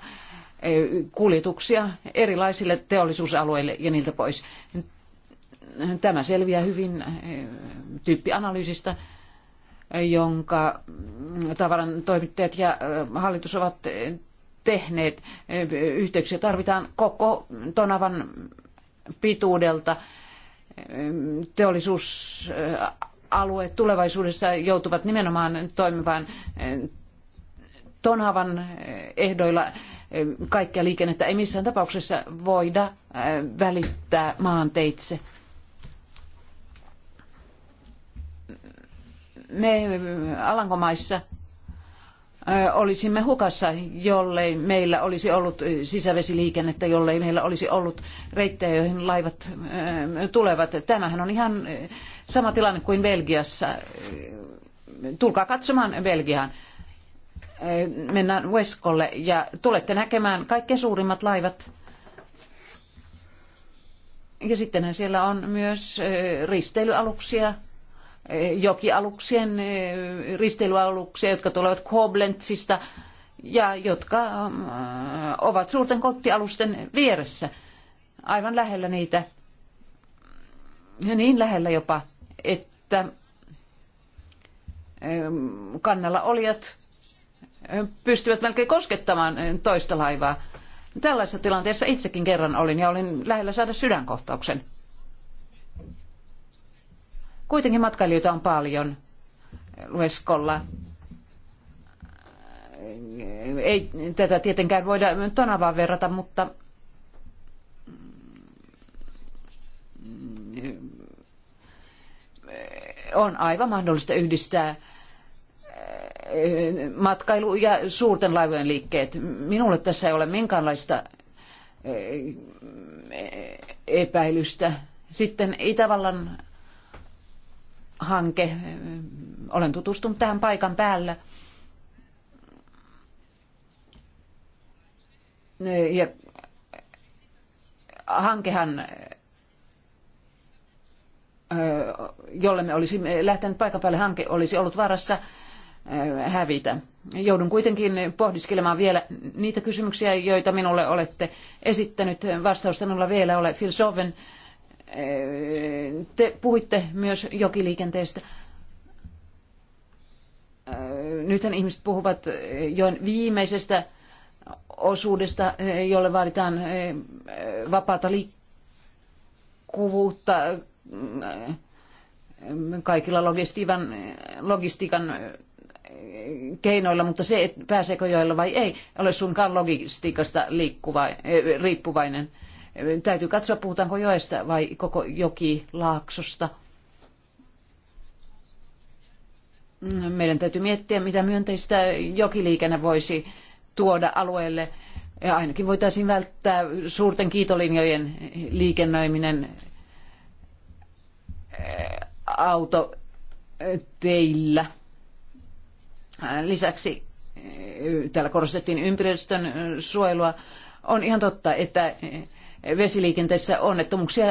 kuljetuksia erilaisille teollisuusalueille ja niiltä pois. Tämä selviää hyvin tyyppianalyysistä, jonka tavaran toimittajat ja hallitus ovat tehneet. Yhteyksiä tarvitaan koko Tonavan pituudelta teollisuusalueet tulevaisuudessa joutuvat nimenomaan toimimaan eh, Tonhavan ehdoilla. Kaikkea liikennettä ei missään tapauksessa voida eh, välittää maanteitse. Me eh, Alankomaissa olisimme hukassa, jollei meillä olisi ollut sisävesiliikennettä, jollei meillä olisi ollut reittejä, joihin laivat tulevat. Tämähän on ihan sama tilanne kuin Belgiassa. Tulkaa katsomaan Belgiaan. Mennään Weskolle ja tulette näkemään kaikkein suurimmat laivat. Ja sittenhän siellä on myös risteilyaluksia, jokialuksien risteilyaluksia, jotka tulevat Koblenzista ja jotka äh, ovat suurten kottialusten vieressä, aivan lähellä niitä, niin lähellä jopa, että ähm, kannalla olijat äh, pystyvät melkein koskettamaan äh, toista laivaa. Tällaisessa tilanteessa itsekin kerran olin ja olin lähellä saada sydänkohtauksen. Kuitenkin matkailijoita on paljon Lueskolla. Ei tätä tietenkään voida Tonavaan verrata, mutta on aivan mahdollista yhdistää matkailu ja suurten laivojen liikkeet. Minulle tässä ei ole minkäänlaista epäilystä. Sitten Itävallan hanke. Olen tutustunut tähän paikan päällä. Ja hankehan, jolle me olisimme lähtenyt paikan päälle, hanke olisi ollut varassa hävitä. Joudun kuitenkin pohdiskelemaan vielä niitä kysymyksiä, joita minulle olette esittänyt. Vastausta minulla vielä ole. Phil Soven, te puhuitte myös jokiliikenteestä. Nythän ihmiset puhuvat joen viimeisestä osuudesta, jolle vaaditaan vapaata liikkuvuutta kaikilla logistiikan, logistiikan keinoilla, mutta se, että pääseekö joilla vai ei, ole sunkaan logistiikasta liikkuva, riippuvainen. Täytyy katsoa, puhutaanko joesta vai koko laaksosta. Meidän täytyy miettiä, mitä myönteistä jokiliikenne voisi tuoda alueelle. Ja ainakin voitaisiin välttää suurten kiitolinjojen liikennöiminen autoteillä. Lisäksi täällä korostettiin ympäristön suojelua. On ihan totta, että vesiliikenteessä onnettomuuksia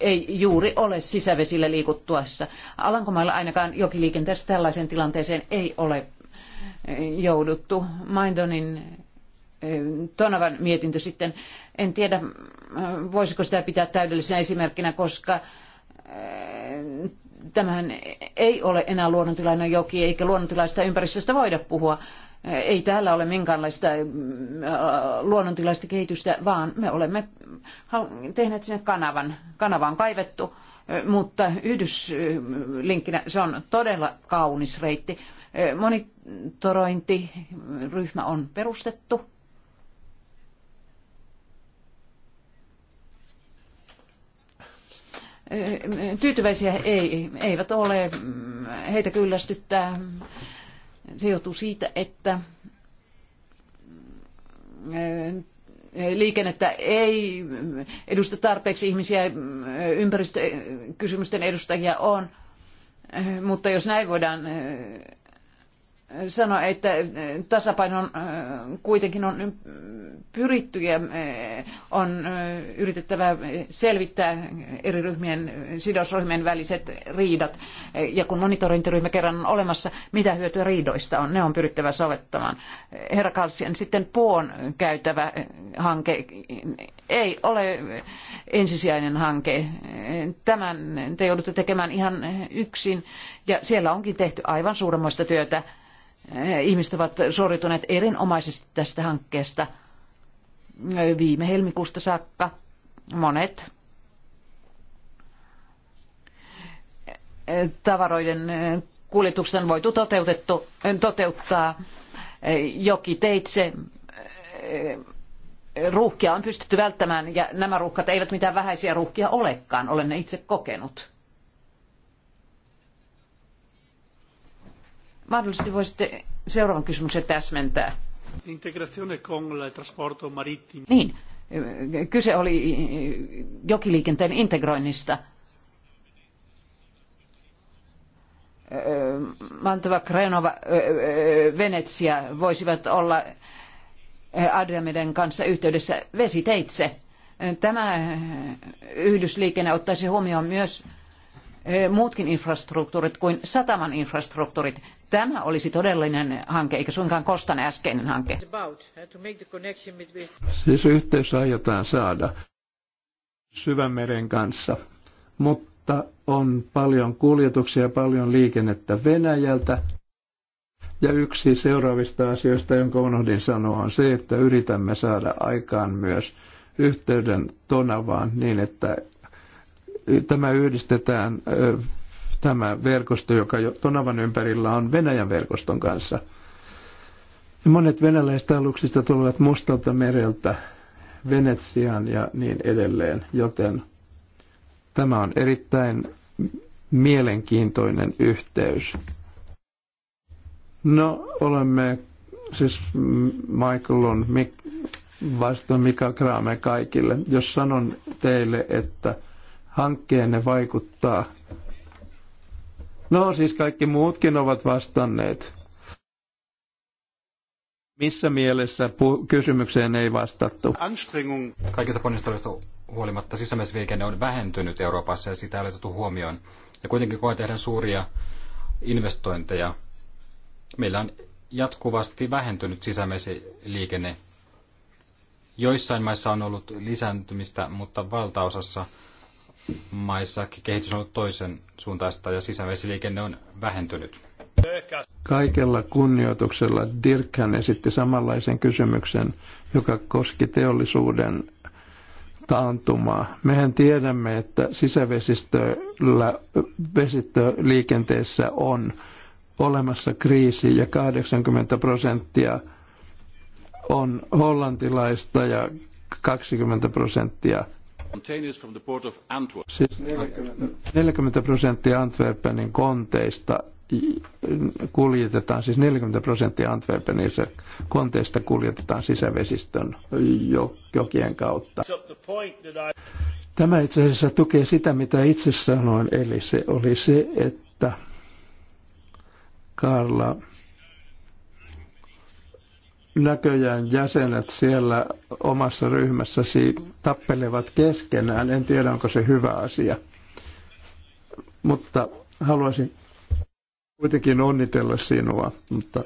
ei juuri ole sisävesillä liikuttuessa. Alankomailla ainakaan jokiliikenteessä tällaiseen tilanteeseen ei ole jouduttu. Maindonin Tonavan mietintö sitten, en tiedä voisiko sitä pitää täydellisenä esimerkkinä, koska tämähän ei ole enää luonnontilainen joki, eikä luonnontilaista ympäristöstä voida puhua. Ei täällä ole minkäänlaista äh, luonnontilaista kehitystä, vaan me olemme tehneet sinne kanavan. Kanava on kaivettu, äh, mutta yhdyslinkkinä se on todella kaunis reitti. Äh, monitorointiryhmä on perustettu. Tyytyväisiä ei, eivät ole, heitä kyllästyttää se johtuu siitä, että liikennettä ei edusta tarpeeksi ihmisiä, ympäristökysymysten edustajia on. Mutta jos näin voidaan sano, että äh, tasapainon äh, kuitenkin on pyritty ja äh, on yritettävä selvittää eri ryhmien, sidosryhmien väliset riidat. Ja kun monitorointiryhmä kerran on olemassa, mitä hyötyä riidoista on, ne on pyrittävä sovittamaan. Herra Kalsien sitten puon käytävä hanke ei ole ensisijainen hanke. Tämän te joudutte tekemään ihan yksin ja siellä onkin tehty aivan suuremmoista työtä Ihmiset ovat suorituneet erinomaisesti tästä hankkeesta viime helmikuusta saakka. Monet tavaroiden kuljetukset on voitu toteutettu, toteuttaa teitse. Ruuhkia on pystytty välttämään ja nämä ruuhkat eivät mitään vähäisiä ruuhkia olekaan, olen ne itse kokenut. mahdollisesti voisitte seuraavan kysymyksen täsmentää. Integrazione con il trasporto marittimo. Niin, kyse oli jokiliikenteen integroinnista. Mantova, Krenova, Venetsia voisivat olla Adriamiden kanssa yhteydessä vesiteitse. Tämä yhdysliikenne ottaisi huomioon myös muutkin infrastruktuurit kuin sataman infrastruktuurit. Tämä olisi todellinen hanke, eikä suinkaan Kostan äskeinen hanke. Siis yhteys aiotaan saada syvänmeren kanssa, mutta on paljon kuljetuksia, paljon liikennettä Venäjältä. Ja yksi seuraavista asioista, jonka unohdin sanoa, on se, että yritämme saada aikaan myös yhteyden Tonavaan niin, että tämä yhdistetään tämä verkosto, joka jo Tonavan ympärillä on Venäjän verkoston kanssa. Monet venäläiset aluksista tulevat Mustalta mereltä Venetsiaan ja niin edelleen, joten tämä on erittäin mielenkiintoinen yhteys. No, olemme siis Michael on Mik, vasta Mika Kraame kaikille. Jos sanon teille, että – hankkeenne vaikuttaa? No siis kaikki muutkin ovat vastanneet. Missä mielessä kysymykseen ei vastattu? Kaikista ponnisteluista huolimatta sisämiesliikenne on vähentynyt Euroopassa ja sitä ei ole otettu huomioon. Ja kuitenkin koe tehdään suuria investointeja. Meillä on jatkuvasti vähentynyt sisämiesliikenne. Joissain maissa on ollut lisääntymistä, mutta valtaosassa maissa kehitys on ollut toisen suuntaista ja sisävesiliikenne on vähentynyt. Kaikella kunnioituksella Dirkhan esitti samanlaisen kysymyksen, joka koski teollisuuden taantumaa. Mehän tiedämme, että sisävesistöllä vesistöliikenteessä on olemassa kriisi ja 80 prosenttia on hollantilaista ja 20 prosenttia Siis 40 prosenttia Antwerpenin konteista kuljetetaan, siis 40 prosenttia Antwerpenin konteista kuljetetaan sisävesistön jokien kautta. Tämä itse asiassa tukee sitä, mitä itse sanoin, eli se oli se, että Karla näköjään jäsenet siellä omassa ryhmässäsi tappelevat keskenään. En tiedä, onko se hyvä asia. Mutta haluaisin kuitenkin onnitella sinua, mutta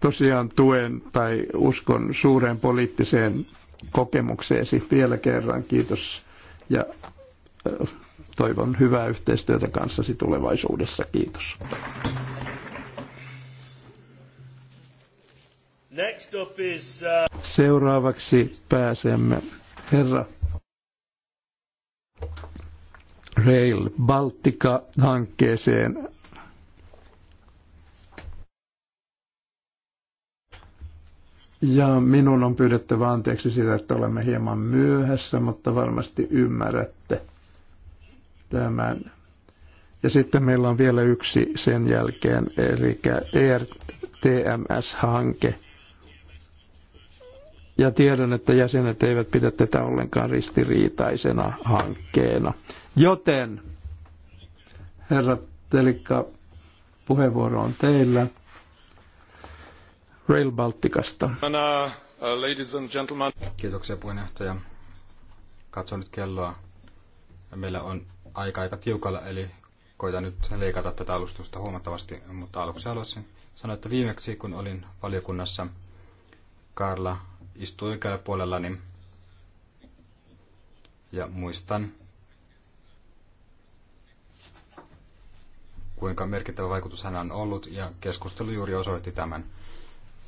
tosiaan tuen tai uskon suureen poliittiseen kokemukseesi vielä kerran. Kiitos ja toivon hyvää yhteistyötä kanssasi tulevaisuudessa. Kiitos. Next up is, uh... Seuraavaksi pääsemme herra Rail Baltica-hankkeeseen. Ja minun on pyydettävä anteeksi sitä, että olemme hieman myöhässä, mutta varmasti ymmärrätte tämän. Ja sitten meillä on vielä yksi sen jälkeen, eli ERTMS-hanke – ja tiedän, että jäsenet eivät pidä tätä ollenkaan ristiriitaisena hankkeena. Joten, herra Telikka, puheenvuoro on teillä. Rail Balticasta. Uh, Kiitoksia puheenjohtaja. Katson nyt kelloa. Meillä on aika aika tiukalla, eli koitan nyt leikata tätä alustusta huomattavasti, mutta aluksi haluaisin sanoa, että viimeksi kun olin valiokunnassa, Karla istuu oikealla niin Ja muistan, kuinka merkittävä vaikutus hän on ollut, ja keskustelu juuri osoitti tämän.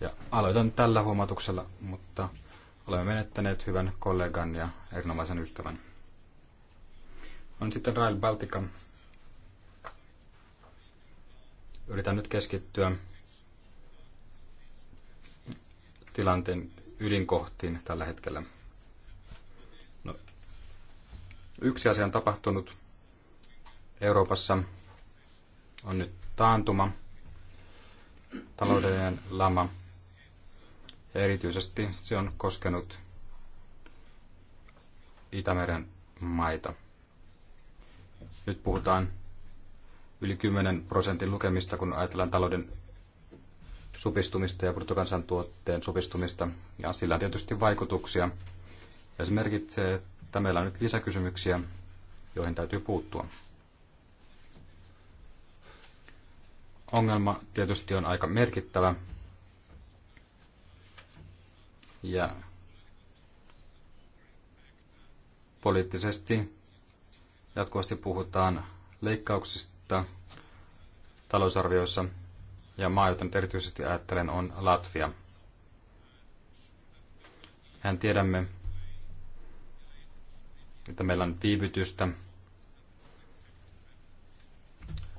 Ja aloitan tällä huomautuksella, mutta olemme menettäneet hyvän kollegan ja erinomaisen ystävän. On sitten Rail Baltica. Yritän nyt keskittyä tilanteen ydinkohtiin tällä hetkellä. No, yksi asia on tapahtunut. Euroopassa on nyt taantuma, taloudellinen lama. Ja erityisesti se on koskenut Itämeren maita. Nyt puhutaan yli 10 prosentin lukemista, kun ajatellaan talouden supistumista ja bruttokansantuotteen supistumista, ja sillä on tietysti vaikutuksia. Ja se merkitsee, että meillä on nyt lisäkysymyksiä, joihin täytyy puuttua. Ongelma tietysti on aika merkittävä, ja poliittisesti jatkuvasti puhutaan leikkauksista talousarvioissa, ja maa, jota nyt erityisesti ajattelen, on Latvia. Hän tiedämme, että meillä on viivytystä.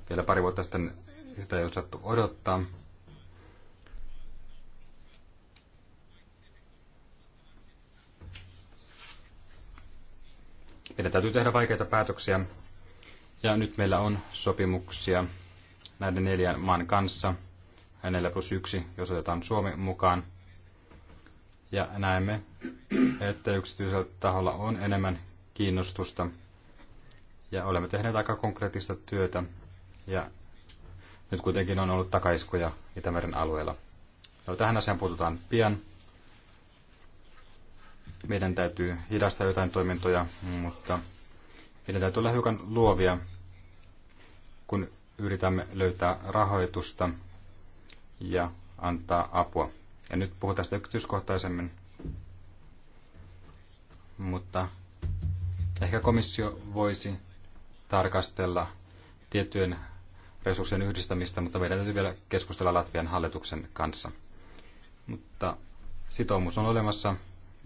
Vielä pari vuotta sitten sitä ei osattu odottaa. Meidän täytyy tehdä vaikeita päätöksiä, ja nyt meillä on sopimuksia näiden neljän maan kanssa – 4 plus 1, jos otetaan Suomi mukaan. Ja näemme, että yksityisellä taholla on enemmän kiinnostusta. Ja olemme tehneet aika konkreettista työtä. Ja nyt kuitenkin on ollut takaiskuja Itämeren alueella. No, tähän asiaan puututaan pian. Meidän täytyy hidastaa jotain toimintoja, mutta meidän täytyy olla hiukan luovia, kun yritämme löytää rahoitusta ja antaa apua. Ja nyt puhutaan tästä yksityiskohtaisemmin, mutta ehkä komissio voisi tarkastella tiettyjen resurssien yhdistämistä, mutta meidän täytyy vielä keskustella Latvian hallituksen kanssa. Mutta sitoumus on olemassa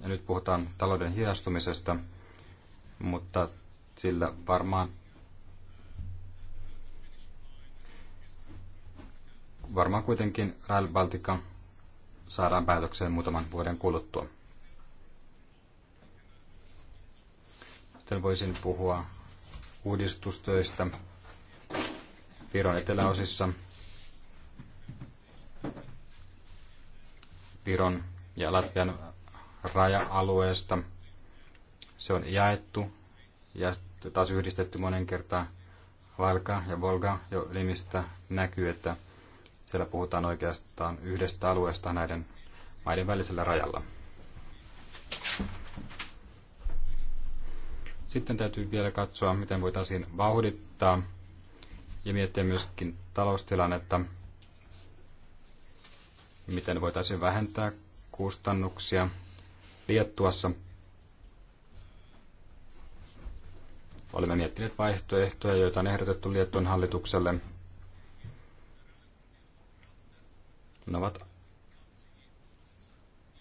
ja nyt puhutaan talouden hidastumisesta, mutta sillä varmaan varmaan kuitenkin Rail Baltica saadaan päätökseen muutaman vuoden kuluttua. Sitten voisin puhua uudistustöistä Viron eteläosissa. Viron ja Latvian raja-alueesta. Se on jaettu ja taas yhdistetty monen kertaa Valka ja Volga jo nimistä näkyy, että siellä puhutaan oikeastaan yhdestä alueesta näiden maiden välisellä rajalla. Sitten täytyy vielä katsoa, miten voitaisiin vauhdittaa ja miettiä myöskin taloustilannetta, miten voitaisiin vähentää kustannuksia Liettuassa. Olemme miettineet vaihtoehtoja, joita on ehdotettu Liettuan hallitukselle – Ne ovat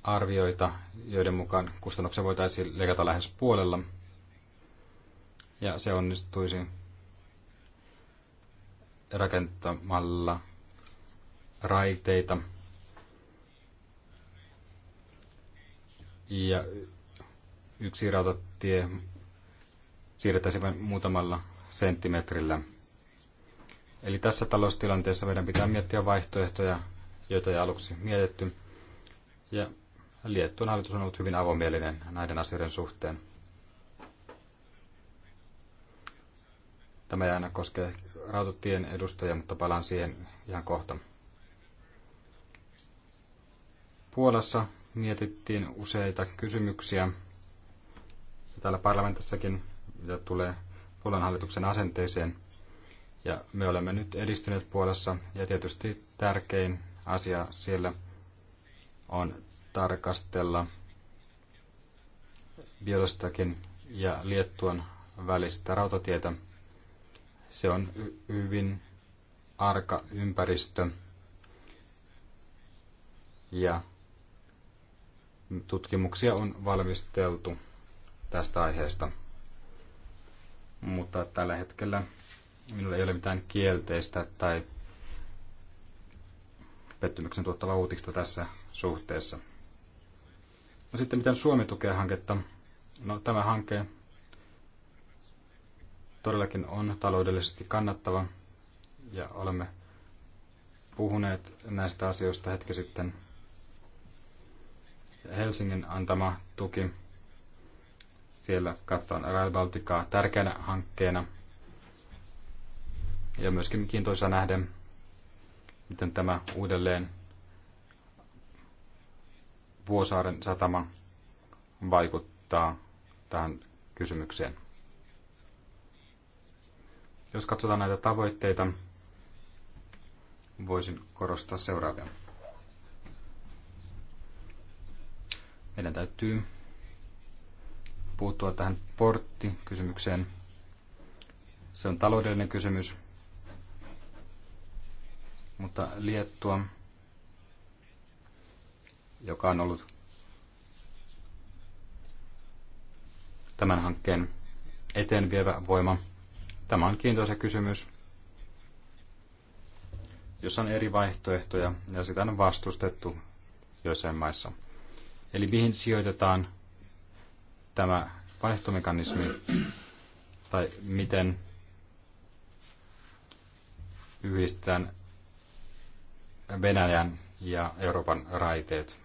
arvioita, joiden mukaan kustannuksia voitaisiin leikata lähes puolella. Ja se onnistuisi rakentamalla raiteita ja yksi rautatie siirrettäisiin vain muutamalla senttimetrillä. Eli tässä taloustilanteessa meidän pitää miettiä vaihtoehtoja joita ei aluksi mietitty. Ja Liettuan hallitus on ollut hyvin avomielinen näiden asioiden suhteen. Tämä ei aina koske rautatien edustajia, mutta palaan siihen ihan kohta. Puolassa mietittiin useita kysymyksiä täällä parlamentissakin, mitä tulee Puolan hallituksen asenteeseen. Ja me olemme nyt edistyneet Puolassa ja tietysti tärkein asia siellä on tarkastella Bielostakin ja Liettuan välistä rautatietä. Se on hyvin arka ympäristö ja tutkimuksia on valmisteltu tästä aiheesta. Mutta tällä hetkellä minulla ei ole mitään kielteistä tai pettymyksen tuottavaa uutista tässä suhteessa. No sitten miten Suomi tukee hanketta? No tämä hanke todellakin on taloudellisesti kannattava ja olemme puhuneet näistä asioista hetki sitten. Helsingin antama tuki siellä katsotaan Rail Balticaa tärkeänä hankkeena ja myöskin kiintoisa nähden miten tämä uudelleen Vuosaaren satama vaikuttaa tähän kysymykseen. Jos katsotaan näitä tavoitteita, voisin korostaa seuraavia. Meidän täytyy puuttua tähän porttikysymykseen. Se on taloudellinen kysymys. Mutta Liettua, joka on ollut tämän hankkeen vievä voima, tämä on kiintoisa kysymys, jossa on eri vaihtoehtoja ja sitä on vastustettu joissain maissa. Eli mihin sijoitetaan tämä vaihtomekanismi tai miten yhdistetään Venäjän ja Euroopan raiteet.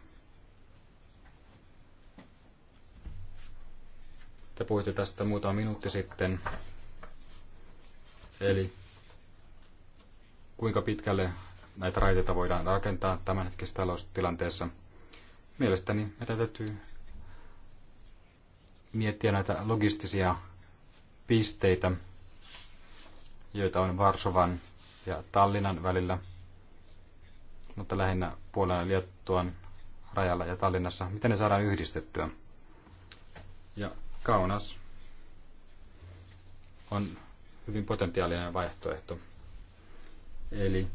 Te puhuitte tästä muutama minuutti sitten. Eli kuinka pitkälle näitä raiteita voidaan rakentaa tämänhetkisessä taloustilanteessa. Mielestäni meidän täytyy miettiä näitä logistisia pisteitä, joita on Varsovan ja Tallinnan välillä – mutta lähinnä Puolan ja Liettuan rajalla ja Tallinnassa. Miten ne saadaan yhdistettyä? Ja Kaunas on hyvin potentiaalinen vaihtoehto. Eli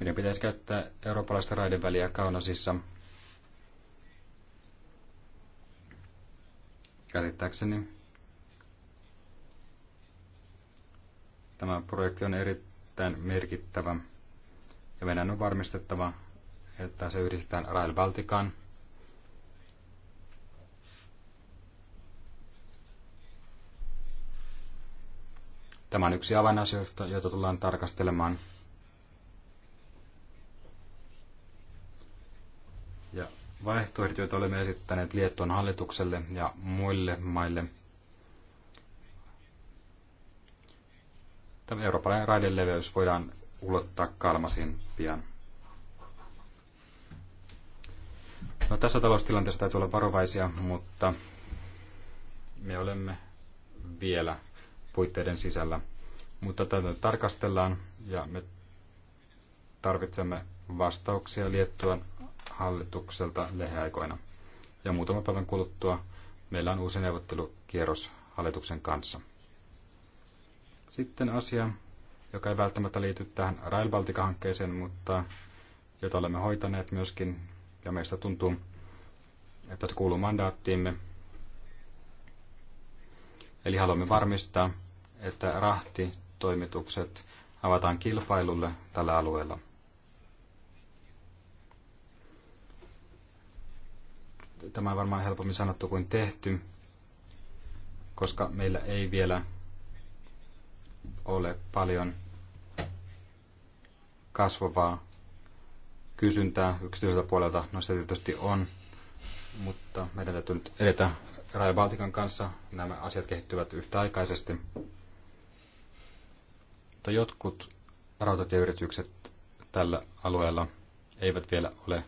meidän pitäisi käyttää eurooppalaista raideväliä Kaunasissa. Käsittääkseni tämä projekti on erittäin merkittävä. Ja meidän on varmistettava, että se yhdistetään Rail Baltican. Tämä on yksi avainasioista, jota tullaan tarkastelemaan. Ja vaihtoehdot, joita olemme esittäneet Liettuan hallitukselle ja muille maille. Tämä eurooppalainen leveys voidaan ulottaa Kalmasin pian. No, tässä taloustilanteessa täytyy olla varovaisia, mutta me olemme vielä puitteiden sisällä. Mutta tätä tarkastellaan ja me tarvitsemme vastauksia Liettuan hallitukselta leheaikoina. Ja muutaman päivän kuluttua meillä on uusi neuvottelukierros hallituksen kanssa. Sitten asia, joka ei välttämättä liity tähän Rail Baltica-hankkeeseen, mutta jota olemme hoitaneet myöskin, ja meistä tuntuu, että se kuuluu mandaattiimme. Eli haluamme varmistaa, että rahtitoimitukset avataan kilpailulle tällä alueella. Tämä on varmaan helpommin sanottu kuin tehty, koska meillä ei vielä ole paljon kasvavaa kysyntää yksityiseltä puolelta. No se tietysti on, mutta meidän täytyy nyt edetä Raja Baltikan kanssa. Nämä asiat kehittyvät yhtäaikaisesti. Mutta jotkut rautatieyritykset tällä alueella eivät vielä ole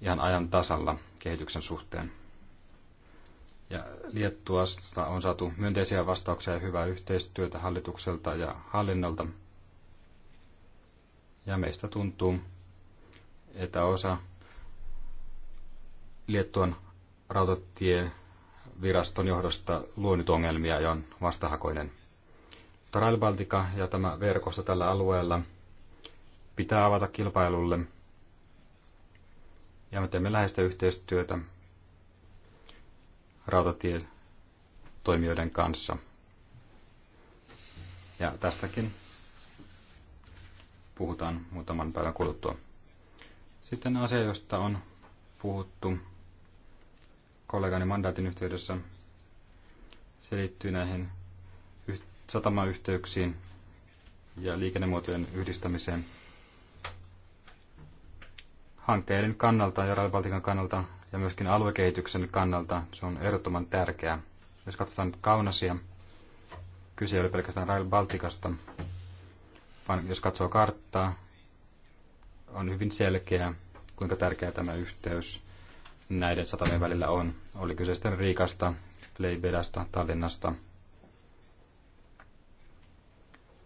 ihan ajan tasalla kehityksen suhteen. Ja Liettuasta on saatu myönteisiä vastauksia ja hyvää yhteistyötä hallitukselta ja hallinnolta. Ja meistä tuntuu, että osa Liettuan rautatieviraston johdosta luonut ongelmia ja on vastahakoinen. Trail Baltica ja tämä verkosto tällä alueella pitää avata kilpailulle. Ja me teemme läheistä yhteistyötä rautatietoimijoiden toimijoiden kanssa. Ja tästäkin puhutaan muutaman päivän kuluttua. Sitten asia, josta on puhuttu kollegani mandaatin yhteydessä, se liittyy näihin satamayhteyksiin ja liikennemuotojen yhdistämiseen. Hankkeiden kannalta ja Rail Baltican kannalta ja myöskin aluekehityksen kannalta se on ehdottoman tärkeää. Jos katsotaan nyt Kaunasia, kyse ei ole pelkästään Rail Baltikasta, vaan jos katsoo karttaa, on hyvin selkeä, kuinka tärkeä tämä yhteys näiden satamien välillä on. Oli kyse sitten Riikasta, Leibedasta, Tallinnasta.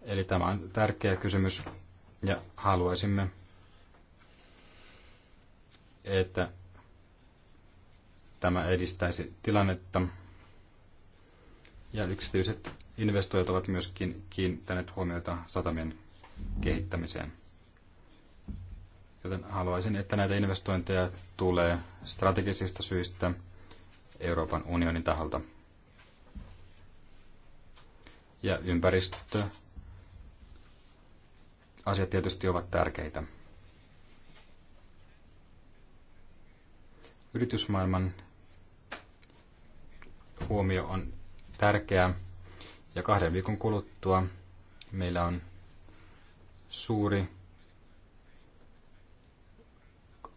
Eli tämä on tärkeä kysymys ja haluaisimme, että Tämä edistäisi tilannetta. Ja yksityiset investoijat ovat myöskin kiinnittäneet huomiota satamien kehittämiseen. Joten haluaisin, että näitä investointeja tulee strategisista syistä Euroopan unionin taholta. Ja ympäristö asiat tietysti ovat tärkeitä. Yritysmaailman huomio on tärkeä. Ja kahden viikon kuluttua meillä on suuri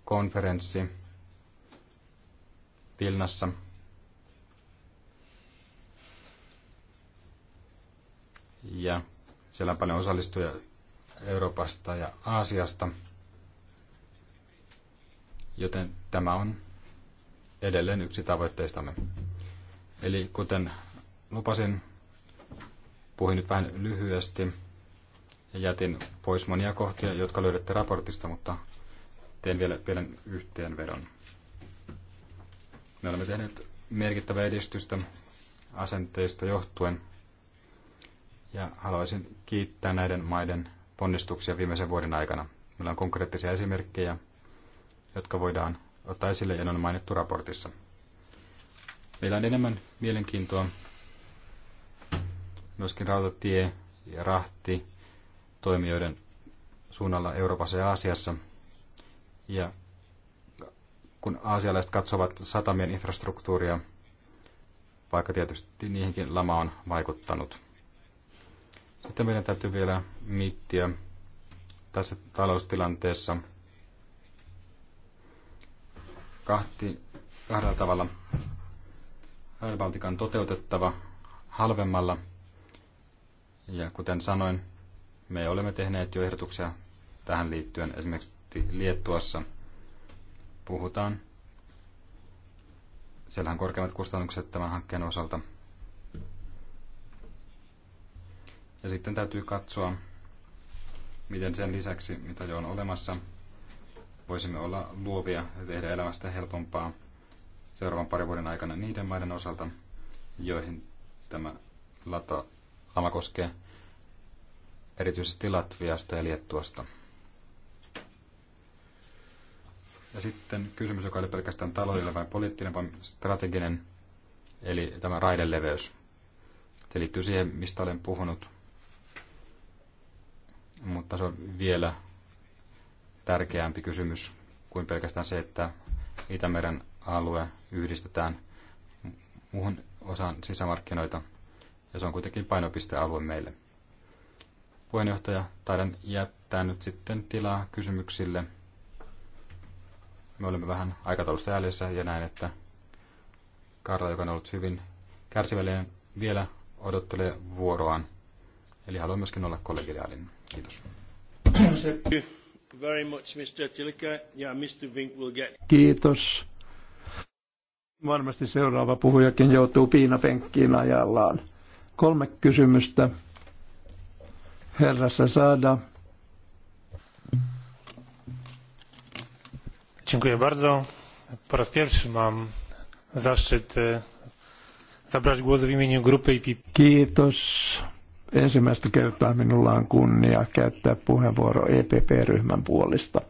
konferenssi Vilnassa. Ja siellä on paljon osallistujia Euroopasta ja Aasiasta. Joten tämä on edelleen yksi tavoitteistamme. Eli kuten lupasin, puhuin nyt vähän lyhyesti ja jätin pois monia kohtia, jotka löydätte raportista, mutta teen vielä pienen yhteenvedon. Me olemme tehneet merkittävää edistystä asenteista johtuen ja haluaisin kiittää näiden maiden ponnistuksia viimeisen vuoden aikana. Meillä on konkreettisia esimerkkejä, jotka voidaan ottaa esille ja ne on mainittu raportissa meillä on enemmän mielenkiintoa myöskin rautatie- ja rahti toimijoiden suunnalla Euroopassa ja Aasiassa. Ja kun aasialaiset katsovat satamien infrastruktuuria, vaikka tietysti niihinkin lama on vaikuttanut. Sitten meidän täytyy vielä miettiä tässä taloustilanteessa kahti, kahdella tavalla. Rajabaltikan toteutettava halvemmalla. Ja kuten sanoin, me olemme tehneet jo ehdotuksia tähän liittyen. Esimerkiksi Liettuassa puhutaan. Siellähän on korkeimmat kustannukset tämän hankkeen osalta. Ja sitten täytyy katsoa, miten sen lisäksi, mitä jo on olemassa, voisimme olla luovia ja tehdä elämästä helpompaa seuraavan parin vuoden aikana niiden maiden osalta, joihin tämä lata, lama koskee, erityisesti Latviasta ja Liettuasta. Ja sitten kysymys, joka oli pelkästään taloudellinen vai poliittinen, vaan strateginen, eli tämä raideleveys. Se liittyy siihen, mistä olen puhunut, mutta se on vielä tärkeämpi kysymys kuin pelkästään se, että Itämeren alue yhdistetään muuhun osaan sisämarkkinoita, ja se on kuitenkin painopistealue meille. Puheenjohtaja, taidan jättää nyt sitten tilaa kysymyksille. Me olemme vähän aikataulusta jäljessä ja näin, että Karla, joka on ollut hyvin kärsivällinen, vielä odottelee vuoroaan. Eli haluan myöskin olla kollegiaalinen. Kiitos. Kiitos. Varmasti seuraava puhujakin joutuu piinapenkkiin ajallaan. Kolme kysymystä. Herrassa saada. Dziękuję bardzo. Po raz pierwszy mam zaszczyt e, zabrać głos w imieniu grupy IPP. Kiitos. Ensimmäistä kertaa minulla on kunnia käyttää puheenvuoro EPP-ryhmän puolesta.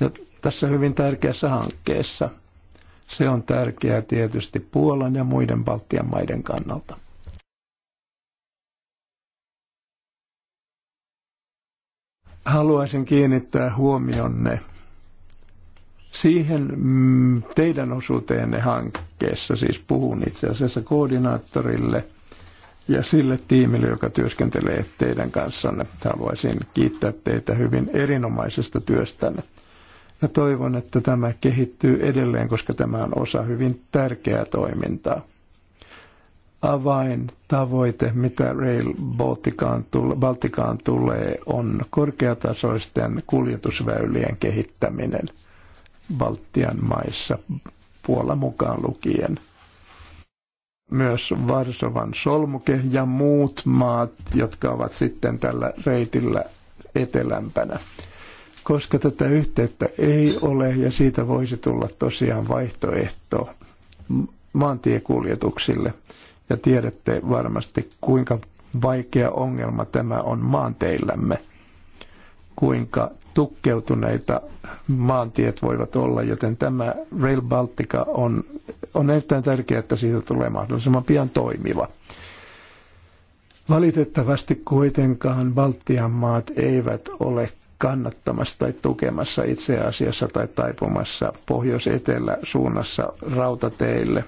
Ja tässä hyvin tärkeässä hankkeessa – se on tärkeää tietysti Puolan ja muiden Baltian maiden kannalta. Haluaisin kiinnittää huomionne siihen mm, teidän osuuteenne hankkeessa, siis puhun itse asiassa koordinaattorille ja sille tiimille, joka työskentelee teidän kanssanne. Haluaisin kiittää teitä hyvin erinomaisesta työstänne. Ja toivon, että tämä kehittyy edelleen, koska tämä on osa hyvin tärkeää toimintaa. Avain tavoite, mitä Rail Balticaan tule, Balticaan tulee, on korkeatasoisten kuljetusväylien kehittäminen Baltian maissa, Puola mukaan lukien myös Varsovan solmuke ja muut maat, jotka ovat sitten tällä reitillä etelämpänä koska tätä yhteyttä ei ole ja siitä voisi tulla tosiaan vaihtoehto maantiekuljetuksille. Ja tiedätte varmasti, kuinka vaikea ongelma tämä on maanteillämme, kuinka tukkeutuneita maantiet voivat olla, joten tämä Rail Baltica on, on erittäin tärkeää, että siitä tulee mahdollisimman pian toimiva. Valitettavasti kuitenkaan Baltian maat eivät ole kannattamassa tai tukemassa itse asiassa tai taipumassa pohjois-etelä suunnassa rautateille.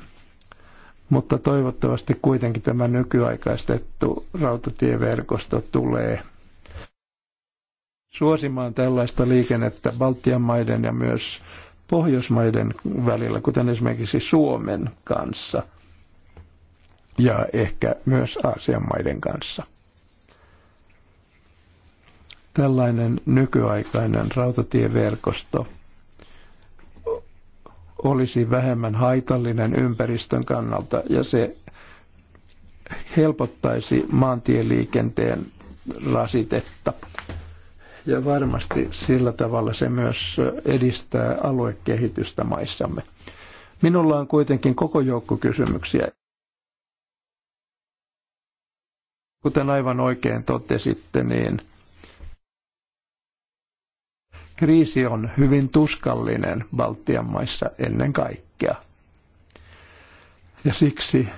Mutta toivottavasti kuitenkin tämä nykyaikaistettu rautatieverkosto tulee suosimaan tällaista liikennettä Baltian maiden ja myös Pohjoismaiden välillä, kuten esimerkiksi Suomen kanssa ja ehkä myös Aasian maiden kanssa. Tällainen nykyaikainen rautatieverkosto olisi vähemmän haitallinen ympäristön kannalta ja se helpottaisi maantieliikenteen rasitetta. Ja varmasti sillä tavalla se myös edistää aluekehitystä maissamme. Minulla on kuitenkin koko joukko kysymyksiä. Kuten aivan oikein totesitte, niin kriisi on hyvin tuskallinen Baltian maissa ennen kaikkea. Ja siksi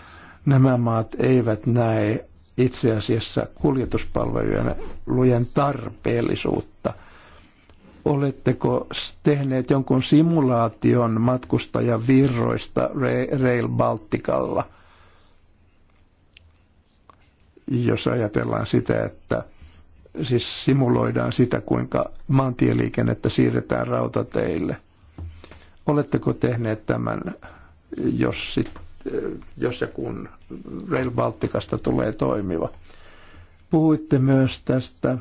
nämä maat eivät näe itse asiassa kuljetuspalvelujen lujen tarpeellisuutta. Oletteko tehneet jonkun simulaation matkustajavirroista Rail Balticalla, jos ajatellaan sitä, että – siis simuloidaan sitä, kuinka maantieliikennettä siirretään rautateille. Oletteko tehneet tämän, jos, sit, jos ja kun Rail Balticasta tulee toimiva? Puhuitte myös tästä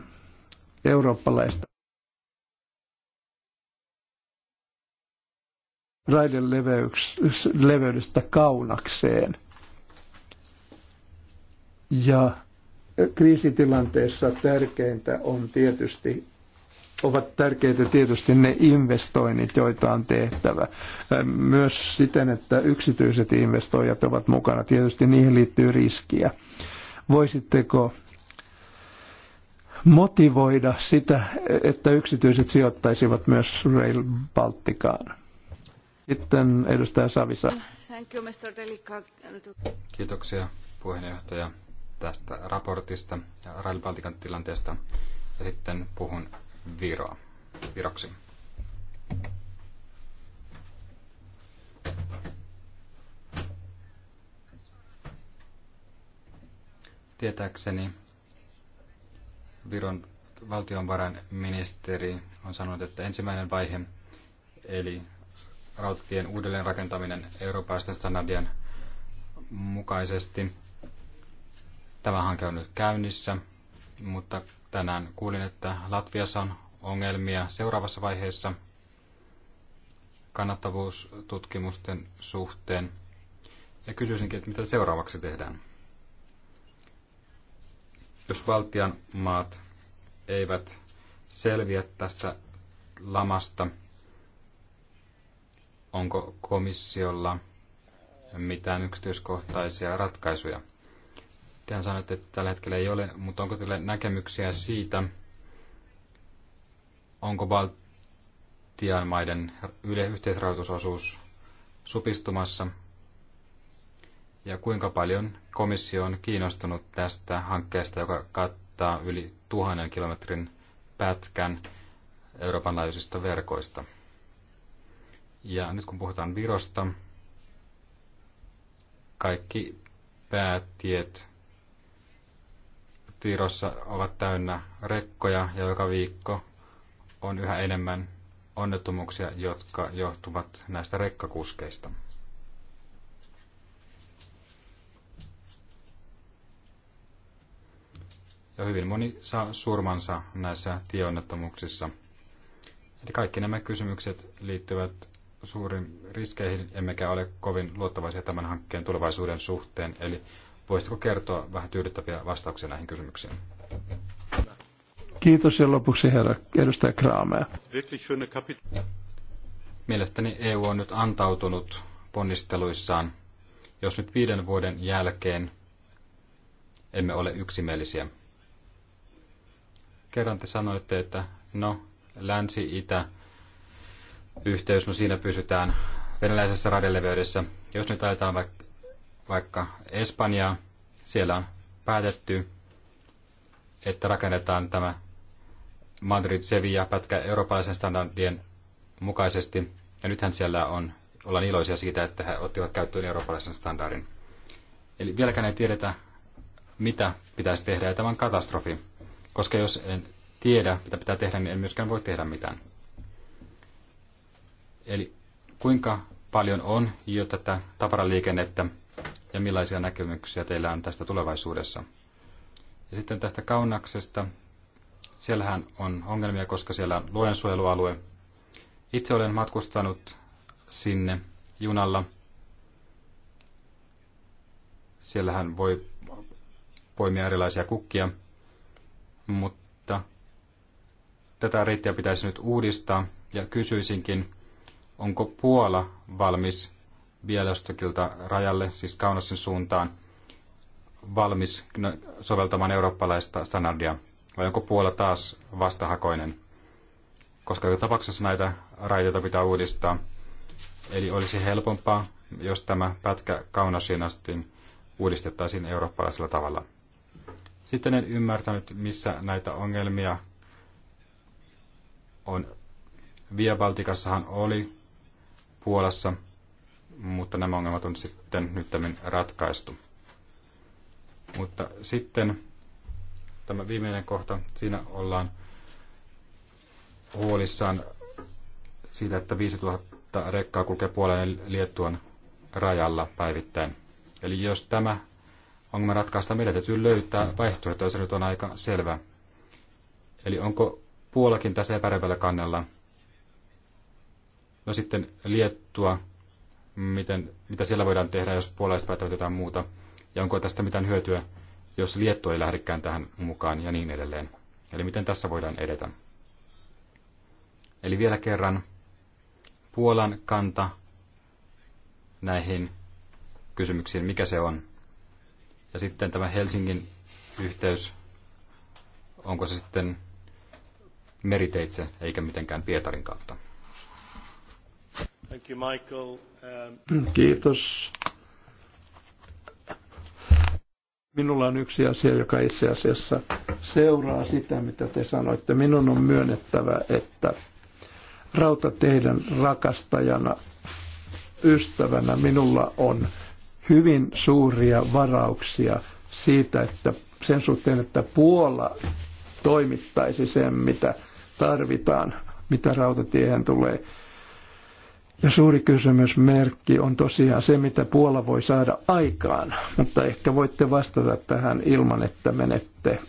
eurooppalaista raiden leveydestä kaunakseen. Ja kriisitilanteessa tärkeintä on tietysti ovat tärkeitä tietysti ne investoinnit, joita on tehtävä. Myös siten, että yksityiset investoijat ovat mukana. Tietysti niihin liittyy riskiä. Voisitteko motivoida sitä, että yksityiset sijoittaisivat myös Rail Balticaan? Sitten edustaja Savisa. Kiitoksia puheenjohtaja tästä raportista ja Rail Baltican tilanteesta ja sitten puhun Viroa, Viroksi. Tietääkseni Viron valtiovarainministeri on sanonut, että ensimmäinen vaihe, eli rautatien uudelleenrakentaminen eurooppalaisten standardien mukaisesti – Tämä hanke on nyt käynnissä, mutta tänään kuulin, että Latviassa on ongelmia seuraavassa vaiheessa kannattavuustutkimusten suhteen. Ja kysyisinkin, että mitä seuraavaksi tehdään? Jos Baltian maat eivät selviä tästä lamasta, onko komissiolla mitään yksityiskohtaisia ratkaisuja? Tehän sanoitte, että tällä hetkellä ei ole, mutta onko teillä näkemyksiä siitä, onko Baltian maiden yhteisrahoitusosuus supistumassa ja kuinka paljon komissio on kiinnostunut tästä hankkeesta, joka kattaa yli tuhannen kilometrin pätkän Euroopan laajuisista verkoista. Ja nyt kun puhutaan Virosta, kaikki päätiet Tirossa ovat täynnä rekkoja ja joka viikko on yhä enemmän onnettomuuksia, jotka johtuvat näistä rekkakuskeista. Ja hyvin moni saa surmansa näissä tieonnettomuuksissa. Eli kaikki nämä kysymykset liittyvät suurin riskeihin, emmekä ole kovin luottavaisia tämän hankkeen tulevaisuuden suhteen. Eli Voisitko kertoa vähän tyydyttäviä vastauksia näihin kysymyksiin? Kiitos ja lopuksi herra edustaja Kraamea. Mielestäni EU on nyt antautunut ponnisteluissaan, jos nyt viiden vuoden jälkeen emme ole yksimielisiä. Kerran te sanoitte, että no, länsi-itä yhteys, no siinä pysytään venäläisessä radeleveydessä. Jos nyt ajatellaan vaikka vaikka Espanjaa, siellä on päätetty, että rakennetaan tämä Madrid-Sevilla-pätkä eurooppalaisen standardien mukaisesti. Ja nythän siellä on, ollaan iloisia siitä, että he ottivat käyttöön eurooppalaisen standardin. Eli vieläkään ei tiedetä, mitä pitäisi tehdä, ja tämä on katastrofi. Koska jos en tiedä, mitä pitää tehdä, niin en myöskään voi tehdä mitään. Eli kuinka paljon on jo tätä tavaraliikennettä, ja millaisia näkemyksiä teillä on tästä tulevaisuudessa. Ja sitten tästä Kaunaksesta. Siellähän on ongelmia, koska siellä on luonsuojelualue. Itse olen matkustanut sinne junalla. Siellähän voi poimia erilaisia kukkia, mutta tätä reittiä pitäisi nyt uudistaa ja kysyisinkin, onko Puola valmis Bielostokilta rajalle, siis Kaunasin suuntaan, valmis no, soveltamaan eurooppalaista standardia, vai onko Puola taas vastahakoinen? Koska joka tapauksessa näitä raiteita pitää uudistaa. Eli olisi helpompaa, jos tämä pätkä Kaunasiin asti uudistettaisiin eurooppalaisella tavalla. Sitten en ymmärtänyt, missä näitä ongelmia on. Via Baltikassahan oli Puolassa – mutta nämä ongelmat on sitten nyt tämän ratkaistu. Mutta sitten tämä viimeinen kohta, siinä ollaan huolissaan siitä, että 5000 rekkaa kulkee puolen Liettuan rajalla päivittäin. Eli jos tämä ongelma ratkaistaan, meidän täytyy löytää vaihtoehto, se nyt on aika selvä. Eli onko Puolakin tässä epärevällä kannella, No sitten Liettua miten, mitä siellä voidaan tehdä, jos puolalaiset päättävät jotain muuta, ja onko tästä mitään hyötyä, jos Liettua ei lähdekään tähän mukaan ja niin edelleen. Eli miten tässä voidaan edetä. Eli vielä kerran, Puolan kanta näihin kysymyksiin, mikä se on. Ja sitten tämä Helsingin yhteys, onko se sitten meriteitse eikä mitenkään Pietarin kautta. Thank you, Michael. Um, Kiitos. Minulla on yksi asia, joka itse asiassa seuraa sitä, mitä te sanoitte. Minun on myönnettävä, että rautateiden rakastajana, ystävänä minulla on hyvin suuria varauksia siitä, että sen suhteen, että Puola toimittaisi sen, mitä tarvitaan, mitä rautatiehen tulee. Ja suuri kysymysmerkki on tosiaan se, mitä Puola voi saada aikaan, mutta ehkä voitte vastata tähän ilman, että menette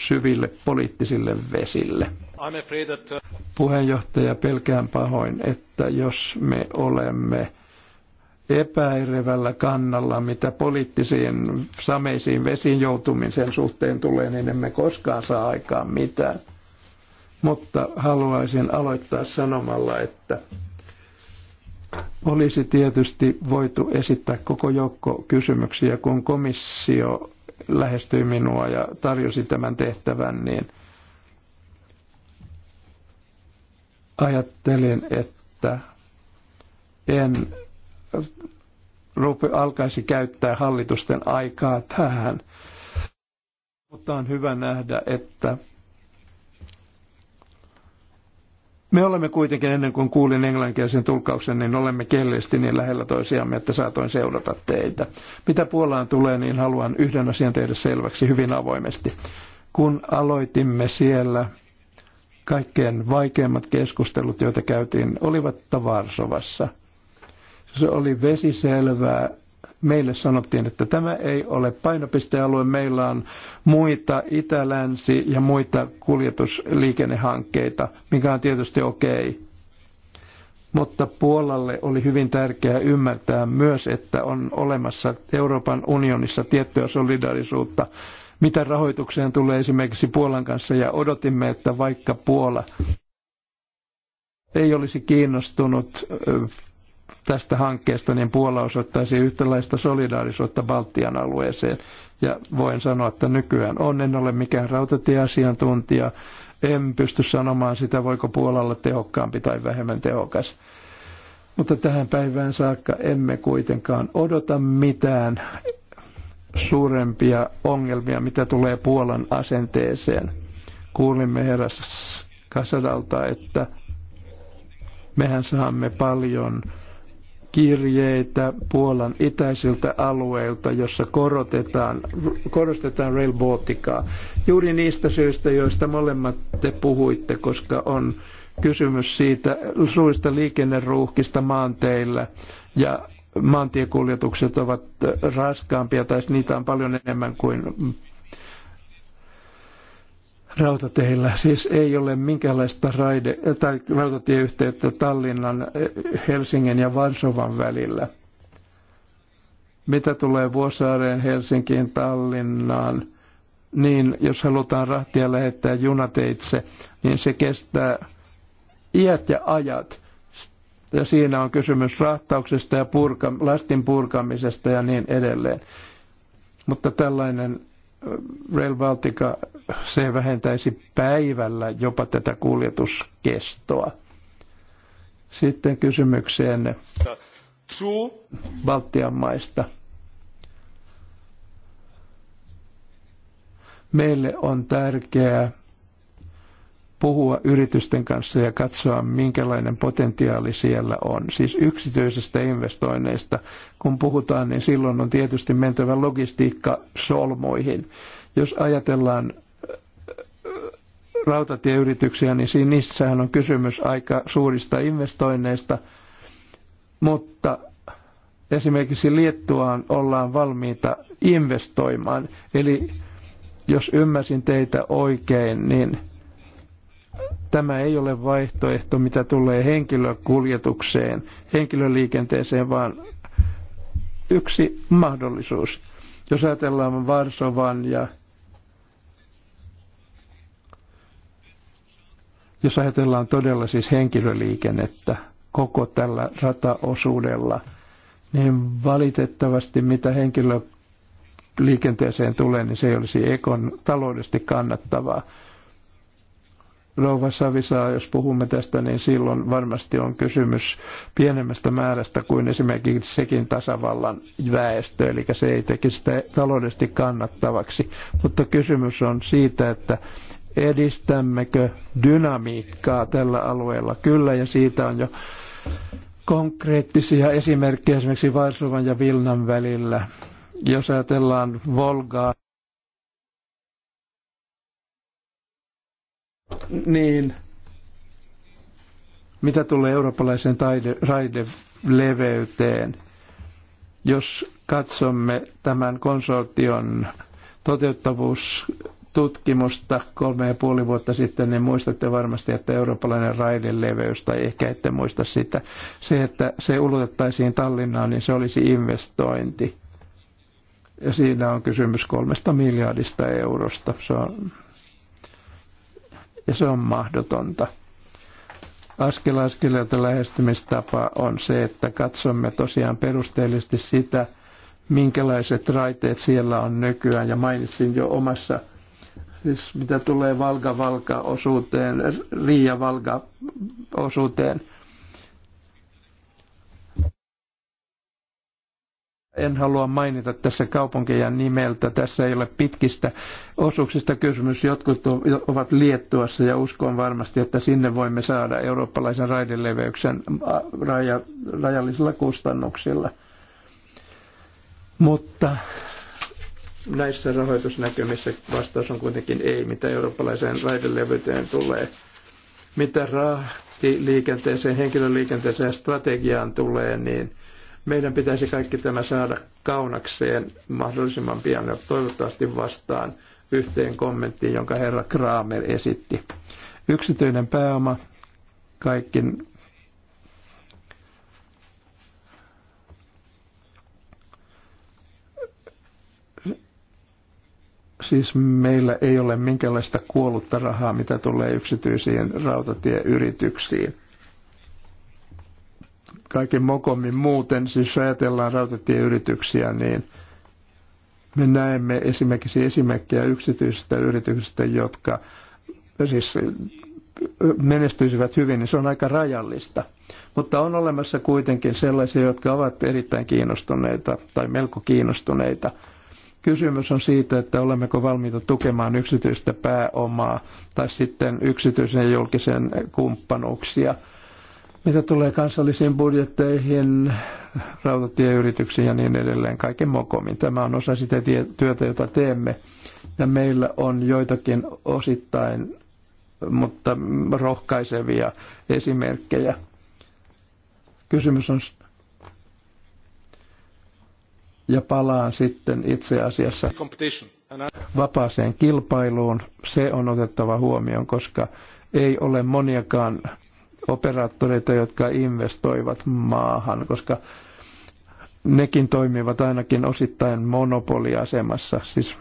syville poliittisille vesille. Uh, Puheenjohtaja, pelkään pahoin, että jos me olemme epäirevällä kannalla, mitä poliittisiin sameisiin vesiin joutumisen suhteen tulee, niin emme koskaan saa aikaan mitään. Mutta haluaisin aloittaa sanomalla, että olisi tietysti voitu esittää koko joukko kysymyksiä, kun komissio lähestyi minua ja tarjosi tämän tehtävän, niin ajattelin, että en rupe, alkaisi käyttää hallitusten aikaa tähän. Mutta on hyvä nähdä, että Me olemme kuitenkin, ennen kuin kuulin englanninkielisen tulkauksen, niin olemme kielellisesti niin lähellä toisiamme, että saatoin seurata teitä. Mitä Puolaan tulee, niin haluan yhden asian tehdä selväksi hyvin avoimesti. Kun aloitimme siellä kaikkein vaikeimmat keskustelut, joita käytiin, olivat Tavarsovassa. Se oli vesiselvää, meille sanottiin, että tämä ei ole painopistealue, meillä on muita itä-länsi ja muita kuljetusliikennehankkeita, mikä on tietysti okei. Okay. Mutta Puolalle oli hyvin tärkeää ymmärtää myös, että on olemassa Euroopan unionissa tiettyä solidarisuutta, mitä rahoitukseen tulee esimerkiksi Puolan kanssa, ja odotimme, että vaikka Puola ei olisi kiinnostunut tästä hankkeesta, niin Puola osoittaisi yhtälaista solidaarisuutta Baltian alueeseen. Ja voin sanoa, että nykyään on, en ole mikään rautatieasiantuntija, en pysty sanomaan sitä, voiko Puolalla tehokkaampi tai vähemmän tehokas. Mutta tähän päivään saakka emme kuitenkaan odota mitään suurempia ongelmia, mitä tulee Puolan asenteeseen. Kuulimme herras Kasadalta, että mehän saamme paljon kirjeitä Puolan itäisiltä alueilta, jossa korotetaan, korostetaan Rail Balticaa. Juuri niistä syistä, joista molemmat te puhuitte, koska on kysymys siitä suurista liikenneruuhkista maanteillä ja maantiekuljetukset ovat raskaampia tai niitä on paljon enemmän kuin rautateillä. Siis ei ole minkäänlaista raide- tai rautatieyhteyttä Tallinnan, eh, Helsingin ja Varsovan välillä. Mitä tulee Vuosaareen, Helsinkiin, Tallinnaan, niin jos halutaan rahtia lähettää junateitse, niin se kestää iät ja ajat. Ja siinä on kysymys rahtauksesta ja purka, lastin purkamisesta ja niin edelleen. Mutta tällainen eh, Rail Baltica se vähentäisi päivällä jopa tätä kuljetuskestoa. Sitten kysymykseenne Baltian maista. Meille on tärkeää puhua yritysten kanssa ja katsoa, minkälainen potentiaali siellä on. Siis yksityisestä investoinneista, kun puhutaan, niin silloin on tietysti mentävä logistiikka solmuihin. Jos ajatellaan rautatieyrityksiä, niin niissähän on kysymys aika suurista investoinneista, mutta esimerkiksi Liettuaan ollaan valmiita investoimaan. Eli jos ymmärsin teitä oikein, niin tämä ei ole vaihtoehto, mitä tulee henkilökuljetukseen, henkilöliikenteeseen, vaan yksi mahdollisuus. Jos ajatellaan Varsovan ja Jos ajatellaan todella siis henkilöliikennettä koko tällä rataosuudella, niin valitettavasti mitä henkilöliikenteeseen tulee, niin se ei olisi ekon taloudellisesti kannattavaa. Rouva Savisaa, jos puhumme tästä, niin silloin varmasti on kysymys pienemmästä määrästä kuin esimerkiksi sekin tasavallan väestö, eli se ei tekisi sitä taloudellisesti kannattavaksi. Mutta kysymys on siitä, että edistämmekö dynamiikkaa tällä alueella. Kyllä, ja siitä on jo konkreettisia esimerkkejä esimerkiksi Varsovan ja Vilnan välillä. Jos ajatellaan Volgaa, niin mitä tulee eurooppalaisen taide, raideleveyteen, jos katsomme tämän konsortion toteuttavuus tutkimusta kolme ja puoli vuotta sitten, niin muistatte varmasti, että eurooppalainen leveys, tai ehkä ette muista sitä, se, että se ulotettaisiin Tallinnaan, niin se olisi investointi. Ja siinä on kysymys kolmesta miljardista eurosta. Se on, ja se on mahdotonta. Askel askeleelta lähestymistapa on se, että katsomme tosiaan perusteellisesti sitä, minkälaiset raiteet siellä on nykyään. Ja mainitsin jo omassa siis mitä tulee Valga-Valka-osuuteen, Riia-Valga-osuuteen. En halua mainita tässä kaupunkeja nimeltä, tässä ei ole pitkistä osuuksista kysymys. Jotkut ovat Liettuassa ja uskon varmasti, että sinne voimme saada eurooppalaisen raideleveyksen rajallisilla kustannuksilla. Mutta näissä rahoitusnäkymissä vastaus on kuitenkin ei, mitä eurooppalaiseen raidelevyteen tulee. Mitä rahtiliikenteeseen, henkilöliikenteeseen ja strategiaan tulee, niin meidän pitäisi kaikki tämä saada kaunakseen mahdollisimman pian ja toivottavasti vastaan yhteen kommenttiin, jonka herra Kramer esitti. Yksityinen pääoma kaikki Siis meillä ei ole minkäänlaista kuollutta rahaa, mitä tulee yksityisiin rautatieyrityksiin. Kaiken mokommin muuten, siis ajatellaan rautatieyrityksiä, niin me näemme esimerkiksi esimerkkejä yksityisistä yrityksistä, jotka siis menestyisivät hyvin, niin se on aika rajallista. Mutta on olemassa kuitenkin sellaisia, jotka ovat erittäin kiinnostuneita tai melko kiinnostuneita – Kysymys on siitä, että olemmeko valmiita tukemaan yksityistä pääomaa tai sitten yksityisen ja julkisen kumppanuuksia. Mitä tulee kansallisiin budjetteihin, rautatieyrityksiin ja niin edelleen, kaiken mokomin. Tämä on osa sitä työtä, jota teemme. Ja meillä on joitakin osittain, mutta rohkaisevia esimerkkejä. Kysymys on ja palaan sitten itse asiassa vapaaseen kilpailuun. Se on otettava huomioon, koska ei ole moniakaan operaattoreita, jotka investoivat maahan, koska nekin toimivat ainakin osittain monopoliasemassa. Siis,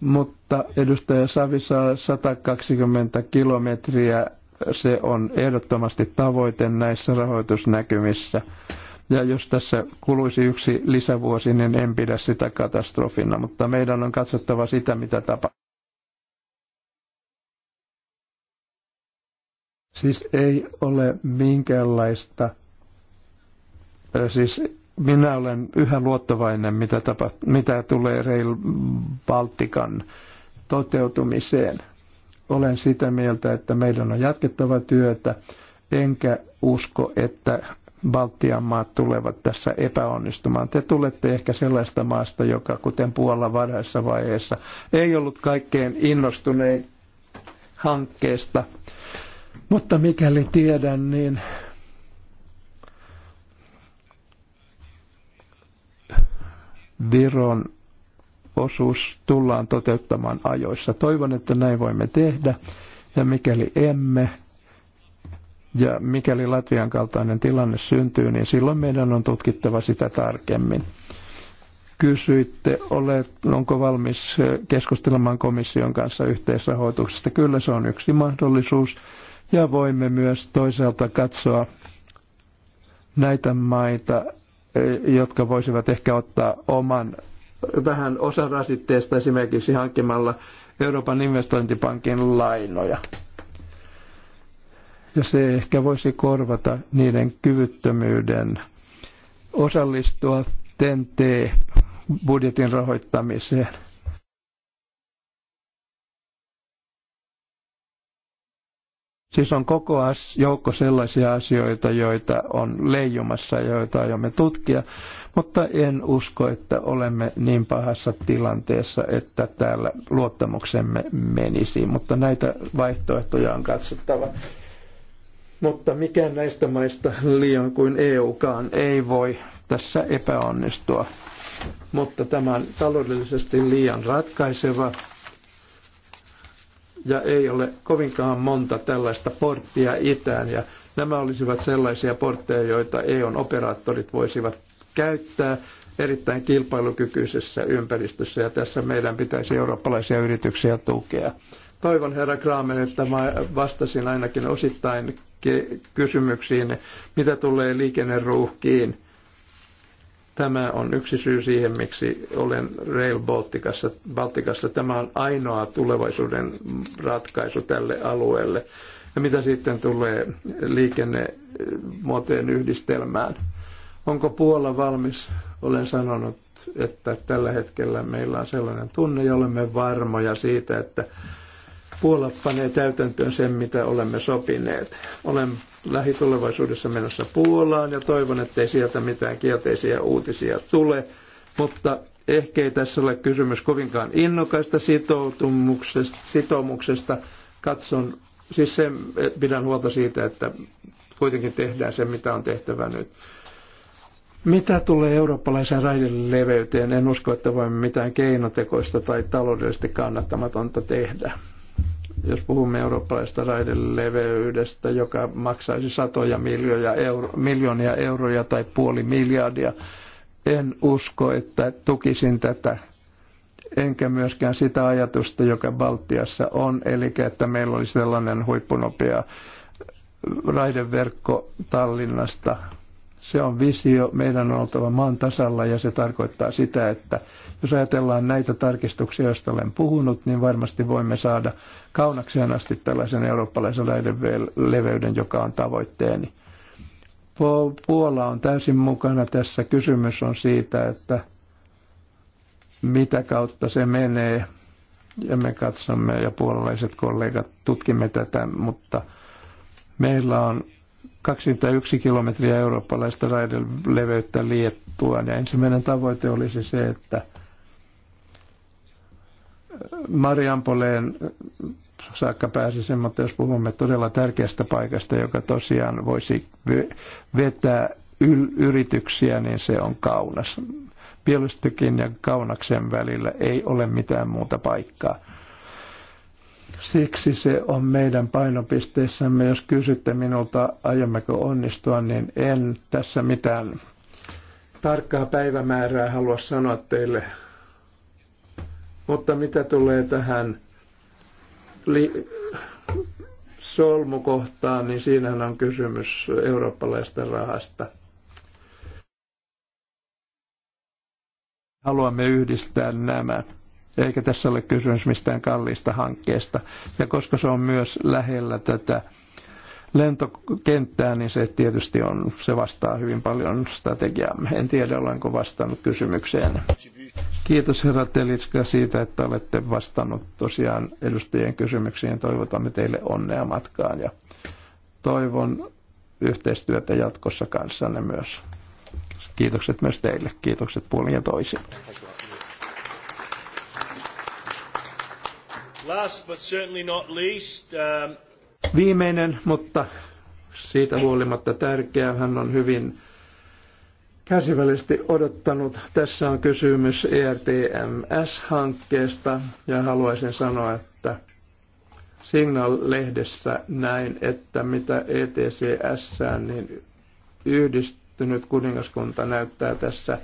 mutta edustaja Savi saa 120 kilometriä. Se on ehdottomasti tavoite näissä rahoitusnäkymissä. Ja jos tässä kuluisi yksi lisävuosi, niin en pidä sitä katastrofina, mutta meidän on katsottava sitä, mitä tapahtuu. Siis ei ole minkäänlaista, siis minä olen yhä luottavainen, mitä, tapa, mitä tulee Rail Baltican toteutumiseen. Olen sitä mieltä, että meidän on jatkettava työtä, enkä usko, että Baltian maat tulevat tässä epäonnistumaan. Te tulette ehkä sellaista maasta, joka kuten Puola varhaisessa vaiheessa ei ollut kaikkein innostunein hankkeesta. Mutta mikäli tiedän, niin Viron osuus tullaan toteuttamaan ajoissa. Toivon, että näin voimme tehdä. Ja mikäli emme, ja mikäli Latvian kaltainen tilanne syntyy, niin silloin meidän on tutkittava sitä tarkemmin. Kysyitte, olet, onko valmis keskustelemaan komission kanssa yhteisrahoituksesta. Kyllä se on yksi mahdollisuus. Ja voimme myös toisaalta katsoa näitä maita, jotka voisivat ehkä ottaa oman vähän osarasitteesta esimerkiksi hankkimalla Euroopan investointipankin lainoja ja se ehkä voisi korvata niiden kyvyttömyyden osallistua TNT-budjetin rahoittamiseen. Siis on koko joukko sellaisia asioita, joita on leijumassa ja joita aiomme tutkia, mutta en usko, että olemme niin pahassa tilanteessa, että täällä luottamuksemme menisi. Mutta näitä vaihtoehtoja on katsottava. Mutta mikään näistä maista liian kuin EUkaan ei voi tässä epäonnistua. Mutta tämä on taloudellisesti liian ratkaiseva ja ei ole kovinkaan monta tällaista porttia itään. Ja nämä olisivat sellaisia portteja, joita EUn operaattorit voisivat käyttää erittäin kilpailukykyisessä ympäristössä ja tässä meidän pitäisi eurooppalaisia yrityksiä tukea. Toivon herra Kramer, että mä vastasin ainakin osittain kysymyksiin, mitä tulee liikenneruuhkiin. Tämä on yksi syy siihen, miksi olen Rail Balticassa. Baltikassa. Tämä on ainoa tulevaisuuden ratkaisu tälle alueelle. Ja mitä sitten tulee liikennemuotojen yhdistelmään? Onko Puola valmis? Olen sanonut, että tällä hetkellä meillä on sellainen tunne, jolle me varmoja siitä, että Puola panee täytäntöön sen, mitä olemme sopineet. Olen lähitulevaisuudessa menossa Puolaan ja toivon, ettei sieltä mitään kielteisiä uutisia tule, mutta ehkä ei tässä ole kysymys kovinkaan innokaista sitoumuksesta. Katson, siis sen, eh, pidän huolta siitä, että kuitenkin tehdään se, mitä on tehtävä nyt. Mitä tulee eurooppalaisen raiden leveyteen, en usko, että voimme mitään keinotekoista tai taloudellisesti kannattamatonta tehdä jos puhumme eurooppalaisesta raideleveydestä, joka maksaisi satoja miljoonia, euro, miljoonia euroja tai puoli miljardia, en usko, että tukisin tätä, enkä myöskään sitä ajatusta, joka Baltiassa on, eli että meillä olisi sellainen huippunopea raideverkko Tallinnasta. Se on visio, meidän on oltava maan tasalla ja se tarkoittaa sitä, että jos ajatellaan näitä tarkistuksia, joista olen puhunut, niin varmasti voimme saada kaunakseen asti tällaisen eurooppalaisen leveyden, joka on tavoitteeni. Puola on täysin mukana tässä. Kysymys on siitä, että mitä kautta se menee. Ja me katsomme ja puolalaiset kollegat tutkimme tätä, mutta meillä on 21 kilometriä eurooppalaista raideleveyttä liettua. Ja ensimmäinen tavoite olisi se, että – Marianpoleen saakka pääsisin, mutta jos puhumme todella tärkeästä paikasta, joka tosiaan voisi vetää yrityksiä, niin se on Kaunas. Pielustykin ja Kaunaksen välillä ei ole mitään muuta paikkaa. Siksi se on meidän painopisteessämme. Jos kysytte minulta, aiommeko onnistua, niin en tässä mitään tarkkaa päivämäärää halua sanoa teille mutta mitä tulee tähän li- solmukohtaan, niin siinähän on kysymys eurooppalaista rahasta. Haluamme yhdistää nämä. Eikä tässä ole kysymys mistään kalliista hankkeesta. Ja koska se on myös lähellä tätä lentokenttää, niin se tietysti on, se vastaa hyvin paljon strategiaamme. En tiedä, olenko vastannut kysymykseen. Kiitos herra Telitska siitä, että olette vastannut tosiaan edustajien kysymyksiin. Toivotamme teille onnea matkaan ja toivon yhteistyötä jatkossa kanssanne myös. Kiitokset myös teille. Kiitokset puolin ja toisin. Last but certainly not least, um... Viimeinen, mutta siitä huolimatta tärkeä, hän on hyvin kärsivällisesti odottanut. Tässä on kysymys ERTMS-hankkeesta ja haluaisin sanoa, että Signal-lehdessä näin, että mitä ETCS, niin yhdistynyt kuningaskunta näyttää tässä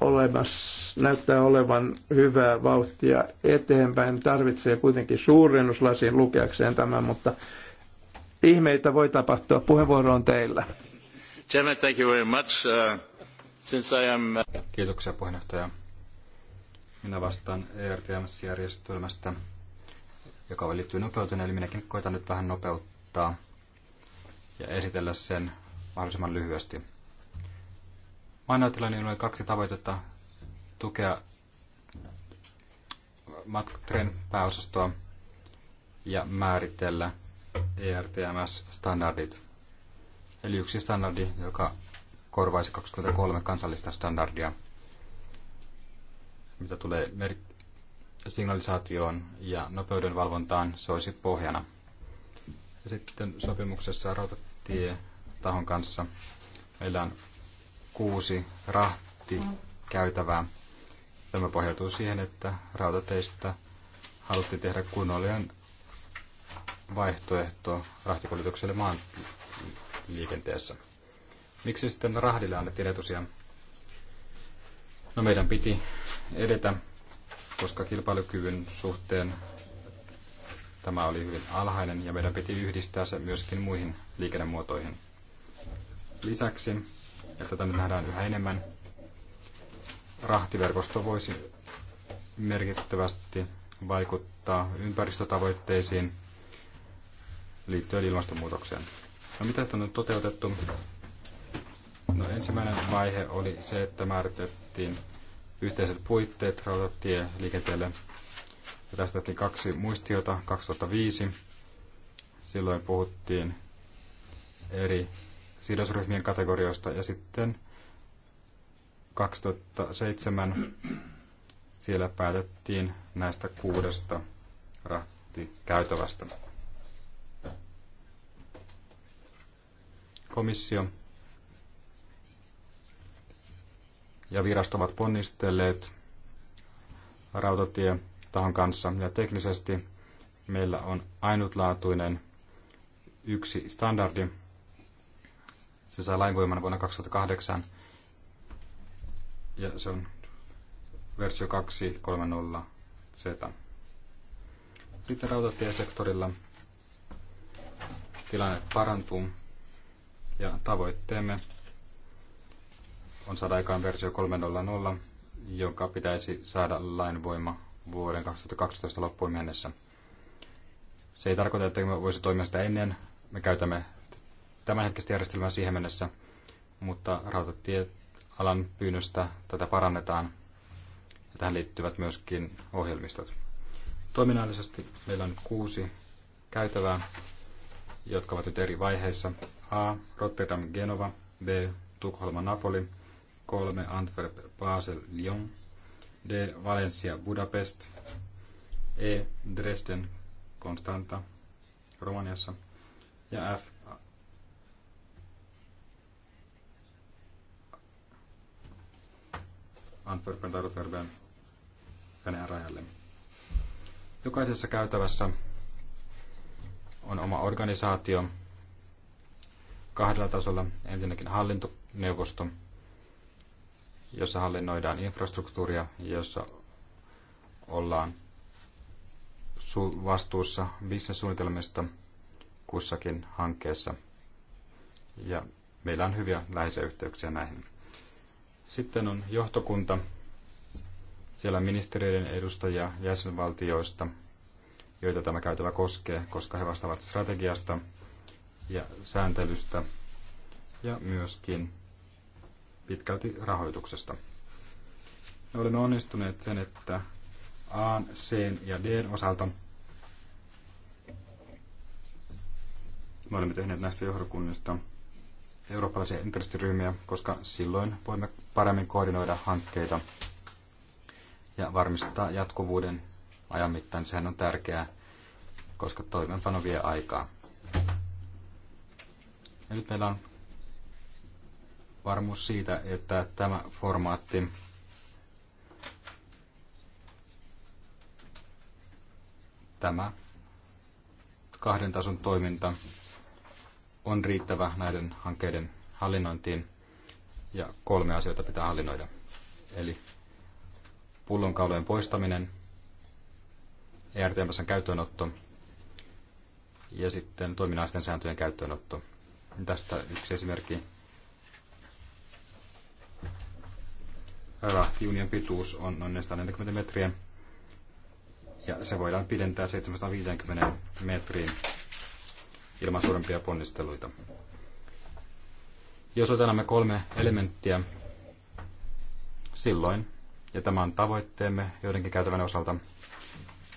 olemassa, näyttää olevan hyvää vauhtia eteenpäin. Tarvitsee kuitenkin suurennuslasin lukeakseen tämän, mutta ihmeitä voi tapahtua. Puheenvuoro on teillä. Chairman, thank you very much. Uh, since I am... Uh, Kiitoksia puheenjohtaja. Minä vastaan ERTMS-järjestelmästä, joka liittyy nopeuteen, eli minäkin koitan nyt vähän nopeuttaa ja esitellä sen mahdollisimman lyhyesti. Mainoitilla oli kaksi tavoitetta tukea matkatren pääosastoa ja määritellä ERTMS-standardit. Eli yksi standardi, joka korvaisi 23 kansallista standardia, mitä tulee mer- signalisaatioon ja nopeuden valvontaan, se olisi pohjana. Ja sitten sopimuksessa tahon kanssa meillä on kuusi käytävää. Tämä pohjautuu siihen, että rautateista haluttiin tehdä kunnollinen vaihtoehto rahtikuljetukselle maan liikenteessä. Miksi sitten rahdille annettiin etusia? No meidän piti edetä, koska kilpailukyvyn suhteen tämä oli hyvin alhainen ja meidän piti yhdistää se myöskin muihin liikennemuotoihin. Lisäksi, ja tätä nyt nähdään yhä enemmän, rahtiverkosto voisi merkittävästi vaikuttaa ympäristötavoitteisiin liittyen ilmastonmuutokseen. No mitä sitä on nyt toteutettu? No ensimmäinen vaihe oli se, että määritettiin yhteiset puitteet liikenteelle. Ja tästä tehtiin kaksi muistiota 2005. Silloin puhuttiin eri sidosryhmien kategorioista ja sitten 2007 siellä päätettiin näistä kuudesta rahtikäytävästä. komissio ja virasto ovat ponnistelleet tahon kanssa ja teknisesti meillä on ainutlaatuinen yksi standardi. Se sai lainvoiman vuonna 2008 ja se on versio 2.30Z. Sitten rautatiesektorilla tilanne parantuu. Ja tavoitteemme on saada aikaan versio 3.0.0, joka pitäisi saada lainvoima vuoden 2012 loppuun mennessä. Se ei tarkoita, että me voisi toimia sitä ennen. Me käytämme tämänhetkistä järjestelmää siihen mennessä, mutta rautatiealan pyynnöstä tätä parannetaan. Ja tähän liittyvät myöskin ohjelmistot. Toiminnallisesti meillä on kuusi käytävää, jotka ovat nyt eri vaiheissa. A. Rotterdam Genova. B. Tukholma Napoli. 3. Antwerp Basel Lyon. D. Valencia Budapest. E. Dresden Konstanta Romaniassa. Ja F. Antwerpen tai Rotterdam Venäjän rajalle. Jokaisessa käytävässä on oma organisaatio, kahdella tasolla. Ensinnäkin hallintoneuvosto, jossa hallinnoidaan infrastruktuuria, jossa ollaan vastuussa bisnessuunnitelmista kussakin hankkeessa. Ja meillä on hyviä läheisiä yhteyksiä näihin. Sitten on johtokunta. Siellä on ministeriöiden edustajia jäsenvaltioista, joita tämä käytävä koskee, koska he vastaavat strategiasta – ja sääntelystä ja myöskin pitkälti rahoituksesta. Me olemme onnistuneet sen, että A, C ja D osalta me olemme tehneet näistä johdokunnista eurooppalaisia intressiryhmiä, koska silloin voimme paremmin koordinoida hankkeita ja varmistaa jatkuvuuden ajan mittaan. Sehän on tärkeää, koska toimenpano vie aikaa. Ja nyt meillä on varmuus siitä, että tämä formaatti tämä kahden tason toiminta on riittävä näiden hankkeiden hallinnointiin ja kolme asioita pitää hallinnoida. Eli pullonkaulojen poistaminen, ERTMSn käyttöönotto ja sitten toiminnallisten sääntöjen käyttöönotto. Tästä yksi esimerkki. Rahtijunien pituus on noin 440 metriä ja se voidaan pidentää 750 metriin ilman suurempia ponnisteluita. Jos otamme kolme elementtiä, silloin, ja tämä on tavoitteemme joidenkin käytävän osalta,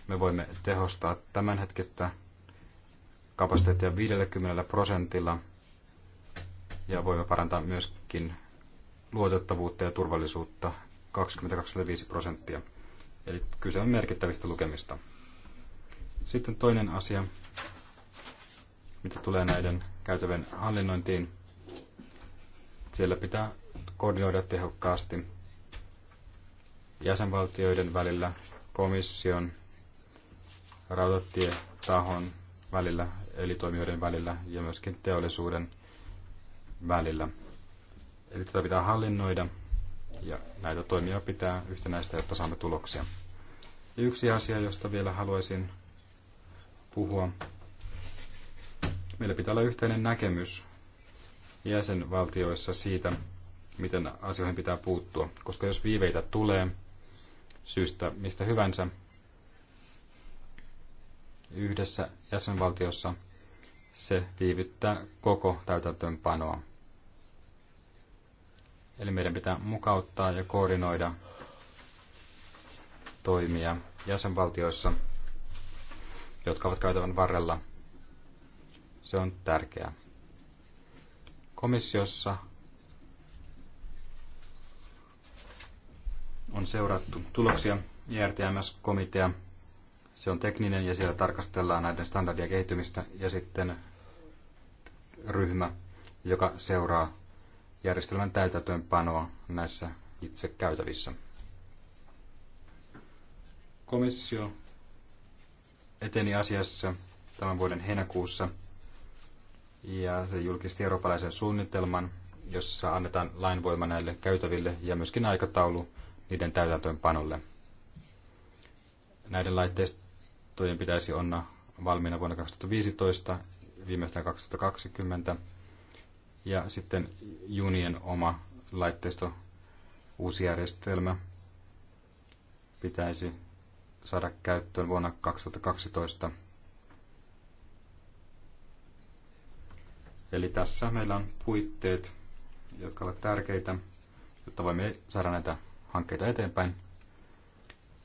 me voimme tehostaa tämänhetkistä kapasiteettia 50 prosentilla ja voimme parantaa myöskin luotettavuutta ja turvallisuutta 20-25 prosenttia. Eli kyse on merkittävistä lukemista. Sitten toinen asia, mitä tulee näiden käytävien hallinnointiin. Siellä pitää koordinoida tehokkaasti jäsenvaltioiden välillä, komission, rautatietahon välillä, eli toimijoiden välillä ja myöskin teollisuuden välillä. Eli tätä pitää hallinnoida ja näitä toimia pitää yhtenäistä, jotta saamme tuloksia. Ja yksi asia, josta vielä haluaisin puhua. Meillä pitää olla yhteinen näkemys jäsenvaltioissa siitä, miten asioihin pitää puuttua, koska jos viiveitä tulee syystä mistä hyvänsä yhdessä jäsenvaltiossa, se viivyttää koko täytäntöönpanoa. Eli meidän pitää mukauttaa ja koordinoida toimia jäsenvaltioissa, jotka ovat käytävän varrella. Se on tärkeää. Komissiossa on seurattu tuloksia. IRTMS-komitea, se on tekninen ja siellä tarkastellaan näiden standardien kehittymistä ja sitten ryhmä, joka seuraa järjestelmän täytäntöönpanoa näissä itse käytävissä. Komissio eteni asiassa tämän vuoden heinäkuussa ja se julkisti eurooppalaisen suunnitelman, jossa annetaan lainvoima näille käytäville ja myöskin aikataulu niiden täytäntöönpanolle. Näiden laitteistojen pitäisi olla valmiina vuonna 2015, viimeistään 2020, ja sitten junien oma laitteisto, uusi järjestelmä pitäisi saada käyttöön vuonna 2012. Eli tässä meillä on puitteet, jotka ovat tärkeitä, jotta voimme saada näitä hankkeita eteenpäin.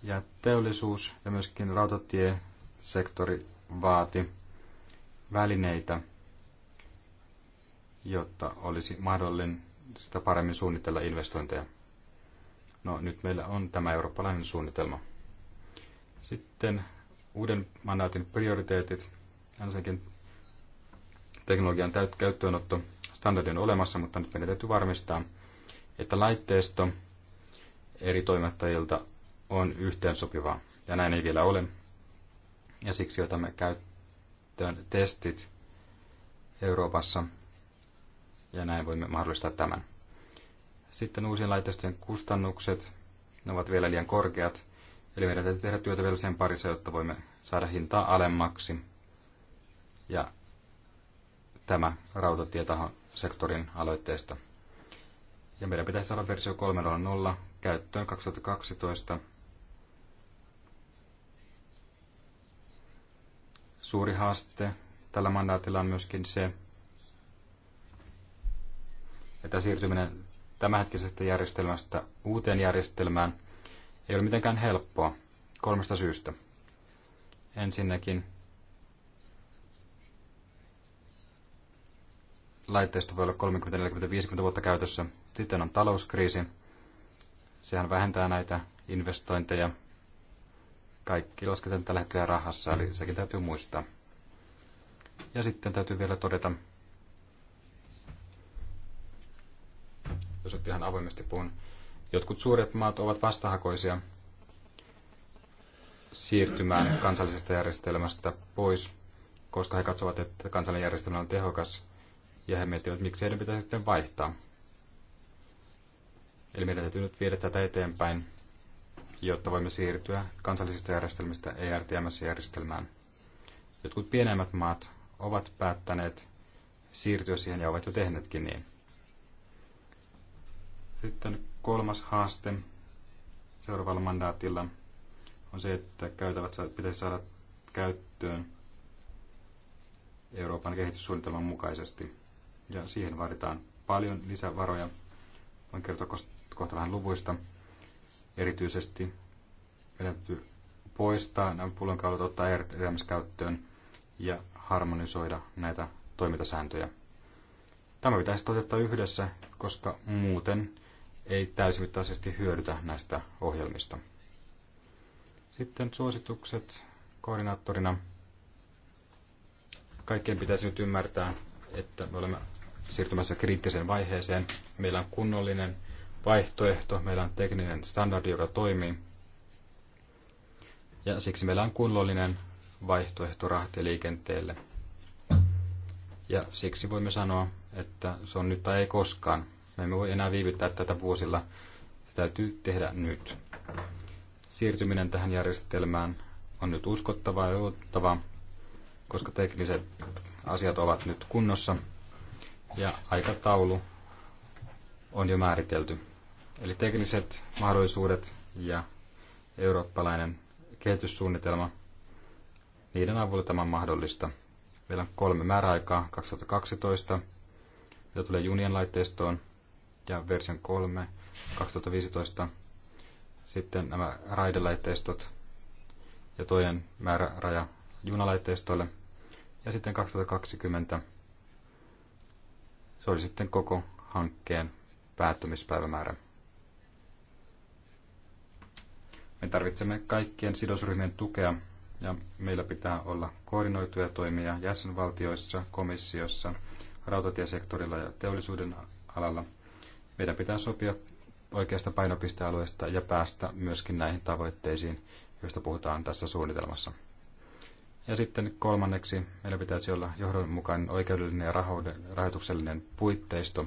Ja teollisuus ja myöskin rautatiesektori vaati välineitä – jotta olisi mahdollista paremmin suunnitella investointeja. No nyt meillä on tämä eurooppalainen suunnitelma. Sitten uuden mandaatin prioriteetit, ensinnäkin teknologian käyttöönotto, standardi on olemassa, mutta nyt meidän täytyy varmistaa, että laitteisto eri toimittajilta on yhteensopivaa. Ja näin ei vielä ole. Ja siksi otamme käyttöön testit Euroopassa ja näin voimme mahdollistaa tämän. Sitten uusien laitteistojen kustannukset ne ovat vielä liian korkeat, eli meidän täytyy tehdä työtä vielä sen parissa, jotta voimme saada hintaa alemmaksi. Ja tämä sektorin aloitteesta. Ja meidän pitäisi saada versio 3.0 käyttöön 2012. Suuri haaste tällä mandaatilla on myöskin se, että siirtyminen tämänhetkisestä järjestelmästä uuteen järjestelmään ei ole mitenkään helppoa kolmesta syystä. Ensinnäkin laitteisto voi olla 30, 40, 50 vuotta käytössä. Sitten on talouskriisi. Sehän vähentää näitä investointeja. Kaikki lasketaan tällä hetkellä rahassa, eli sekin täytyy muistaa. Ja sitten täytyy vielä todeta, jos nyt ihan avoimesti puhun. Jotkut suuret maat ovat vastahakoisia siirtymään kansallisesta järjestelmästä pois, koska he katsovat, että kansallinen järjestelmä on tehokas, ja he miettivät, miksi heidän pitäisi sitten vaihtaa. Eli meidän täytyy nyt viedä tätä eteenpäin, jotta voimme siirtyä kansallisista järjestelmistä ERTMS-järjestelmään. Jotkut pienemmät maat ovat päättäneet siirtyä siihen ja ovat jo tehneetkin niin. Sitten kolmas haaste seuraavalla mandaatilla on se, että käytävät pitäisi saada käyttöön Euroopan kehityssuunnitelman mukaisesti. Ja siihen vaaditaan paljon lisävaroja. Voin kertoa kohta vähän luvuista. Erityisesti meidän täytyy poistaa nämä pullonkaulat, ottaa ERTMS käyttöön ja harmonisoida näitä toimintasääntöjä. Tämä pitäisi toteuttaa yhdessä, koska muuten ei täysimittaisesti hyödytä näistä ohjelmista. Sitten suositukset koordinaattorina. Kaikkien pitäisi nyt ymmärtää, että me olemme siirtymässä kriittiseen vaiheeseen. Meillä on kunnollinen vaihtoehto, meillä on tekninen standardi, joka toimii. Ja siksi meillä on kunnollinen vaihtoehto rahtiliikenteelle. Ja siksi voimme sanoa, että se on nyt tai ei koskaan. Me emme voi enää viivyttää tätä vuosilla. Se täytyy tehdä nyt. Siirtyminen tähän järjestelmään on nyt uskottavaa ja luottava, koska tekniset asiat ovat nyt kunnossa ja aikataulu on jo määritelty. Eli tekniset mahdollisuudet ja eurooppalainen kehityssuunnitelma, niiden avulla tämä on mahdollista. Meillä on kolme määräaikaa 2012, jota tulee junien laitteistoon ja version 3 2015. Sitten nämä raidelaitteistot ja toinen määräraja junalaitteistoille. Ja sitten 2020 se oli sitten koko hankkeen päättymispäivämäärä. Me tarvitsemme kaikkien sidosryhmien tukea ja meillä pitää olla koordinoituja toimia jäsenvaltioissa, komissiossa, rautatiesektorilla ja teollisuuden alalla. Meidän pitää sopia oikeasta painopistealueesta ja päästä myöskin näihin tavoitteisiin, joista puhutaan tässä suunnitelmassa. Ja sitten kolmanneksi meillä pitäisi olla johdonmukainen oikeudellinen ja rahoituksellinen puitteisto.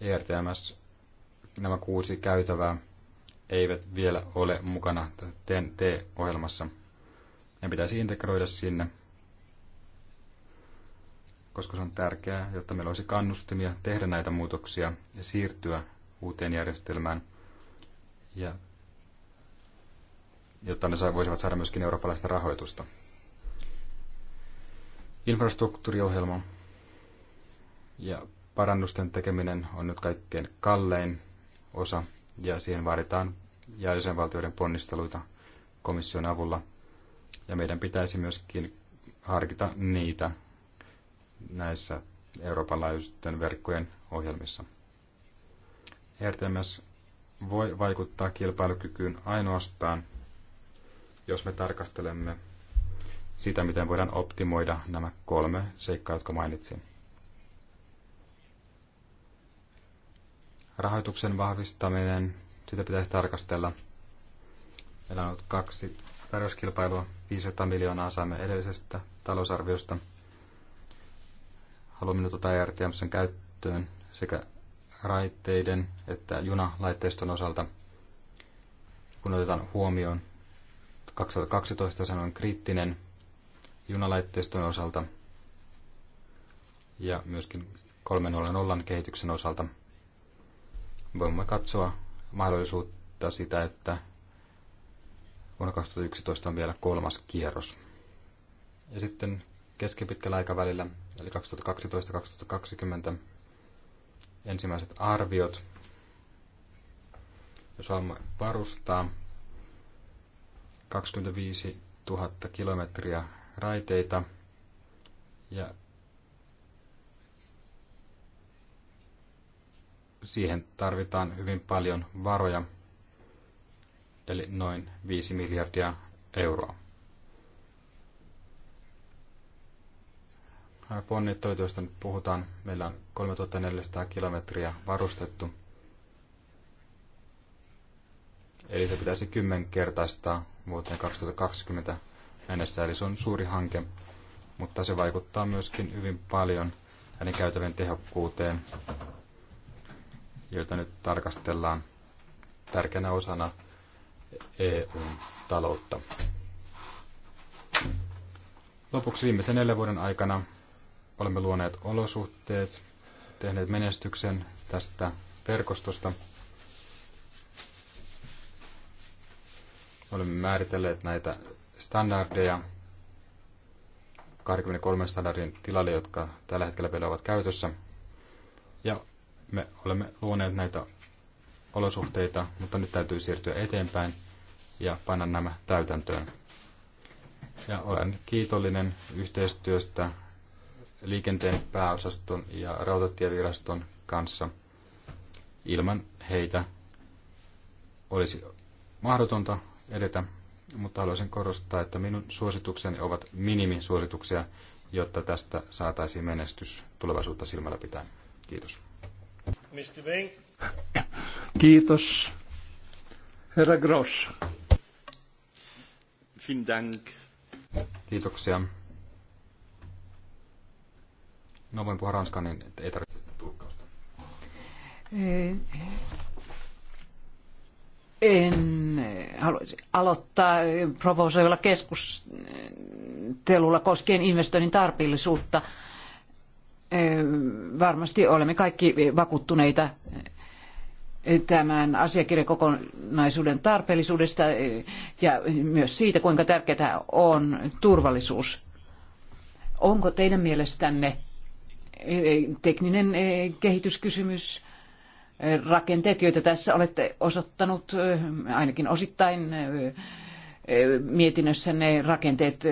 ERTMS, nämä kuusi käytävää eivät vielä ole mukana TEN-T-ohjelmassa. Ne pitäisi integroida sinne koska se on tärkeää, jotta meillä olisi kannustimia tehdä näitä muutoksia ja siirtyä uuteen järjestelmään, ja jotta ne voisivat saada myöskin eurooppalaista rahoitusta. Infrastruktuuriohjelma ja parannusten tekeminen on nyt kaikkein kallein osa, ja siihen vaaditaan jäsenvaltioiden ponnisteluita komission avulla, ja meidän pitäisi myöskin harkita niitä näissä Euroopan laajuisten verkkojen ohjelmissa. ERTMS voi vaikuttaa kilpailukykyyn ainoastaan, jos me tarkastelemme sitä, miten voidaan optimoida nämä kolme seikkaa, jotka mainitsin. Rahoituksen vahvistaminen, sitä pitäisi tarkastella. Meillä on ollut kaksi tarjouskilpailua, 500 miljoonaa saamme edellisestä talousarviosta – Haluamme nyt ottaa ERTMSn käyttöön sekä raiteiden että junalaitteiston osalta, kun otetaan huomioon 2012 sanon kriittinen junalaitteiston osalta ja myöskin 300 kehityksen osalta. Voimme katsoa mahdollisuutta sitä, että vuonna 2011 on vielä kolmas kierros. Ja sitten keskipitkällä aikavälillä, eli 2012-2020, ensimmäiset arviot, jos haluamme varustaa 25 000 kilometriä raiteita ja siihen tarvitaan hyvin paljon varoja, eli noin 5 miljardia euroa. ponnittoituista nyt puhutaan. Meillä on 3400 kilometriä varustettu. Eli se pitäisi kymmenkertaistaa vuoteen 2020 mennessä, eli se on suuri hanke, mutta se vaikuttaa myöskin hyvin paljon näiden käytävien tehokkuuteen, joita nyt tarkastellaan tärkeänä osana EU-taloutta. Lopuksi viimeisen neljän vuoden aikana olemme luoneet olosuhteet, tehneet menestyksen tästä verkostosta. Olemme määritelleet näitä standardeja 23 standardin tilalle, jotka tällä hetkellä vielä ovat käytössä. Ja me olemme luoneet näitä olosuhteita, mutta nyt täytyy siirtyä eteenpäin ja panna nämä täytäntöön. Ja olen kiitollinen yhteistyöstä liikenteen pääosaston ja rautatieviraston kanssa. Ilman heitä olisi mahdotonta edetä, mutta haluaisin korostaa, että minun suositukseni ovat minimisuosituksia, jotta tästä saataisiin menestys tulevaisuutta silmällä pitäen. Kiitos. Mr. Bing. Kiitos. Herra Gross. Vielen Dank. Kiitoksia. No voin puhua ranskaa, niin ei tarvitse tulkkausta. En haluaisi aloittaa provosoivalla keskustelulla koskien investoinnin tarpeellisuutta. Varmasti olemme kaikki vakuuttuneita tämän asiakirjakokonaisuuden tarpeellisuudesta ja myös siitä, kuinka tärkeää on turvallisuus. Onko teidän mielestänne tekninen eh, kehityskysymys, eh, rakenteet, joita tässä olette osoittanut eh, ainakin osittain mietinnössä ne rakenteet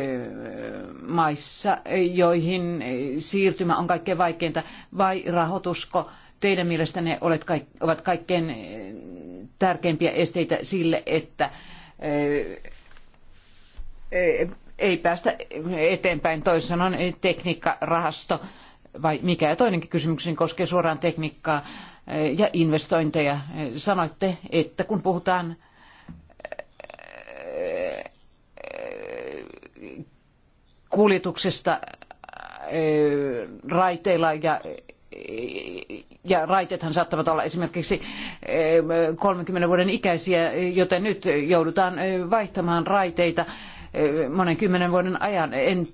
maissa, joihin siirtymä on kaikkein vaikeinta, vai rahoitusko teidän mielestänne olet, ovat kaikkein tärkeimpiä esteitä sille, että ei päästä eteenpäin, toisin sanoen tekniikkarahasto rahasto vai mikä? Ja toinenkin kysymykseni koskee suoraan tekniikkaa eh, ja investointeja. Eh, sanoitte, että kun puhutaan eh, kuljetuksesta raiteilla ja ja raiteethan saattavat olla esimerkiksi 30 vuoden ikäisiä, joten nyt joudutaan vaihtamaan raiteita monen kymmenen vuoden ajan. En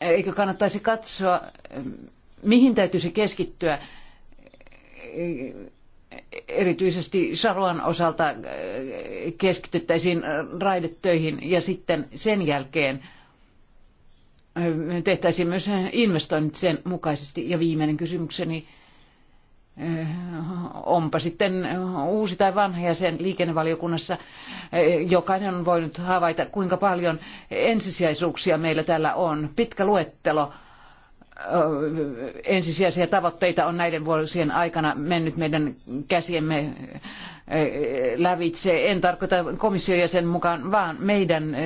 eikö kannattaisi katsoa, mihin täytyisi keskittyä erityisesti saruan osalta keskityttäisiin raidetöihin ja sitten sen jälkeen tehtäisiin myös investoinnit sen mukaisesti. Ja viimeinen kysymykseni Eh, onpa sitten uusi tai vanha jäsen liikennevaliokunnassa, eh, jokainen on voinut havaita, kuinka paljon ensisijaisuuksia meillä täällä on. Pitkä luettelo ensisijaisia tavoitteita on näiden vuosien aikana mennyt meidän käsiemme lävitse. En tarkoita komission jäsen mukaan, vaan meidän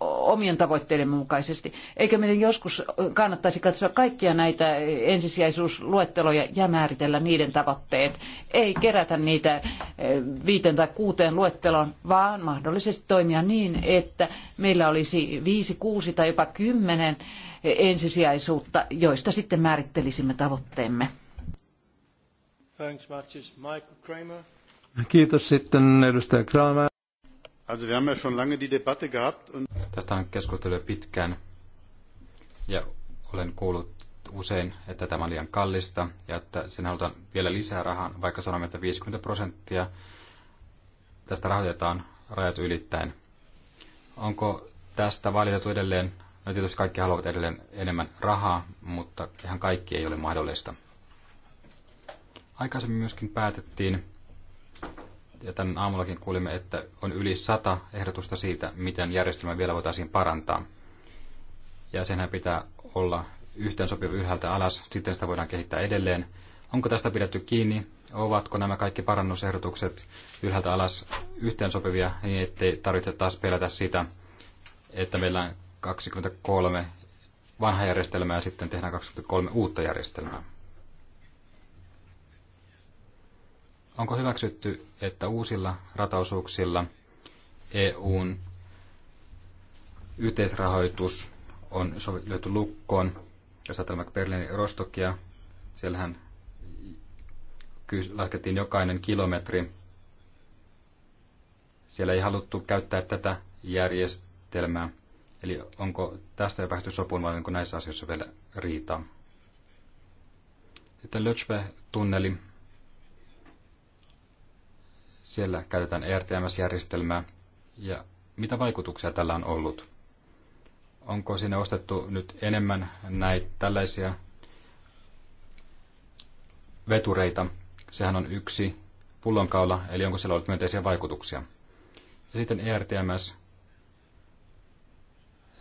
omien tavoitteidemme mukaisesti. Eikö meidän joskus kannattaisi katsoa kaikkia näitä ensisijaisuusluetteloja ja määritellä niiden tavoitteet? Ei kerätä niitä viiteen tai kuuteen luetteloon, vaan mahdollisesti toimia niin, että meillä olisi viisi, kuusi tai jopa kymmenen ensisijaisuutta, joista sitten määrittelisimme tavoitteemme. Kiitos sitten edustaja Kramer. Also wir haben ja schon lange die Debatte gehabt und Tästä on keskusteltu pitkään ja olen kuullut usein, että tämä on liian kallista ja että sinne halutaan vielä lisää rahaa, vaikka sanomme, että 50 prosenttia tästä rahoitetaan rajat ylittäen. Onko tästä valitettu edelleen No tietysti kaikki haluavat edelleen enemmän rahaa, mutta ihan kaikki ei ole mahdollista. Aikaisemmin myöskin päätettiin, ja tämän aamullakin kuulimme, että on yli sata ehdotusta siitä, miten järjestelmä vielä voitaisiin parantaa. Ja senhän pitää olla yhteen sopiva ylhäältä alas, sitten sitä voidaan kehittää edelleen. Onko tästä pidetty kiinni? Ovatko nämä kaikki parannusehdotukset ylhäältä alas yhteensopivia, niin ettei tarvitse taas pelätä sitä, että meillä 23 vanha järjestelmä ja sitten tehdään 23 uutta järjestelmää. Onko hyväksytty, että uusilla rataosuuksilla EUn yhteisrahoitus on löyty lukkoon, jos ajatellaan Berliinin Rostokia, siellähän laskettiin jokainen kilometri. Siellä ei haluttu käyttää tätä järjestelmää. Eli onko tästä jo päästy sopuun vai onko näissä asioissa vielä riitaa? Sitten Lötschwe-tunneli. Siellä käytetään ERTMS-järjestelmää. Ja mitä vaikutuksia tällä on ollut? Onko sinne ostettu nyt enemmän näitä tällaisia vetureita? Sehän on yksi pullonkaula, eli onko siellä ollut myönteisiä vaikutuksia? Ja sitten ERTMS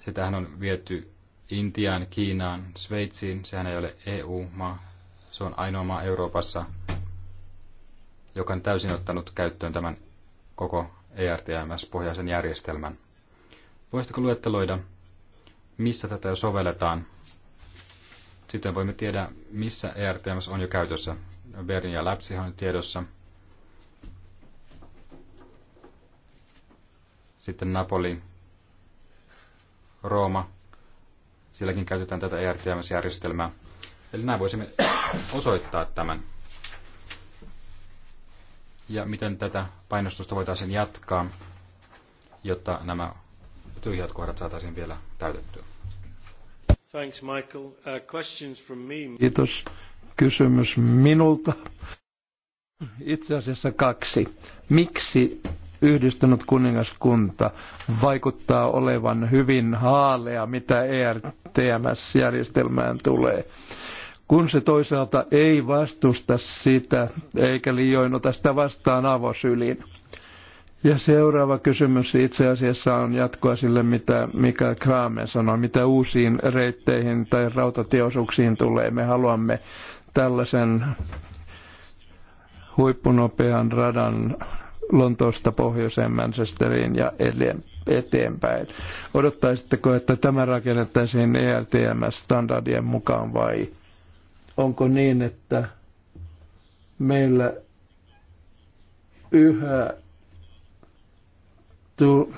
Sitähän on viety Intiaan, Kiinaan, Sveitsiin. Sehän ei ole EU-maa. Se on ainoa maa Euroopassa, joka on täysin ottanut käyttöön tämän koko ERTMS-pohjaisen järjestelmän. Voisitko luetteloida, missä tätä jo sovelletaan? Sitten voimme tiedä, missä ERTMS on jo käytössä. Bern ja Läpsi on tiedossa. Sitten Napoli, Rooma. Sielläkin käytetään tätä ERTMS-järjestelmää. Eli näin voisimme osoittaa tämän. Ja miten tätä painostusta voitaisiin jatkaa, jotta nämä tyhjät kohdat saataisiin vielä täytettyä. Thanks, Michael. Uh, questions from me. Kiitos. Kysymys minulta. Itse asiassa kaksi. Miksi yhdistynyt kuningaskunta vaikuttaa olevan hyvin haalea, mitä ERTMS-järjestelmään tulee. Kun se toisaalta ei vastusta sitä, eikä liioin ota sitä vastaan avosyliin. Ja seuraava kysymys itse asiassa on jatkoa sille, mitä Mika Kraame sanoi, mitä uusiin reitteihin tai rautatieosuuksiin tulee. Me haluamme tällaisen huippunopean radan Lontoosta pohjoiseen Manchesteriin ja eteenpäin. Odottaisitteko, että tämä rakennettaisiin ERTMS-standardien mukaan vai onko niin, että meillä yhä tu-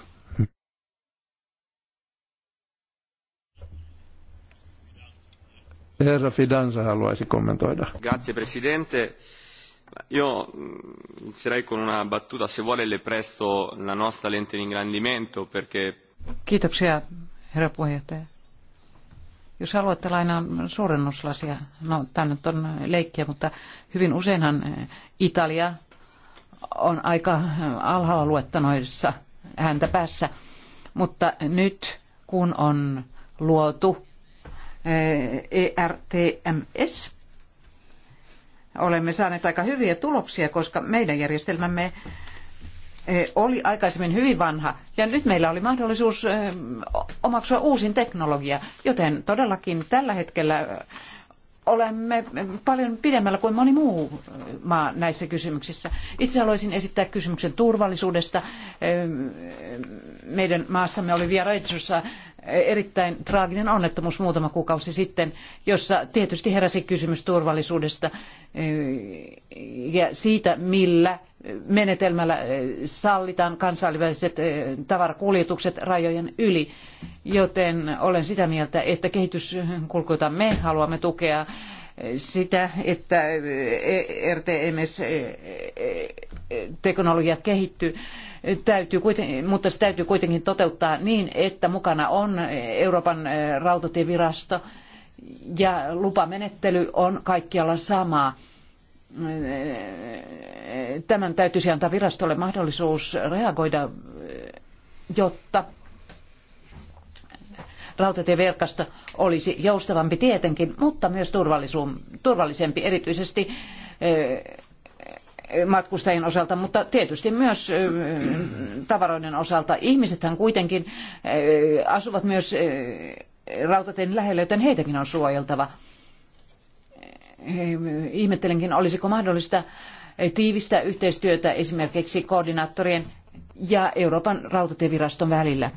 Herra Fidanza haluaisi kommentoida. Grazie Presidente. Io mm, inizierei con una battuta. Se vuole le presto la nostra lente di ingrandimento perché... Kiitoksia, herra puheenjohtaja. Jos haluatte lainaan suurennuslasia, no tämä nyt on leikkiä, mutta hyvin useinhan eh, Italia on aika eh, alhaalla luettanoissa häntä päässä. Mutta nyt kun on luotu ERTMS, eh, e olemme saaneet aika hyviä tuloksia, koska meidän järjestelmämme eh, oli aikaisemmin hyvin vanha ja nyt meillä oli mahdollisuus eh, omaksua uusin teknologia, joten todellakin tällä hetkellä eh, olemme paljon pidemmällä kuin moni muu maa näissä kysymyksissä. Itse haluaisin esittää kysymyksen turvallisuudesta. Meidän maassamme oli Vieraitsossa erittäin traaginen onnettomuus muutama kuukausi sitten, jossa tietysti heräsi kysymys turvallisuudesta ja siitä, millä menetelmällä sallitaan kansainväliset tavarakuljetukset rajojen yli. Joten olen sitä mieltä, että kehityskulku, jota me haluamme tukea, sitä, että e RTMS-teknologia kehittyy, täytyy mutta se täytyy kuitenkin toteuttaa niin, että mukana on Euroopan eh, rautatievirasto ja lupamenettely on kaikkialla sama. Eh, tämän täytyisi antaa virastolle mahdollisuus reagoida, eh, jotta rautatieverkosto olisi joustavampi tietenkin, mutta myös turvallisempi, erityisesti matkustajien osalta, mutta tietysti myös tavaroiden osalta. Ihmisethän kuitenkin asuvat myös rautateiden lähellä, joten heitäkin on suojeltava. Ihmettelenkin, olisiko mahdollista tiivistä yhteistyötä esimerkiksi koordinaattorien ja Euroopan rautatieviraston välillä.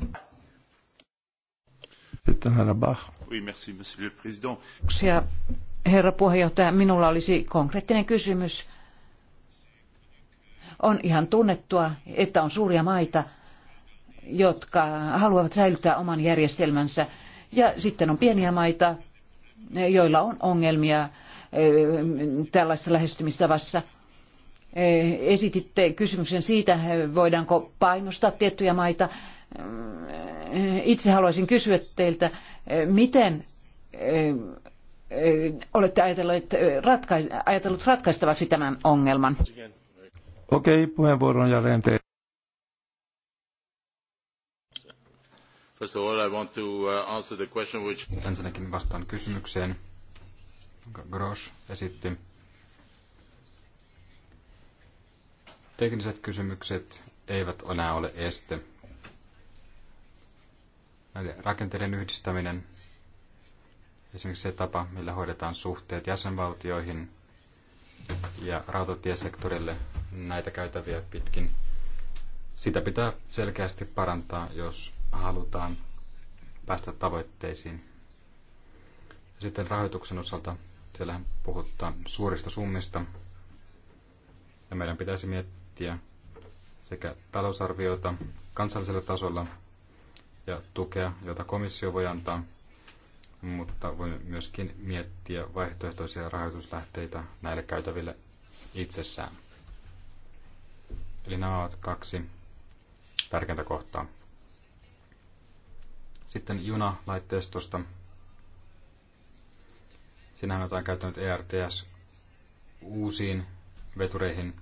Herra puheenjohtaja, minulla olisi konkreettinen kysymys on ihan tunnettua, että on suuria maita, jotka haluavat säilyttää oman järjestelmänsä. Ja sitten on pieniä maita, joilla on ongelmia tällaisessa lähestymistavassa. Esititte kysymyksen siitä, voidaanko painostaa tiettyjä maita. Itse haluaisin kysyä teiltä, miten olette ajatellut, ratkaistavaksi tämän ongelman? Okei, okay, puheenvuoro on First of all, I want to uh, answer the question which... Ensinnäkin vastaan kysymykseen, jonka Grosch esitti. Tekniset kysymykset eivät enää ole este. Näiden rakenteiden yhdistäminen, esimerkiksi se tapa, millä hoidetaan suhteet jäsenvaltioihin – ja rautatiesektorille näitä käytäviä pitkin. Sitä pitää selkeästi parantaa, jos halutaan päästä tavoitteisiin. Sitten rahoituksen osalta siellähän puhutaan suurista summista. Ja meidän pitäisi miettiä sekä talousarviota kansallisella tasolla ja tukea, jota komissio voi antaa – mutta voi myöskin miettiä vaihtoehtoisia rahoituslähteitä näille käytäville itsessään. Eli nämä ovat kaksi tärkeintä kohtaa. Sitten junalaitteistosta. Sinähän on käyttänyt ERTS uusiin vetureihin.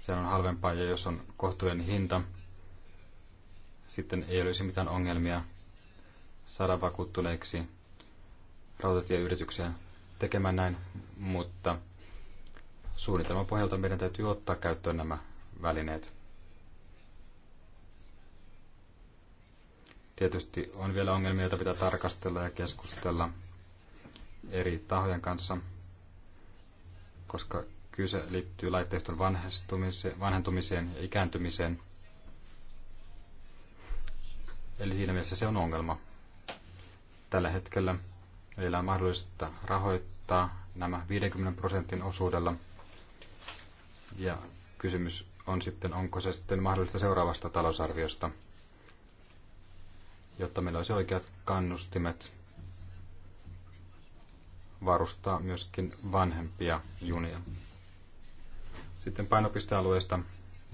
Se on halvempaa ja jos on kohtuullinen hinta, sitten ei olisi mitään ongelmia saada vakuuttuneeksi rautatieyritykseen tekemään näin, mutta suunnitelman pohjalta meidän täytyy ottaa käyttöön nämä välineet. Tietysti on vielä ongelmia, joita pitää tarkastella ja keskustella eri tahojen kanssa, koska kyse liittyy laitteiston vanhentumiseen ja ikääntymiseen. Eli siinä mielessä se on ongelma. Tällä hetkellä Meillä on mahdollista rahoittaa nämä 50 prosentin osuudella. Ja kysymys on sitten, onko se sitten mahdollista seuraavasta talousarviosta, jotta meillä olisi oikeat kannustimet varustaa myöskin vanhempia junia. Sitten painopistealueesta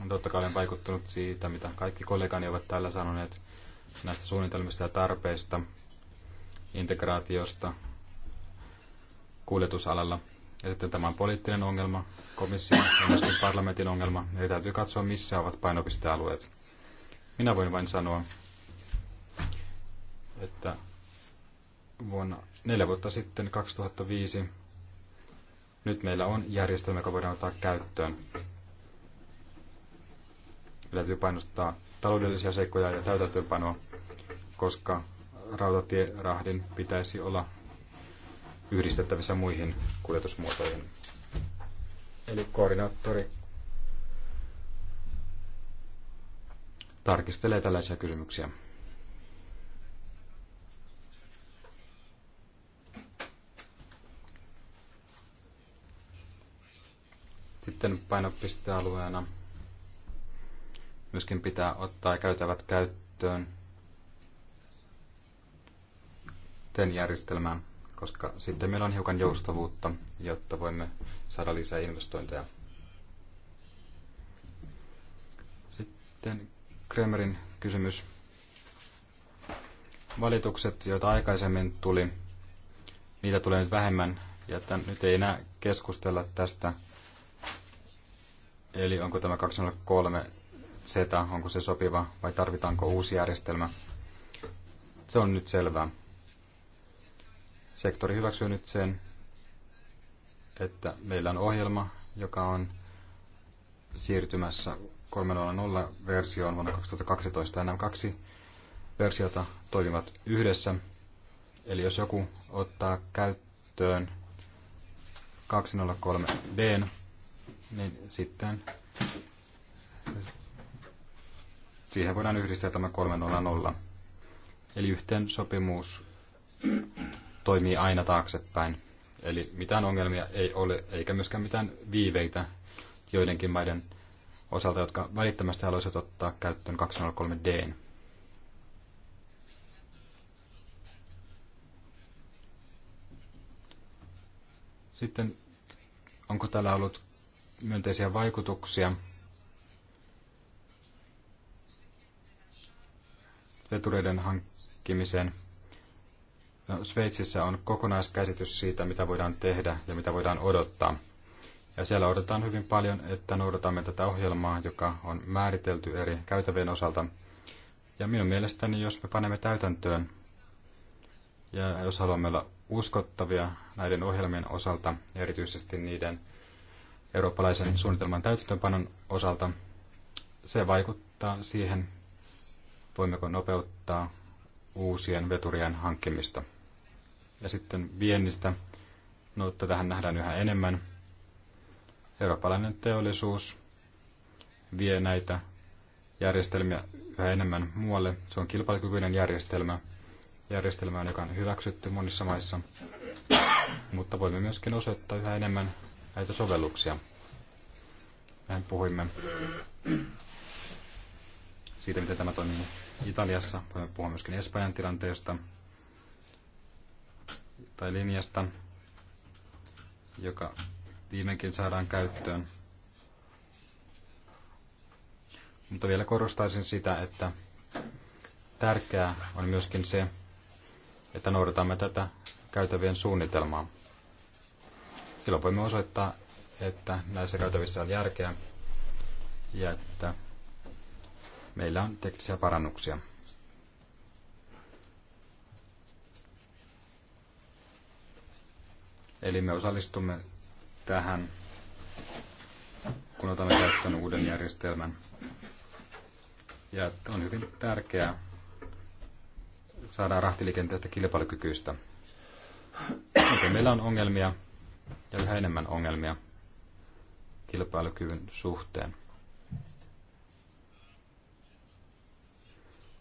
totta kai olen vaikuttunut siitä, mitä kaikki kollegani ovat täällä sanoneet näistä suunnitelmista ja tarpeista, integraatiosta kuljetusalalla. Ja sitten tämä on poliittinen ongelma, komission ja myöskin parlamentin ongelma, Meidän täytyy katsoa, missä ovat painopistealueet. Minä voin vain sanoa, että vuonna neljä vuotta sitten, 2005, nyt meillä on järjestelmä, joka voidaan ottaa käyttöön. Meidän täytyy painostaa taloudellisia seikkoja ja täytäntöönpanoa, koska rautatierahdin pitäisi olla yhdistettävissä muihin kuljetusmuotoihin. Eli koordinaattori tarkistelee tällaisia kysymyksiä. Sitten painopistealueena myöskin pitää ottaa käytävät käyttöön TEN-järjestelmään, koska sitten meillä on hiukan joustavuutta, jotta voimme saada lisää investointeja. Sitten Kremerin kysymys. Valitukset, joita aikaisemmin tuli, niitä tulee nyt vähemmän, ja tämän, nyt ei enää keskustella tästä. Eli onko tämä 203 Z, onko se sopiva vai tarvitaanko uusi järjestelmä? Se on nyt selvää. Sektori hyväksyy nyt sen, että meillä on ohjelma, joka on siirtymässä 3.0 versioon vuonna 2012. Ja nämä kaksi versiota toimivat yhdessä. Eli jos joku ottaa käyttöön 203D, niin sitten siihen voidaan yhdistää tämä 3.0.0. Eli yhteen sopimus toimii aina taaksepäin. Eli mitään ongelmia ei ole, eikä myöskään mitään viiveitä joidenkin maiden osalta, jotka välittömästi haluaisivat ottaa käyttöön 203D. Sitten onko täällä ollut myönteisiä vaikutuksia vetureiden hankkimiseen? No, Sveitsissä on kokonaiskäsitys siitä, mitä voidaan tehdä ja mitä voidaan odottaa. Ja siellä odotetaan hyvin paljon, että noudatamme tätä ohjelmaa, joka on määritelty eri käytävien osalta. Ja minun mielestäni, jos me panemme täytäntöön, ja jos haluamme olla uskottavia näiden ohjelmien osalta, erityisesti niiden eurooppalaisen suunnitelman täytäntöönpanon osalta, se vaikuttaa siihen, voimmeko nopeuttaa uusien veturien hankkimista. Ja sitten viennistä, no tähän nähdään yhä enemmän. Eurooppalainen teollisuus vie näitä järjestelmiä yhä enemmän muualle. Se on kilpailukykyinen järjestelmä, on, joka on hyväksytty monissa maissa, mutta voimme myöskin osoittaa yhä enemmän näitä sovelluksia. Näin puhuimme siitä, miten tämä toimii Italiassa. Voimme puhua myöskin Espanjan tilanteesta, tai linjasta, joka viimeinkin saadaan käyttöön. Mutta vielä korostaisin sitä, että tärkeää on myöskin se, että noudatamme tätä käytävien suunnitelmaa. Silloin voimme osoittaa, että näissä käytävissä on järkeä ja että meillä on teknisiä parannuksia. Eli me osallistumme tähän, kun otamme käyttöön uuden järjestelmän. Ja on hyvin tärkeää saada rahtiliikenteestä kilpailukykyistä. Mutta meillä on ongelmia ja yhä enemmän ongelmia kilpailukyvyn suhteen.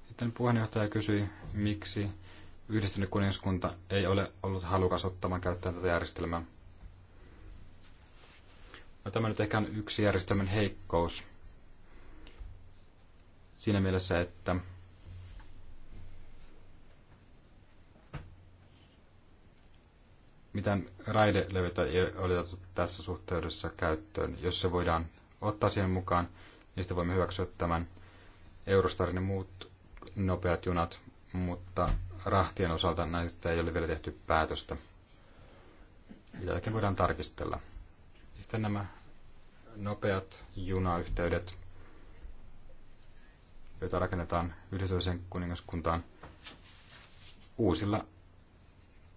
Sitten puheenjohtaja kysyi, miksi yhdistynyt kuningaskunta ei ole ollut halukas ottamaan käyttöön tätä järjestelmää. No, tämä nyt ehkä on yksi järjestelmän heikkous siinä mielessä, että mitään raidelevytä ei ole otettu tässä suhteudessa käyttöön. Jos se voidaan ottaa siihen mukaan, niin sitten voimme hyväksyä tämän Eurostarin ja muut nopeat junat, mutta rahtien osalta näistä ei ole vielä tehty päätöstä. Jotakin voidaan tarkistella. Sitten nämä nopeat junayhteydet, joita rakennetaan yhdistyisen kuningaskuntaan. Uusilla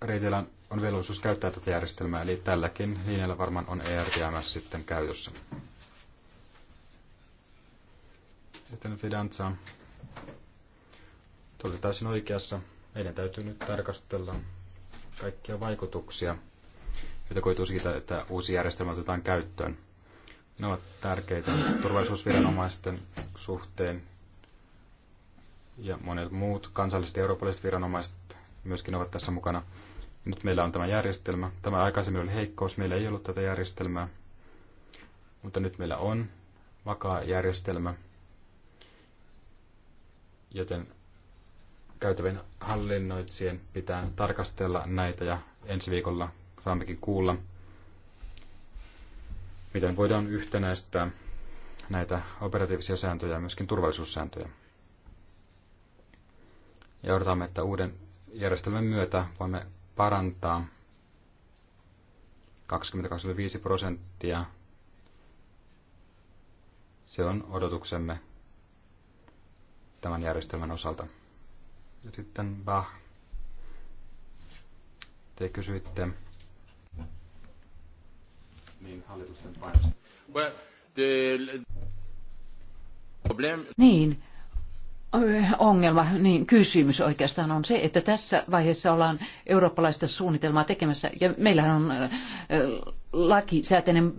reiteillä on velvollisuus käyttää tätä järjestelmää, eli tälläkin linjalla varmaan on ERTMS sitten käytössä. Sitten Fidanza. Tuli täysin oikeassa. Meidän täytyy nyt tarkastella kaikkia vaikutuksia, joita koituu siitä, että uusi järjestelmä otetaan käyttöön. Ne ovat tärkeitä turvallisuusviranomaisten suhteen ja monet muut kansalliset ja eurooppalaiset viranomaiset myöskin ovat tässä mukana. Nyt meillä on tämä järjestelmä. Tämä aikaisemmin oli heikkous, meillä ei ollut tätä järjestelmää, mutta nyt meillä on vakaa järjestelmä, joten käytävien hallinnoitsijien pitää tarkastella näitä ja ensi viikolla saammekin kuulla, miten voidaan yhtenäistää näitä operatiivisia sääntöjä ja myöskin turvallisuussääntöjä. Ja odotamme, että uuden järjestelmän myötä voimme parantaa 20-25 prosenttia. Se on odotuksemme tämän järjestelmän osalta. Sitten Bach. Te kysyitte. Niin, hallitusten painosta. Well, the... Problem... Niin, ongelma, niin kysymys oikeastaan on se, että tässä vaiheessa ollaan eurooppalaista suunnitelmaa tekemässä ja meillähän on äh, lakisääteinen äh,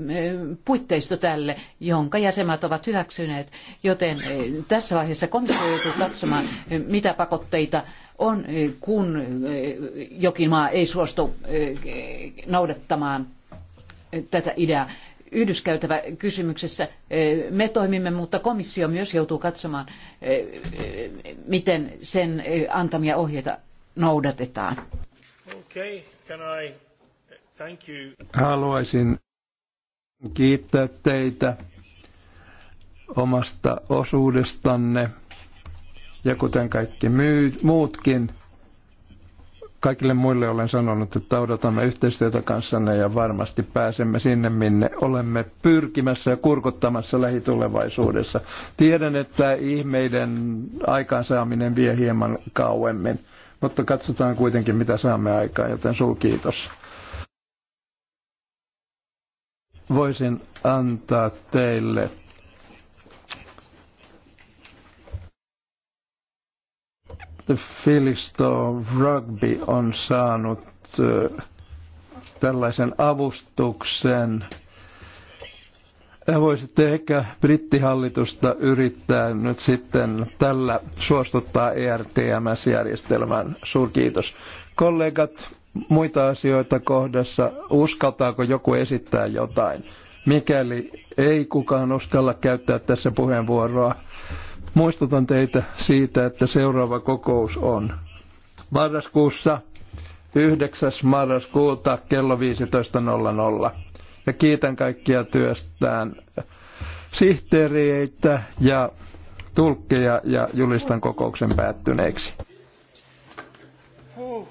puitteisto tälle, jonka jäsenmaat ovat hyväksyneet, joten äh, tässä vaiheessa komissio joutuu katsomaan, mitä pakotteita on, kun jokin maa ei suostu noudattamaan tätä ideaa yhdyskäytävä kysymyksessä. Me toimimme, mutta komissio myös joutuu katsomaan, miten sen antamia ohjeita noudatetaan. Okay, can I... Thank you. Haluaisin kiittää teitä omasta osuudestanne ja kuten kaikki myy, muutkin – kaikille muille olen sanonut, että odotamme yhteistyötä kanssanne ja varmasti pääsemme sinne, minne olemme pyrkimässä ja kurkottamassa lähitulevaisuudessa. Tiedän, että ihmeiden aikaansaaminen vie hieman kauemmin, mutta katsotaan kuitenkin, mitä saamme aikaan, joten suu kiitos. Voisin antaa teille Philisto Rugby on saanut tällaisen avustuksen. Voisitte ehkä brittihallitusta yrittää nyt sitten tällä suostuttaa ERTMS-järjestelmän. Suurkiitos. Kollegat, muita asioita kohdassa. Uskaltaako joku esittää jotain? Mikäli ei kukaan uskalla käyttää tässä puheenvuoroa, Muistutan teitä siitä, että seuraava kokous on marraskuussa 9. marraskuuta kello 15.00. Ja kiitän kaikkia työstään sihteereitä ja tulkkeja ja julistan kokouksen päättyneeksi. Uh,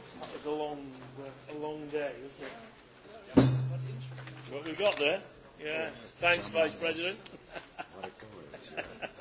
Thanks, Vice President.